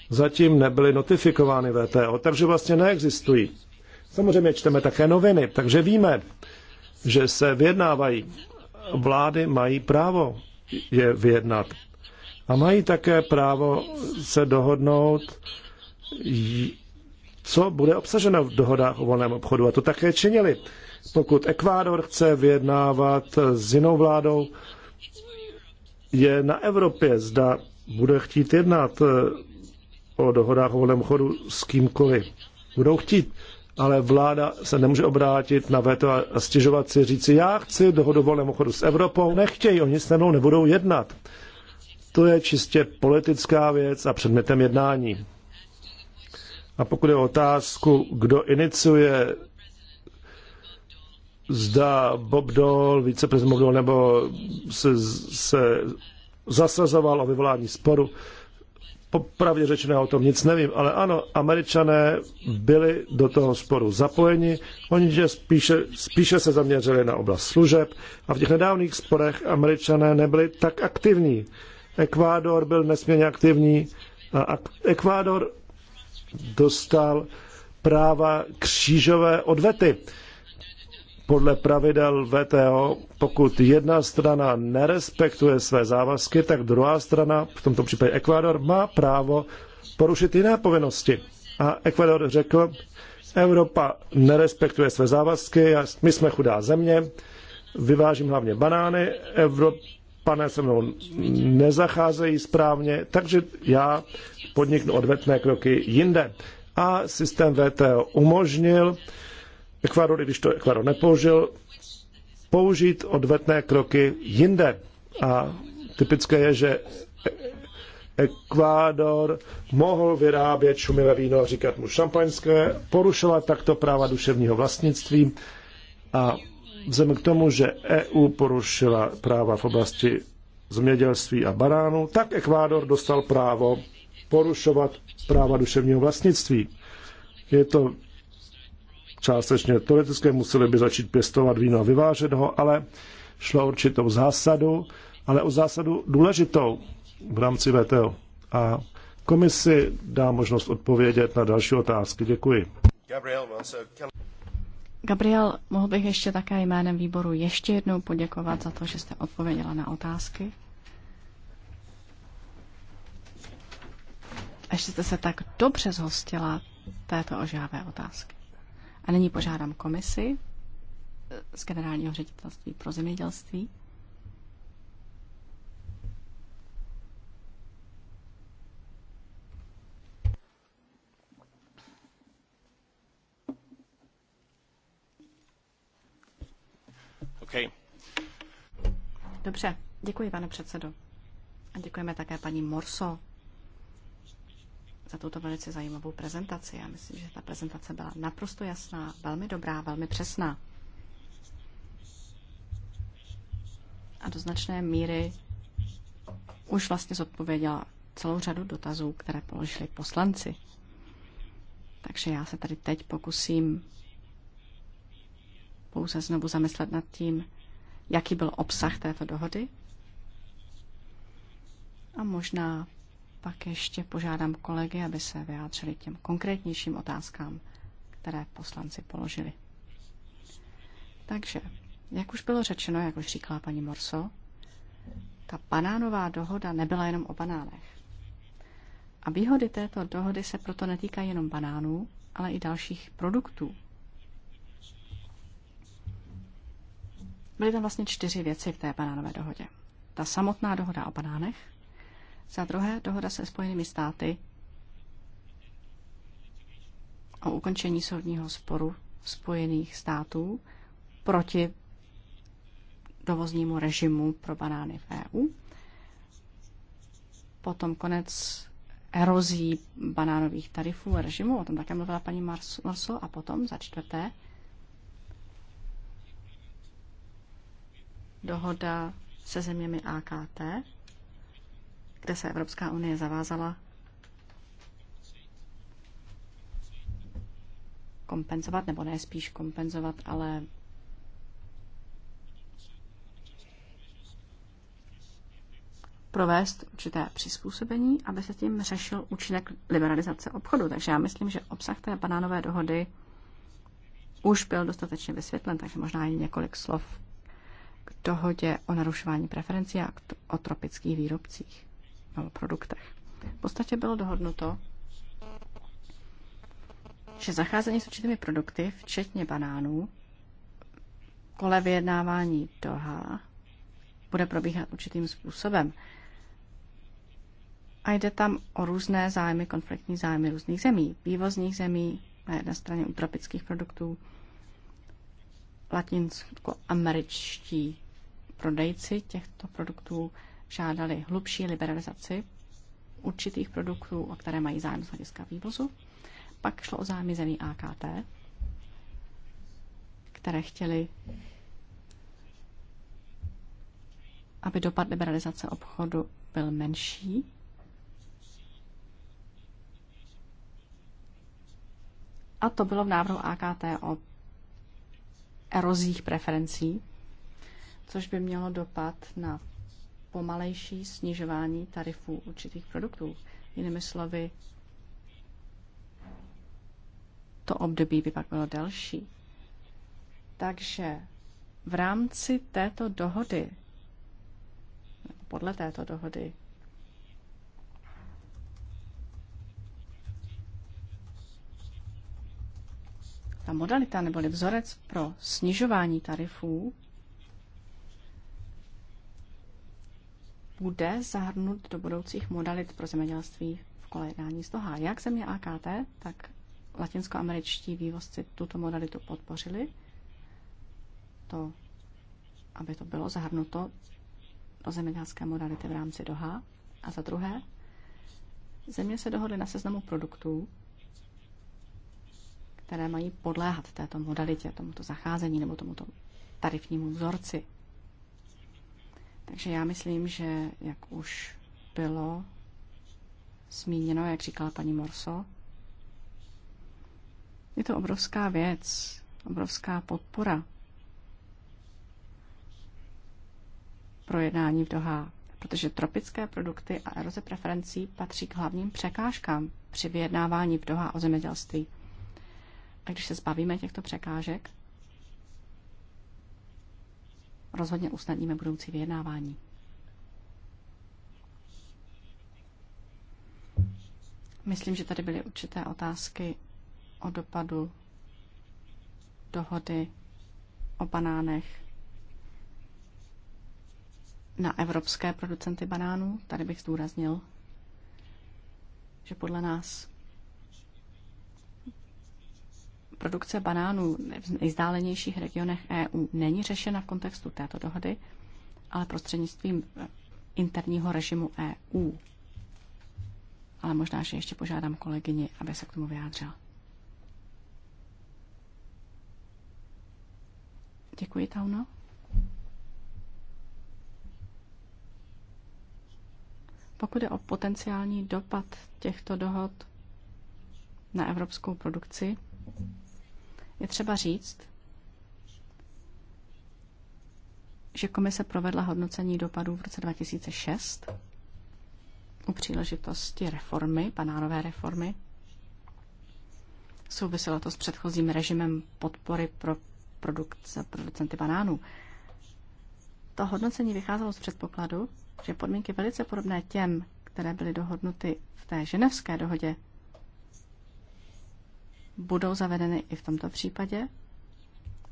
zatím nebyly notifikovány VTO, takže vlastně neexistují. Samozřejmě čteme také noviny, takže víme, že se vyjednávají. Vlády mají právo je vyjednat. A mají také právo se dohodnout, co bude obsaženo v dohodách o volném obchodu. A to také činili. Pokud Ekvádor chce vyjednávat s jinou vládou, je na Evropě, zda bude chtít jednat eh, o dohodách o volném obchodu s kýmkoliv. Budou chtít, ale vláda se nemůže obrátit na veto a stěžovat si, říci, já chci dohodu o volném chodu s Evropou, nechtějí, oni se mnou nebudou jednat. To je čistě politická věc a předmětem jednání. A pokud je otázku, kdo iniciuje zda Bob Dole, viceprezident Bob Dole, nebo se, se zasazoval o vyvolání sporu. Popravdě řečeno, o tom nic nevím, ale ano, američané byli do toho sporu zapojeni, oni že spíše, spíše se zaměřili na oblast služeb a v těch nedávných sporech američané nebyli tak aktivní. Ekvádor byl nesmírně aktivní a Ekvádor dostal práva křížové odvety. Podle pravidel VTO, pokud jedna strana nerespektuje své závazky, tak druhá strana, v tomto případě Ekvádor, má právo porušit jiné povinnosti. A Ekvador řekl, Evropa nerespektuje své závazky, my jsme chudá země, vyvážím hlavně banány, Evropa Pane, se mnou nezacházejí správně, takže já podniknu odvetné kroky jinde. A systém VTO umožnil Ekvadoru, když to Ekvador nepoužil, použít odvetné kroky jinde. A typické je, že Ekvádor mohl vyrábět šumivé víno, a říkat mu šampaňské, porušila takto práva duševního vlastnictví a vzhledem k tomu, že EU porušila práva v oblasti zemědělství a banánů, tak Ekvádor dostal právo porušovat práva duševního vlastnictví. Je to částečně teoretické, museli by začít pěstovat víno a vyvážet ho, ale šlo určitou zásadu, ale o zásadu důležitou v rámci VTO. A komisi dá možnost odpovědět na další otázky. Děkuji. Gabriel, Gabriel, mohl bych ještě také jménem výboru ještě jednou poděkovat za to, že jste odpověděla na otázky. A že jste se tak dobře zhostila této ožávé otázky. A nyní požádám komisi z Generálního ředitelství pro zemědělství, Okay. Dobře, děkuji, pane předsedo. A děkujeme také paní Morso za tuto velice zajímavou prezentaci. Já myslím, že ta prezentace byla naprosto jasná, velmi dobrá, velmi přesná. A do značné míry už vlastně zodpověděla celou řadu dotazů, které položili poslanci. Takže já se tady teď pokusím pouze znovu zamyslet nad tím, jaký byl obsah této dohody. A možná pak ještě požádám kolegy, aby se vyjádřili k těm konkrétnějším otázkám, které poslanci položili. Takže, jak už bylo řečeno, jak už říkala paní Morso, ta banánová dohoda nebyla jenom o banánech. A výhody této dohody se proto netýkají jenom banánů, ale i dalších produktů. Byly tam vlastně čtyři věci v té banánové dohodě. Ta samotná dohoda o banánech, za druhé dohoda se Spojenými státy o ukončení soudního sporu Spojených států proti dovoznímu režimu pro banány v EU. Potom konec erozí banánových tarifů a režimu, o tom také mluvila paní Marso, a potom za čtvrté dohoda se zeměmi AKT, kde se Evropská unie zavázala kompenzovat, nebo ne spíš kompenzovat, ale provést určité přizpůsobení, aby se tím řešil účinek liberalizace obchodu. Takže já myslím, že obsah té banánové dohody už byl dostatečně vysvětlen, takže možná i několik slov k dohodě o narušování preferencí a o tropických výrobcích nebo produktech. V podstatě bylo dohodnuto, že zacházení s určitými produkty, včetně banánů, kole vyjednávání Doha bude probíhat určitým způsobem. A jde tam o různé zájmy, konfliktní zájmy různých zemí, vývozních zemí na jedné straně u tropických produktů latinsko-američtí prodejci těchto produktů žádali hlubší liberalizaci určitých produktů, o které mají zájem z hlediska vývozu. Pak šlo o zájmy zemí AKT, které chtěly, aby dopad liberalizace obchodu byl menší. A to bylo v návrhu AKT o erozích preferencí, což by mělo dopad na pomalejší snižování tarifů určitých produktů. Jinými slovy, to období by pak bylo delší. Takže v rámci této dohody, podle této dohody, ta modalita neboli vzorec pro snižování tarifů bude zahrnut do budoucích modalit pro zemědělství v kole jednání z Doha. Jak země AKT, tak latinskoameričtí vývozci tuto modalitu podpořili. To, aby to bylo zahrnuto do zemědělské modality v rámci Doha. A za druhé, země se dohodly na seznamu produktů, které mají podléhat této modalitě, tomuto zacházení nebo tomuto tarifnímu vzorci. Takže já myslím, že jak už bylo zmíněno, jak říkala paní Morso, je to obrovská věc, obrovská podpora pro jednání v Doha, protože tropické produkty a eroze preferencí patří k hlavním překážkám při vyjednávání v Doha o zemědělství. A když se zbavíme těchto překážek, rozhodně usnadníme budoucí vyjednávání. Myslím, že tady byly určité otázky o dopadu dohody o banánech na evropské producenty banánů. Tady bych zdůraznil, že podle nás produkce banánů v nejzdálenějších regionech EU není řešena v kontextu této dohody, ale prostřednictvím interního režimu EU. Ale možná, že ještě požádám kolegyni, aby se k tomu vyjádřila. Děkuji, Tauno. Pokud je o potenciální dopad těchto dohod na evropskou produkci, je třeba říct, že komise provedla hodnocení dopadů v roce 2006 u příležitosti reformy, panárové reformy. Souviselo to s předchozím režimem podpory pro produkce, producenty banánů. To hodnocení vycházelo z předpokladu, že podmínky velice podobné těm, které byly dohodnuty v té ženevské dohodě budou zavedeny i v tomto případě.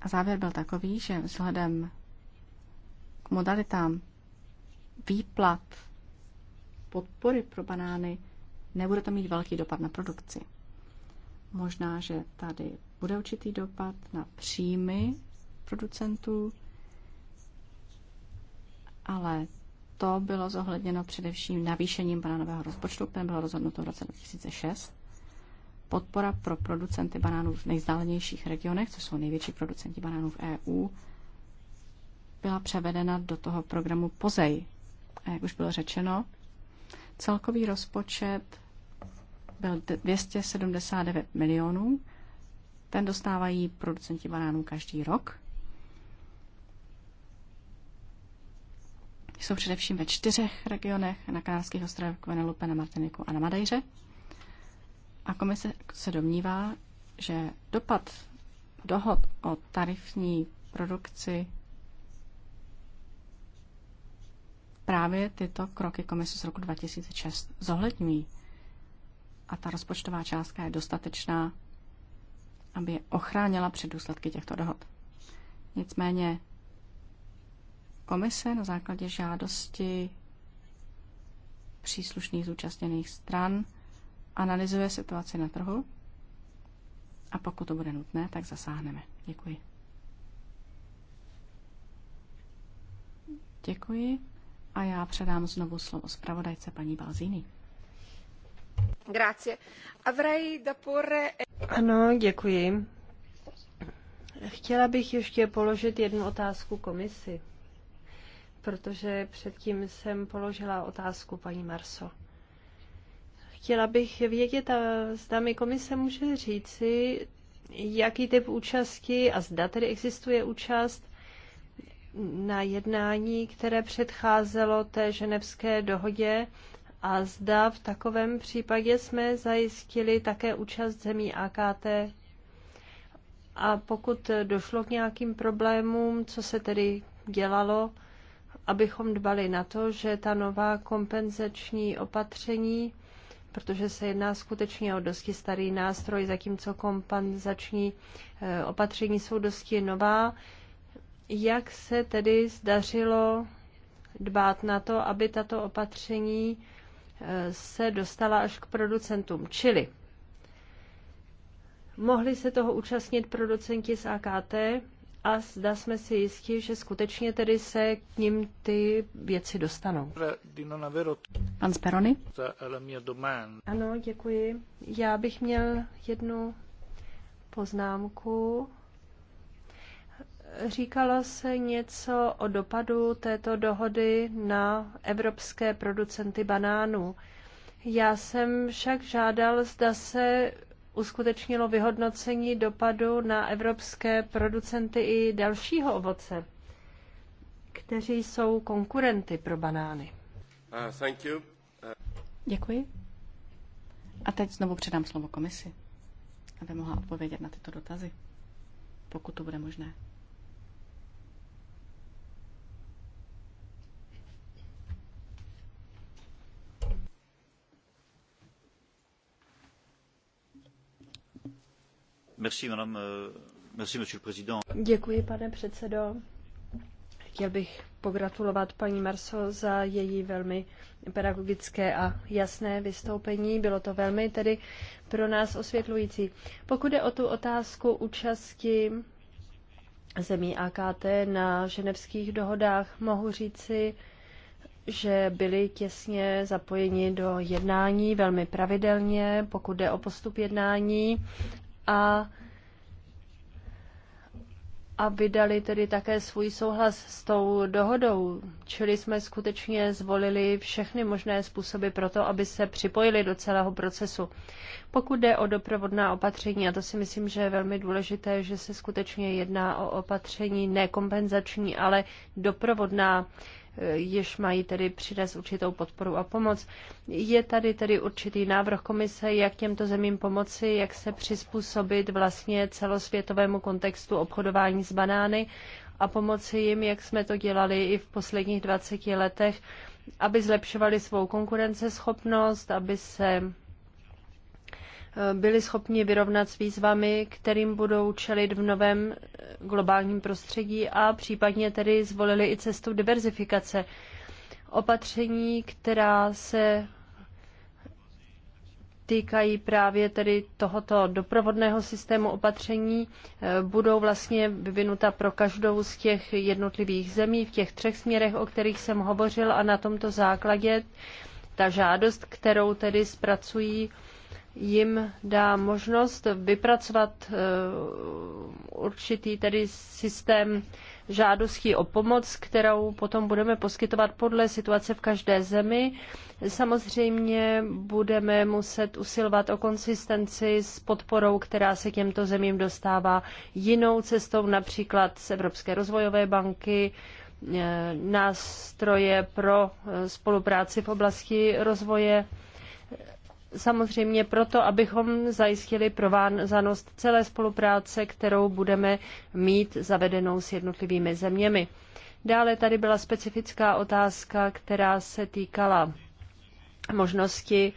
A závěr byl takový, že vzhledem k modalitám výplat podpory pro banány nebude to mít velký dopad na produkci. Možná, že tady bude určitý dopad na příjmy producentů, ale to bylo zohledněno především navýšením banánového rozpočtu, které bylo rozhodnuto v roce 2006 podpora pro producenty banánů v nejzdálenějších regionech, co jsou největší producenti banánů v EU, byla převedena do toho programu POZEJ. A jak už bylo řečeno, celkový rozpočet byl 279 milionů. Ten dostávají producenti banánů každý rok. Jsou především ve čtyřech regionech, na Kanárských ostrovech, Guadeloupe, na Martiniku a na Madejře. A komise se domnívá, že dopad dohod o tarifní produkci právě tyto kroky komise z roku 2006 zohledňují. A ta rozpočtová částka je dostatečná, aby je ochránila před důsledky těchto dohod. Nicméně komise na základě žádosti příslušných zúčastněných stran analyzuje situaci na trhu a pokud to bude nutné, tak zasáhneme. Děkuji. Děkuji a já předám znovu slovo zpravodajce paní Balzíny. Grazie. Avrei da porre... Ano, děkuji. Chtěla bych ještě položit jednu otázku komisi, protože předtím jsem položila otázku paní Marso. Chtěla bych vědět, a zda mi komise může říci, jaký typ účasti a zda tedy existuje účast na jednání, které předcházelo té ženevské dohodě a zda v takovém případě jsme zajistili také účast zemí AKT a pokud došlo k nějakým problémům, co se tedy dělalo, abychom dbali na to, že ta nová kompenzační opatření protože se jedná skutečně o dosti starý nástroj, zatímco kompenzační eh, opatření jsou dosti nová. Jak se tedy zdařilo dbát na to, aby tato opatření eh, se dostala až k producentům? Čili mohli se toho účastnit producenti z AKT, a zda jsme si jistí, že skutečně tedy se k ním ty věci dostanou. Pan Speroni? Ano, děkuji. Já bych měl jednu poznámku. Říkalo se něco o dopadu této dohody na evropské producenty banánů. Já jsem však žádal, zda se uskutečnilo vyhodnocení dopadu na evropské producenty i dalšího ovoce, kteří jsou konkurenty pro banány. Uh, thank you. Uh... Děkuji. A teď znovu předám slovo komisi, aby mohla odpovědět na tyto dotazy, pokud to bude možné. Euh, Děkuji, pane předsedo. Chtěl bych pogratulovat paní Marso za její velmi pedagogické a jasné vystoupení. Bylo to velmi tedy pro nás osvětlující. Pokud jde o tu otázku účasti zemí AKT na ženevských dohodách, mohu říci, že byli těsně zapojeni do jednání velmi pravidelně, pokud jde o postup jednání a a vydali tedy také svůj souhlas s tou dohodou. Čili jsme skutečně zvolili všechny možné způsoby pro to, aby se připojili do celého procesu. Pokud jde o doprovodná opatření, a to si myslím, že je velmi důležité, že se skutečně jedná o opatření nekompenzační, ale doprovodná jež mají tedy přines určitou podporu a pomoc. Je tady tedy určitý návrh komise, jak těmto zemím pomoci, jak se přizpůsobit vlastně celosvětovému kontextu obchodování s banány a pomoci jim, jak jsme to dělali i v posledních 20 letech, aby zlepšovali svou konkurenceschopnost, aby se byli schopni vyrovnat s výzvami, kterým budou čelit v novém eh, globálním prostředí a případně tedy zvolili i cestu diverzifikace. Opatření, která se týkají právě tedy tohoto doprovodného systému opatření, eh, budou vlastně vyvinuta pro každou z těch jednotlivých zemí v těch třech směrech, o kterých jsem hovořil a na tomto základě ta žádost, kterou tedy zpracují jim dá možnost vypracovat eh, určitý tedy systém žádostí o pomoc, kterou potom budeme poskytovat podle situace v každé zemi. Samozřejmě budeme muset usilovat o konsistenci s podporou, která se těmto zemím dostává jinou cestou, například z Evropské rozvojové banky, eh, nástroje pro eh, spolupráci v oblasti rozvoje samozřejmě proto, abychom zajistili provázanost celé spolupráce, kterou budeme mít zavedenou s jednotlivými zeměmi. Dále tady byla specifická otázka, která se týkala možnosti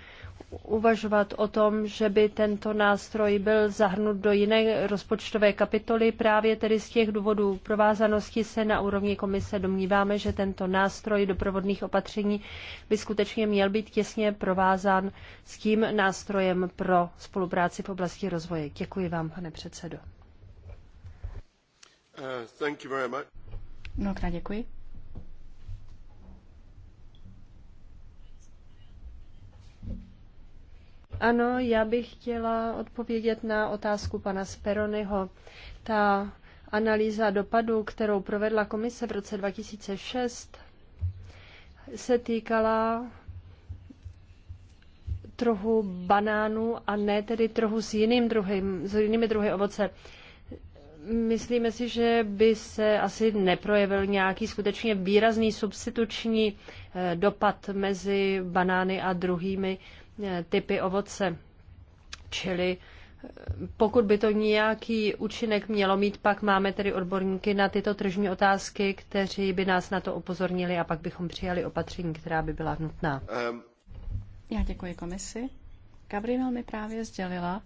uvažovat o tom, že by tento nástroj byl zahrnut do jiné rozpočtové kapitoly. Právě tedy z těch důvodů provázanosti se na úrovni komise domníváme, že tento nástroj doprovodných opatření by skutečně měl být těsně provázán s tím nástrojem pro spolupráci v oblasti rozvoje. Děkuji vám, pane předsedo. Uh, Mnohokrát děkuji. Ano, já bych chtěla odpovědět na otázku pana Speronyho. Ta analýza dopadu, kterou provedla komise v roce 2006, se týkala trhu banánů a ne tedy trhu s jiným druhem, s jinými druhy ovoce. Myslíme si, že by se asi neprojevil nějaký skutečně výrazný substituční eh, dopad mezi banány a druhými Eh, typy ovoce. Čili eh, pokud by to nějaký účinek mělo mít, pak máme tedy odborníky na tyto tržní otázky, kteří by nás na to upozornili a pak bychom přijali opatření, která by byla nutná. Um. Já děkuji komisi. Gabriel mi právě sdělila,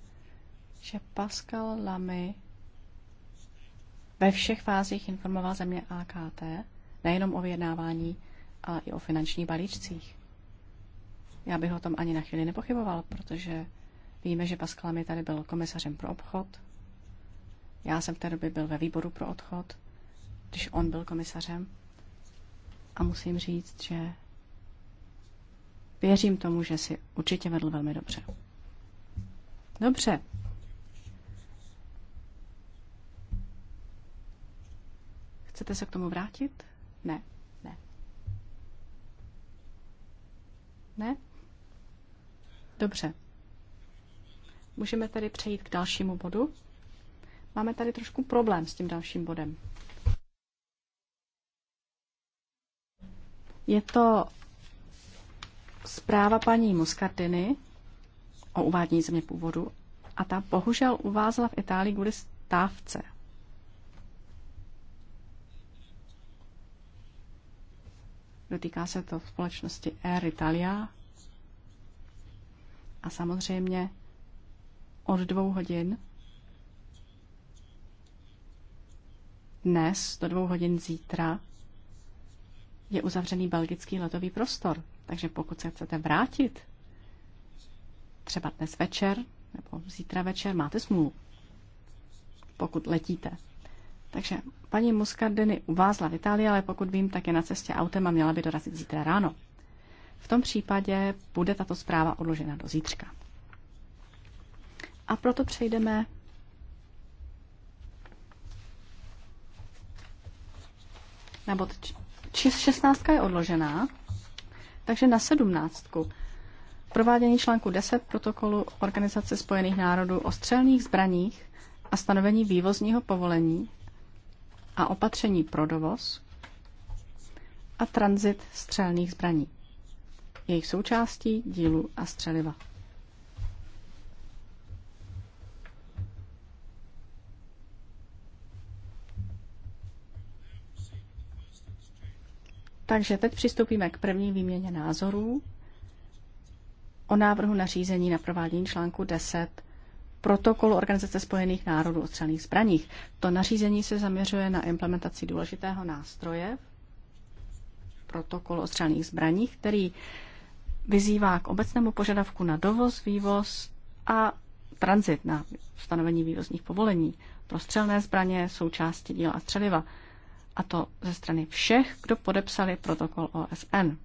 že Pascal Lamy ve všech fázích informoval země AKT, nejenom o vyjednávání, ale i o finančních balíčcích. Já bych o tom ani na chvíli nepochyboval, protože víme, že Pascal mi tady byl komisařem pro obchod. Já jsem v té době byl ve výboru pro odchod, když on byl komisařem. A musím říct, že věřím tomu, že si určitě vedl velmi dobře. Dobře. Chcete se k tomu vrátit? Ne. Ne? Ne? Dobře. Můžeme tedy přejít k dalšímu bodu. Máme tady trošku problém s tím dalším bodem. Je to zpráva paní Muscardini o uvádění země původu a ta bohužel uvázla v Itálii kvůli stávce. Dotýká se to v společnosti Air Italia, a samozřejmě od dvou hodin dnes do dvou hodin zítra je uzavřený belgický letový prostor. Takže pokud se chcete vrátit, třeba dnes večer nebo zítra večer, máte smůlu, pokud letíte. Takže paní Muscardini uvázla v Itálii, ale pokud vím, tak je na cestě autem a měla by dorazit zítra ráno. V tom případě bude tato zpráva odložena do zítřka. A proto přejdeme na bod 16 je odložená, takže na 17. Provádění článku 10 protokolu Organizace spojených národů o střelných zbraních a stanovení vývozního povolení a opatření pro dovoz a tranzit střelných zbraní jejich součástí, dílu a střeliva. Takže teď přistoupíme k první výměně názorů o návrhu nařízení na provádění článku 10 protokolu Organizace spojených národů o střelných zbraních. To nařízení se zaměřuje na implementaci důležitého nástroje protokolu o střelných zbraních, který vyzývá k obecnému požadavku na dovoz, vývoz a tranzit na stanovení vývozních povolení pro střelné zbraně, součásti díla a střeliva. A to ze strany všech, kdo podepsali protokol OSN.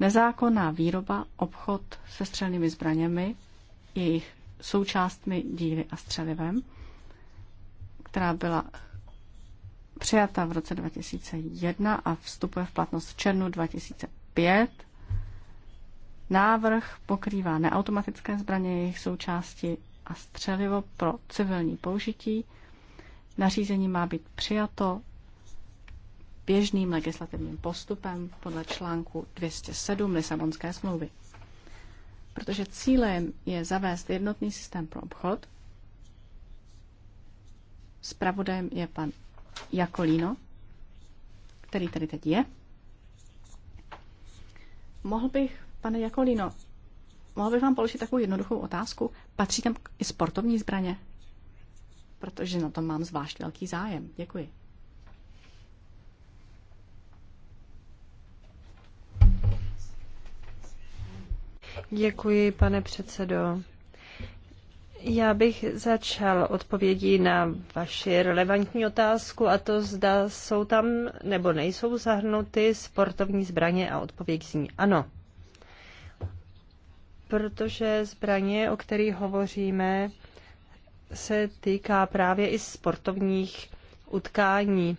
Nezákonná výroba, obchod se střelnými zbraněmi, jejich součástmi díly a střelivem, která byla přijata v roce 2001 a vstupuje v platnost v červnu 2005, Návrh pokrývá neautomatické zbraně, jejich součásti a střelivo pro civilní použití. Nařízení má být přijato běžným legislativním postupem podle článku 207 Lisabonské smlouvy. Protože cílem je zavést jednotný systém pro obchod. Spravodajem je pan Jakolino, který tady teď je. Mohl bych Pane Jakolino, mohl bych vám položit takovou jednoduchou otázku. Patří tam i sportovní zbraně? Protože na tom mám zvlášť velký zájem. Děkuji. Děkuji, pane předsedo. Já bych začal odpovědí na vaši relevantní otázku a to zda jsou tam nebo nejsou zahrnuty sportovní zbraně a odpověď zní ano protože zbraně, o kterých hovoříme, se týká právě i sportovních utkání.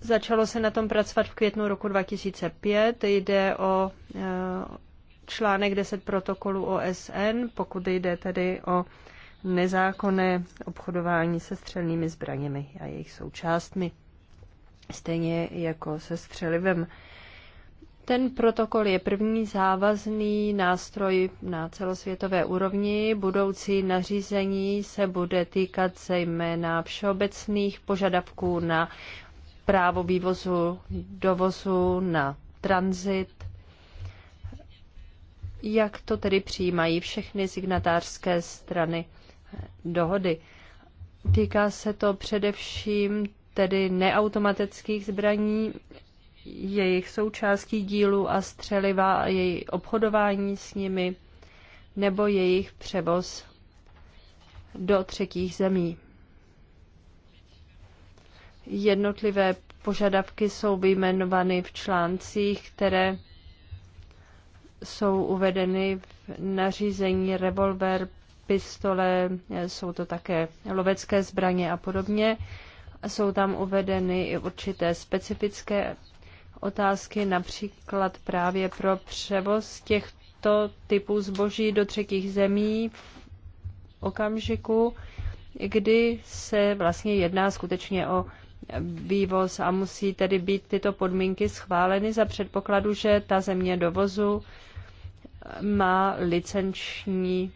Začalo se na tom pracovat v květnu roku 2005. Jde o e, článek 10 protokolu OSN, pokud jde tedy o nezákonné obchodování se střelnými zbraněmi a jejich součástmi, stejně jako se střelivem. Ten protokol je první závazný nástroj na celosvětové úrovni. Budoucí nařízení se bude týkat zejména všeobecných požadavků na právo vývozu, dovozu, na tranzit. Jak to tedy přijímají všechny signatářské strany dohody? Týká se to především tedy neautomatických zbraní jejich součástí dílu a střeliva a její obchodování s nimi nebo jejich převoz do třetích zemí. Jednotlivé požadavky jsou vyjmenovány v článcích, které jsou uvedeny v nařízení revolver, pistole, jsou to také lovecké zbraně a podobně. Jsou tam uvedeny i určité specifické otázky například právě pro převoz těchto typů zboží do třetích zemí v okamžiku, kdy se vlastně jedná skutečně o vývoz a musí tedy být tyto podmínky schváleny za předpokladu, že ta země dovozu má licenční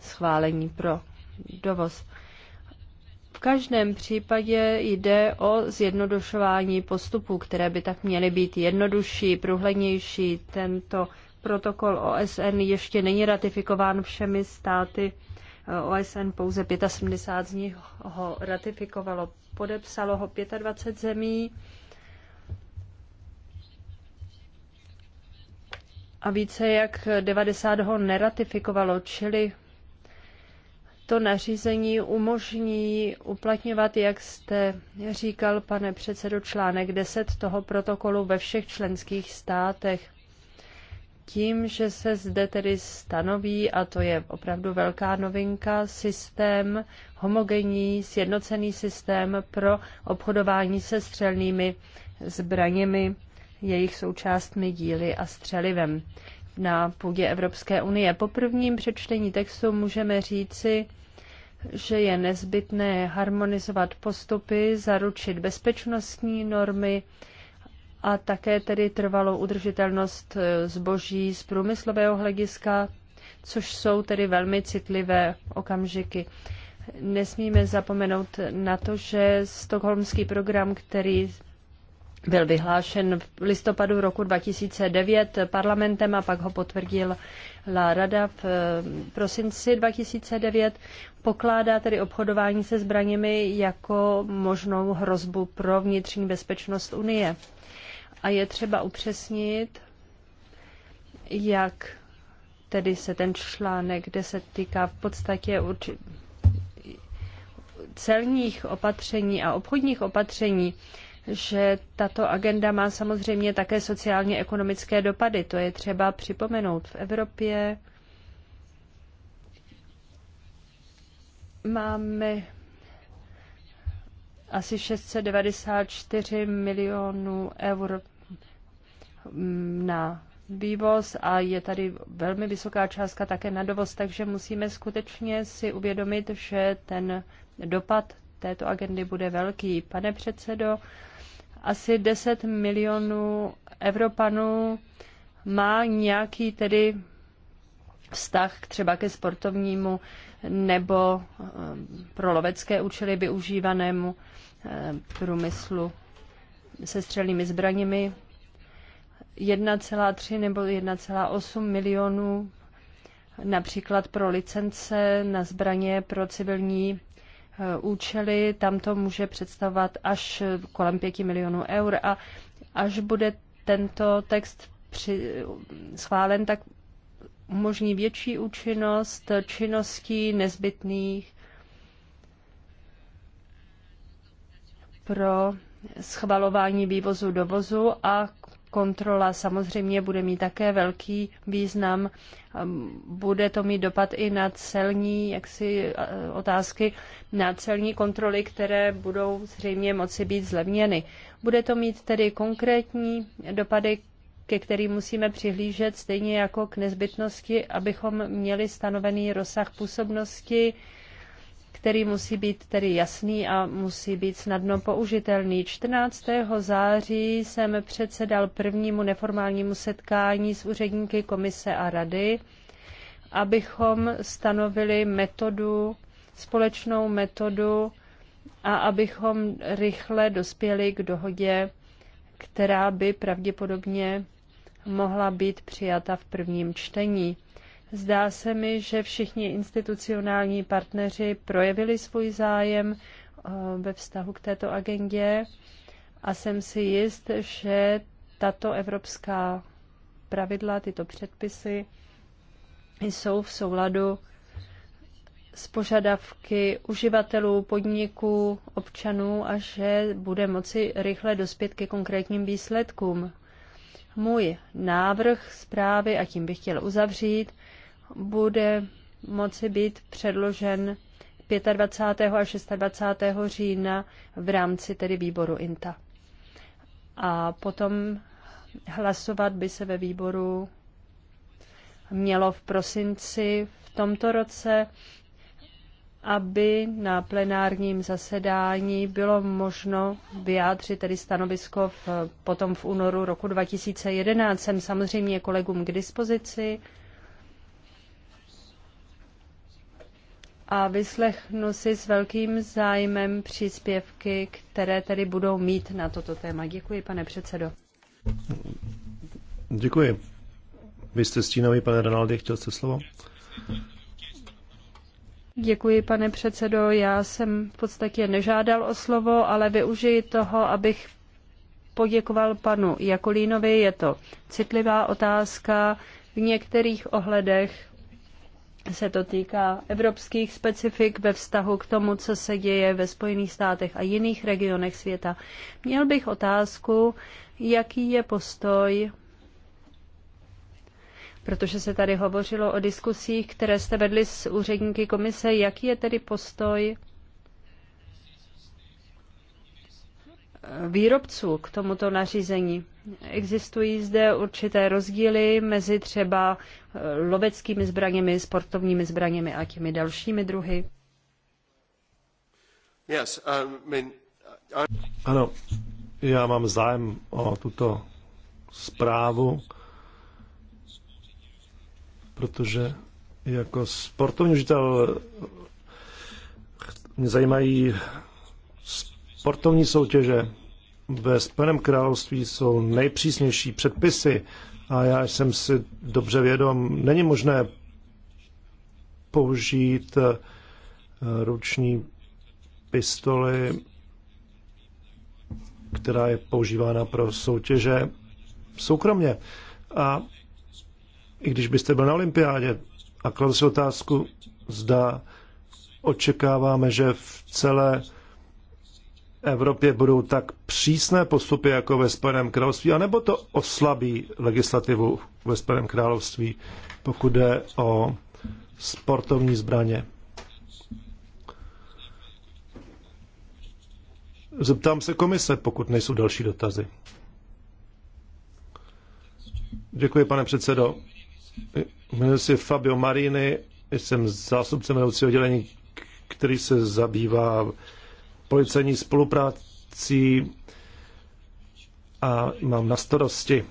schválení pro dovoz. V každém případě jde o zjednodušování postupů, které by tak měly být jednodušší, průhlednější. Tento protokol OSN ještě není ratifikován všemi státy. OSN pouze 75 z nich ho ratifikovalo. Podepsalo ho 25 zemí. A více jak 90 ho neratifikovalo, čili to nařízení umožní uplatňovat, jak jste říkal, pane předsedo, článek 10 toho protokolu ve všech členských státech. Tím, že se zde tedy stanoví, a to je opravdu velká novinka, systém, homogenní, sjednocený systém pro obchodování se střelnými zbraněmi, jejich součástmi díly a střelivem na půdě Evropské unie. Po prvním přečtení textu můžeme říci, že je nezbytné harmonizovat postupy, zaručit bezpečnostní normy a také tedy trvalou udržitelnost eh, zboží z průmyslového hlediska, což jsou tedy velmi citlivé okamžiky. Nesmíme zapomenout na to, že stokholmský program, který byl vyhlášen v listopadu roku 2009 parlamentem a pak ho La rada v eh, prosinci 2009. Pokládá tedy obchodování se zbraněmi jako možnou hrozbu pro vnitřní bezpečnost Unie. A je třeba upřesnit, jak tedy se ten článek, kde se týká v podstatě celních opatření a obchodních opatření, že tato agenda má samozřejmě také sociálně ekonomické dopady. To je třeba připomenout. V Evropě máme asi 694 milionů eur na vývoz a je tady velmi vysoká částka také na dovoz, takže musíme skutečně si uvědomit, že ten dopad této agendy bude velký. Pane předsedo, asi 10 milionů Evropanů má nějaký tedy vztah třeba ke sportovnímu nebo eh, pro lovecké účely využívanému eh, průmyslu se střelnými zbraněmi. 1,3 nebo 1,8 milionů například pro licence na zbraně pro civilní Eh, účely, tam to může představovat až kolem 5 milionů eur a až bude tento text při, schválen, tak umožní větší účinnost činností nezbytných pro schvalování vývozu dovozu a kontrola samozřejmě bude mít také velký význam. Ehm, bude to mít dopad i na celní jaksi, e, otázky, na celní kontroly, které budou zřejmě moci být zlevněny. Bude to mít tedy konkrétní dopady, ke kterým musíme přihlížet stejně jako k nezbytnosti, abychom měli stanovený rozsah působnosti, který musí být tedy jasný a musí být snadno použitelný. 14. září jsem předsedal prvnímu neformálnímu setkání s úředníky komise a rady, abychom stanovili metodu, společnou metodu a abychom rychle dospěli k dohodě, která by pravděpodobně mohla být přijata v prvním čtení. Zdá se mi, že všichni institucionální partneři projevili svůj zájem eh, ve vztahu k této agendě a jsem si jist, že tato evropská pravidla, tyto předpisy jsou v souladu s požadavky uživatelů, podniků, občanů a že bude moci rychle dospět ke konkrétním výsledkům. Můj návrh zprávy, a tím bych chtěl uzavřít, bude moci být předložen 25. a 26. října v rámci tedy výboru INTA. A potom hlasovat by se ve výboru mělo v prosinci v tomto roce, aby na plenárním zasedání bylo možno vyjádřit tedy stanovisko v, potom v únoru roku 2011. Jsem samozřejmě kolegům k dispozici. a vyslechnu si s velkým zájmem příspěvky, které tedy budou mít na toto téma. Děkuji, pane předsedo. Děkuji. Vy jste stínový, pane Ronaldi, chtěl jste slovo? Děkuji, pane předsedo. Já jsem v podstatě nežádal o slovo, ale využiji toho, abych poděkoval panu Jakolínovi. Je to citlivá otázka. V některých ohledech se to týká evropských specifik ve vztahu k tomu, co se děje ve Spojených státech a jiných regionech světa. Měl bych otázku, jaký je postoj protože se tady hovořilo o diskusích, které jste vedli s úředníky komise, jaký je tedy postoj výrobců k tomuto nařízení. Existují zde určité rozdíly mezi třeba eh, loveckými zbraněmi, sportovními zbraněmi a těmi dalšími druhy. Yes, um, I mean, Ano, já mám zájem o tuto zprávu, protože jako sportovní užitel mě zajímají sportovní soutěže. Ve Spojeném království jsou nejpřísnější předpisy a já jsem si dobře vědom, není možné použít eh, ruční pistoli, která je používána pro soutěže soukromně. A i když byste byl na olympiádě a kladl si otázku, zda očekáváme, že v celé Evropě budou tak přísné postupy jako ve Spojeném království, anebo to oslabí legislativu ve Spojeném království, pokud jde o sportovní zbraně. Zeptám se komise, pokud nejsou další dotazy. Děkuji, pane předsedo. Jmenuji se Fabio Marini, jsem zástupcem vedoucího oddělení, který se zabývá policejní spolupráci a mám na starosti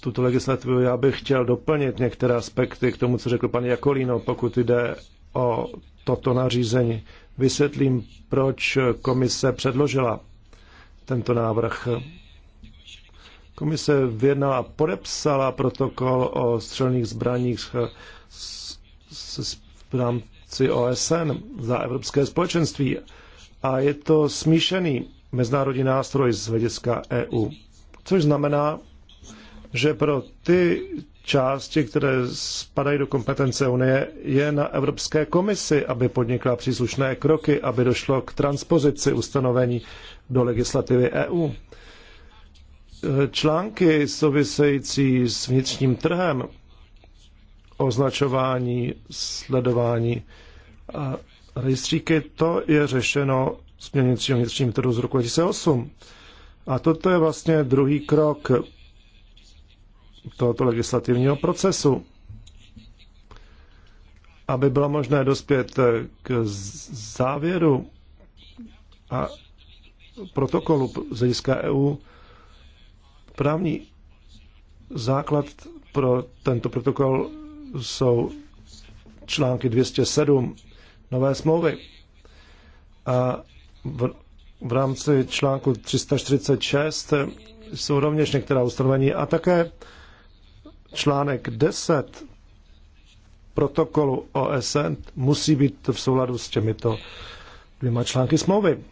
tuto legislativu. Já bych chtěl doplnit některé aspekty k tomu, co řekl pan Jakolino, pokud jde o toto nařízení. Vysvětlím, proč komise předložila tento návrh. Komise vyjednala, podepsala protokol o střelných zbraních v rámci OSN za Evropské společenství a je to smíšený mezinárodní nástroj z hlediska EU, což znamená, že pro ty části, které spadají do kompetence Unie, je na Evropské komisi, aby podnikla příslušné kroky, aby došlo k transpozici ustanovení do legislativy EU. Články související s vnitřním trhem, označování, sledování a rejstříky, to je řešeno směrnicí o vnitřním trhu z roku 2008. A toto je vlastně druhý krok tohoto legislativního procesu. Aby bylo možné dospět k závěru a protokolu z hlediska EU, právní základ pro tento protokol jsou články 207 nové smlouvy. A v, v rámci článku 346 jsou rovněž některá ustanovení a také článek 10 protokolu OSN musí být v souladu s těmito dvěma články smlouvy.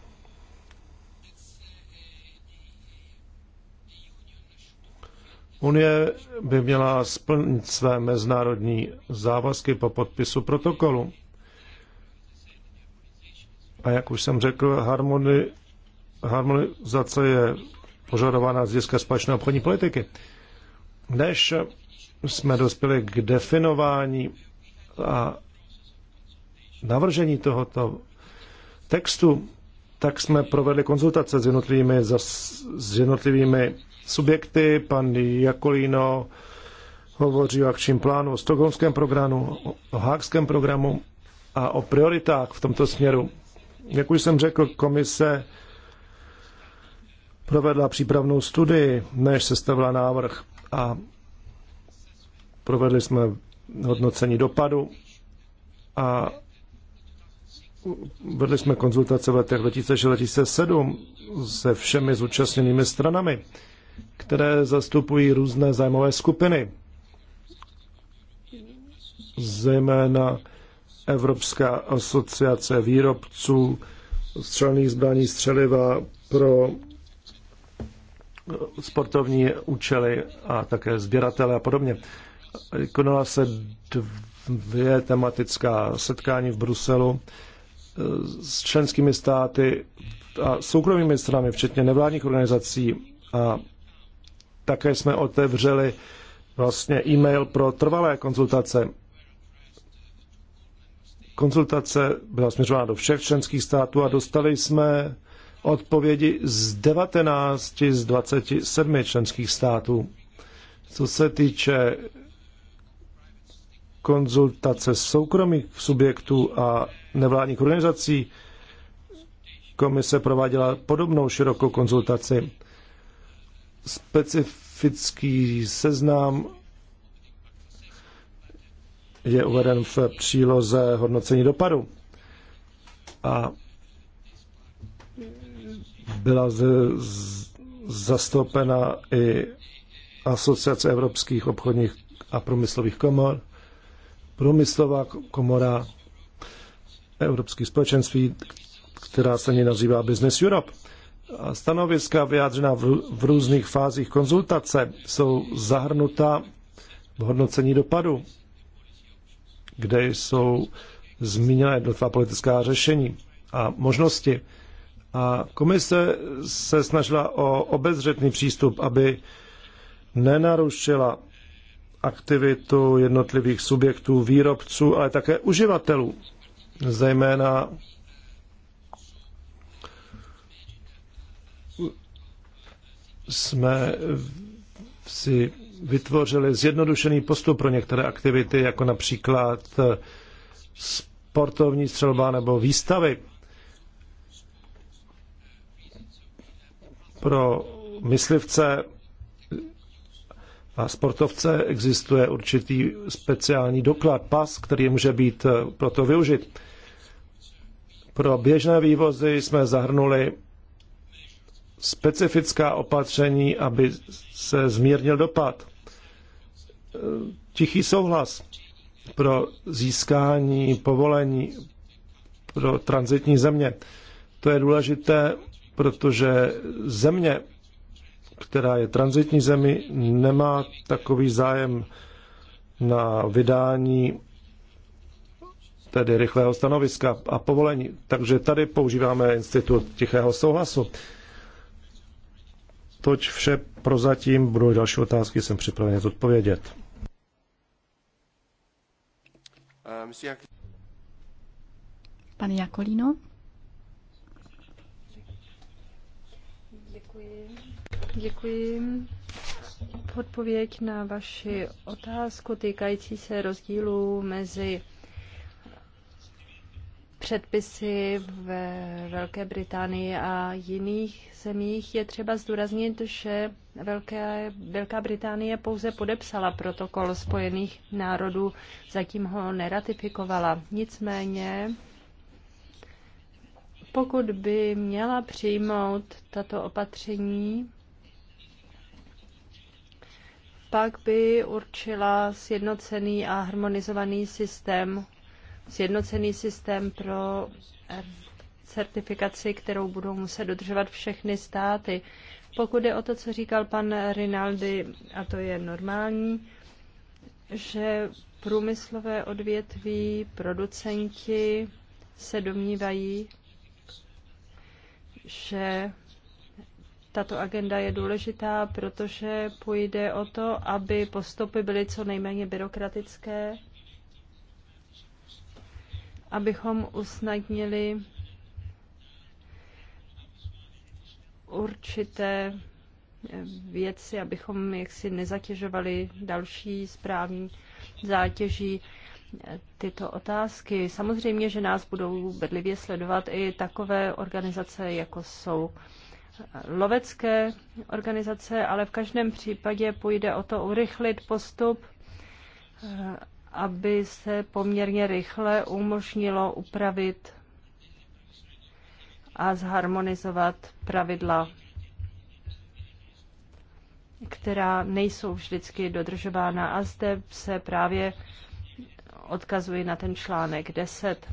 Unie by měla splnit své mezinárodní závazky po podpisu protokolu. A jak už jsem řekl, harmoni, harmonizace je požadována z hlediska společné obchodní politiky. Než jsme dospěli k definování a navržení tohoto textu, tak jsme provedli konzultace s jednotlivými, s jednotlivými subjekty. Pan Jakolino hovoří o akčním plánu, o stokholmském programu, o hákském programu a o prioritách v tomto směru. Jak už jsem řekl, komise provedla přípravnou studii, než sestavila návrh a provedli jsme hodnocení dopadu a vedli jsme konzultace v letech 2006-2007 se všemi zúčastněnými stranami, které zastupují různé zájmové skupiny, zejména Evropská asociace výrobců střelných zbraní střeliva pro sportovní účely a také sběratele a podobně. Konala se dvě tematická setkání v Bruselu eh, s členskými státy a soukromými stranami, včetně nevládních organizací a také jsme otevřeli vlastně e-mail pro trvalé konzultace Konzultace byla směřována do všech členských států a dostali jsme odpovědi z 19 z 27 členských států. Co se týče konzultace soukromých subjektů a nevládních organizací, komise prováděla podobnou širokou konzultaci. Specifický seznam je uveden v příloze hodnocení dopadu. A byla z, z, zastoupena i Asociace evropských obchodních a průmyslových komor, průmyslová komora Evropských společenství, která se ní nazývá Business Europe. A stanoviska vyjádřena v, v různých fázích konzultace jsou zahrnuta v hodnocení dopadu kde jsou zmíněna jednotlivá politická řešení a možnosti. A komise se snažila o obezřetný přístup, aby nenarušila aktivitu jednotlivých subjektů, výrobců, ale také uživatelů, zejména jsme si vytvořili zjednodušený postup pro některé aktivity, jako například eh, sportovní střelba nebo výstavy. Pro myslivce a sportovce existuje určitý speciální doklad, pas, který může být eh, proto využit. Pro běžné vývozy jsme zahrnuli specifická opatření, aby se zmírnil dopad tichý souhlas pro získání povolení pro transitní země. To je důležité, protože země, která je transitní zemi, nemá takový zájem na vydání tedy rychlého stanoviska a povolení. Takže tady používáme institut tichého souhlasu. Toť vše prozatím, budou další otázky, jsem připraven odpovědět. Eh, Pan Jakolino. Děkuji. Děkuji. Odpověď na vaši otázku týkající se rozdílů mezi předpisy v Velké Británii a jiných zemích, je třeba zdůraznit, že Velké, Velká Británie pouze podepsala protokol Spojených národů, zatím ho neratifikovala. Nicméně, pokud by měla přijmout tato opatření, pak by určila sjednocený a harmonizovaný systém sjednocený systém pro eh, certifikaci, kterou budou muset dodržovat všechny státy. Pokud je o to, co říkal pan Rinaldi, a to je normální, že průmyslové odvětví, producenti se domnívají, že tato agenda je důležitá, protože půjde o to, aby postupy byly co nejméně byrokratické abychom usnadnili určité eh, věci, abychom jaksi nezatěžovali další správní zátěží eh, tyto otázky. Samozřejmě, že nás budou bedlivě sledovat i takové organizace, jako jsou eh, lovecké organizace, ale v každém případě půjde o to urychlit postup aby se poměrně rychle umožnilo upravit a zharmonizovat pravidla, která nejsou vždycky dodržována. A zde se právě odkazuji na ten článek 10.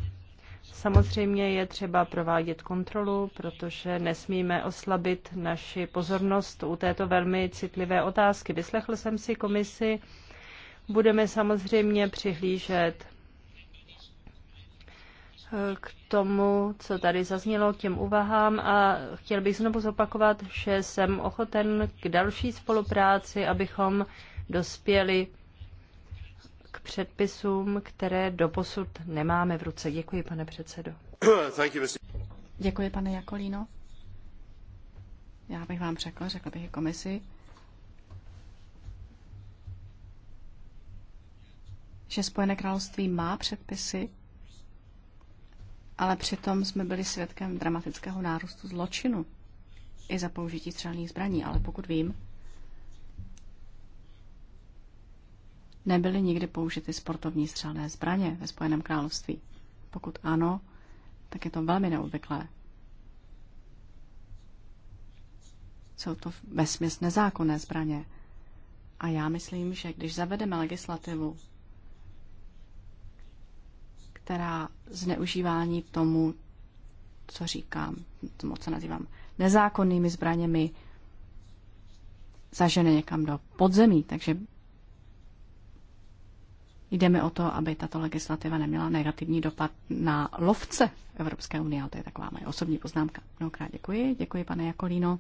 Samozřejmě je třeba provádět kontrolu, protože nesmíme oslabit naši pozornost u této velmi citlivé otázky. Vyslechl jsem si komisi budeme samozřejmě přihlížet eh, k tomu, co tady zaznělo, k těm úvahám a chtěl bych znovu zopakovat, že jsem ochoten k další spolupráci, abychom dospěli k předpisům, které doposud nemáme v ruce. Děkuji, pane předsedo. Děkuji, pane Jakolíno. Já bych vám řekl, řekl bych i komisi, že Spojené království má předpisy, ale přitom jsme byli svědkem dramatického nárůstu zločinu i za použití střelných zbraní, ale pokud vím, nebyly nikdy použity sportovní střelné zbraně ve Spojeném království. Pokud ano, tak je to velmi neobvyklé. Jsou to vesměst nezákonné zbraně. A já myslím, že když zavedeme legislativu která zneužívání tomu, co říkám, tomu, co nazývám nezákonnými zbraněmi, zažene někam do podzemí. Takže jdeme o to, aby tato legislativa neměla negativní dopad na lovce Evropské unie. Ale to je taková moje osobní poznámka. Mnohokrát děkuji. Děkuji, pane Jakolíno,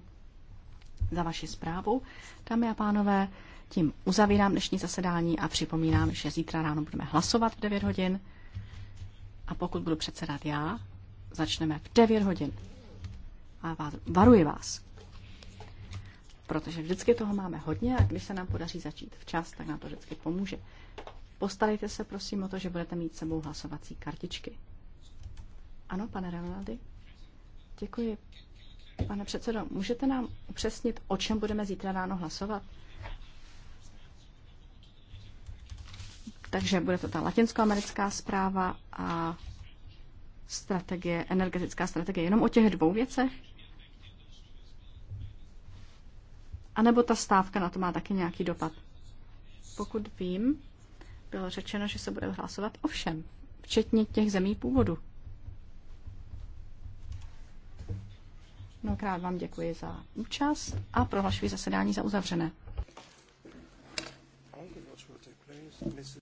za vaši zprávu. Dámy a pánové, tím uzavírám dnešní zasedání a připomínám, že zítra ráno budeme hlasovat v 9 hodin. A pokud budu předsedat já, začneme v 9 hodin. A vás, varuji vás. Protože vždycky toho máme hodně a když se nám podaří začít včas, tak nám to vždycky pomůže. Postarejte se prosím o to, že budete mít sebou hlasovací kartičky. Ano, pane Rinaldi? Děkuji. Pane předsedo, můžete nám upřesnit, o čem budeme zítra ráno hlasovat? Takže bude to ta latinskoamerická zpráva a strategie, energetická strategie jenom o těch dvou věcech? A nebo ta stávka na to má taky nějaký dopad? Pokud vím, bylo řečeno, že se bude hlasovat o všem, včetně těch zemí původu. Mnohokrát vám děkuji za účast a prohlašuji zasedání za uzavřené.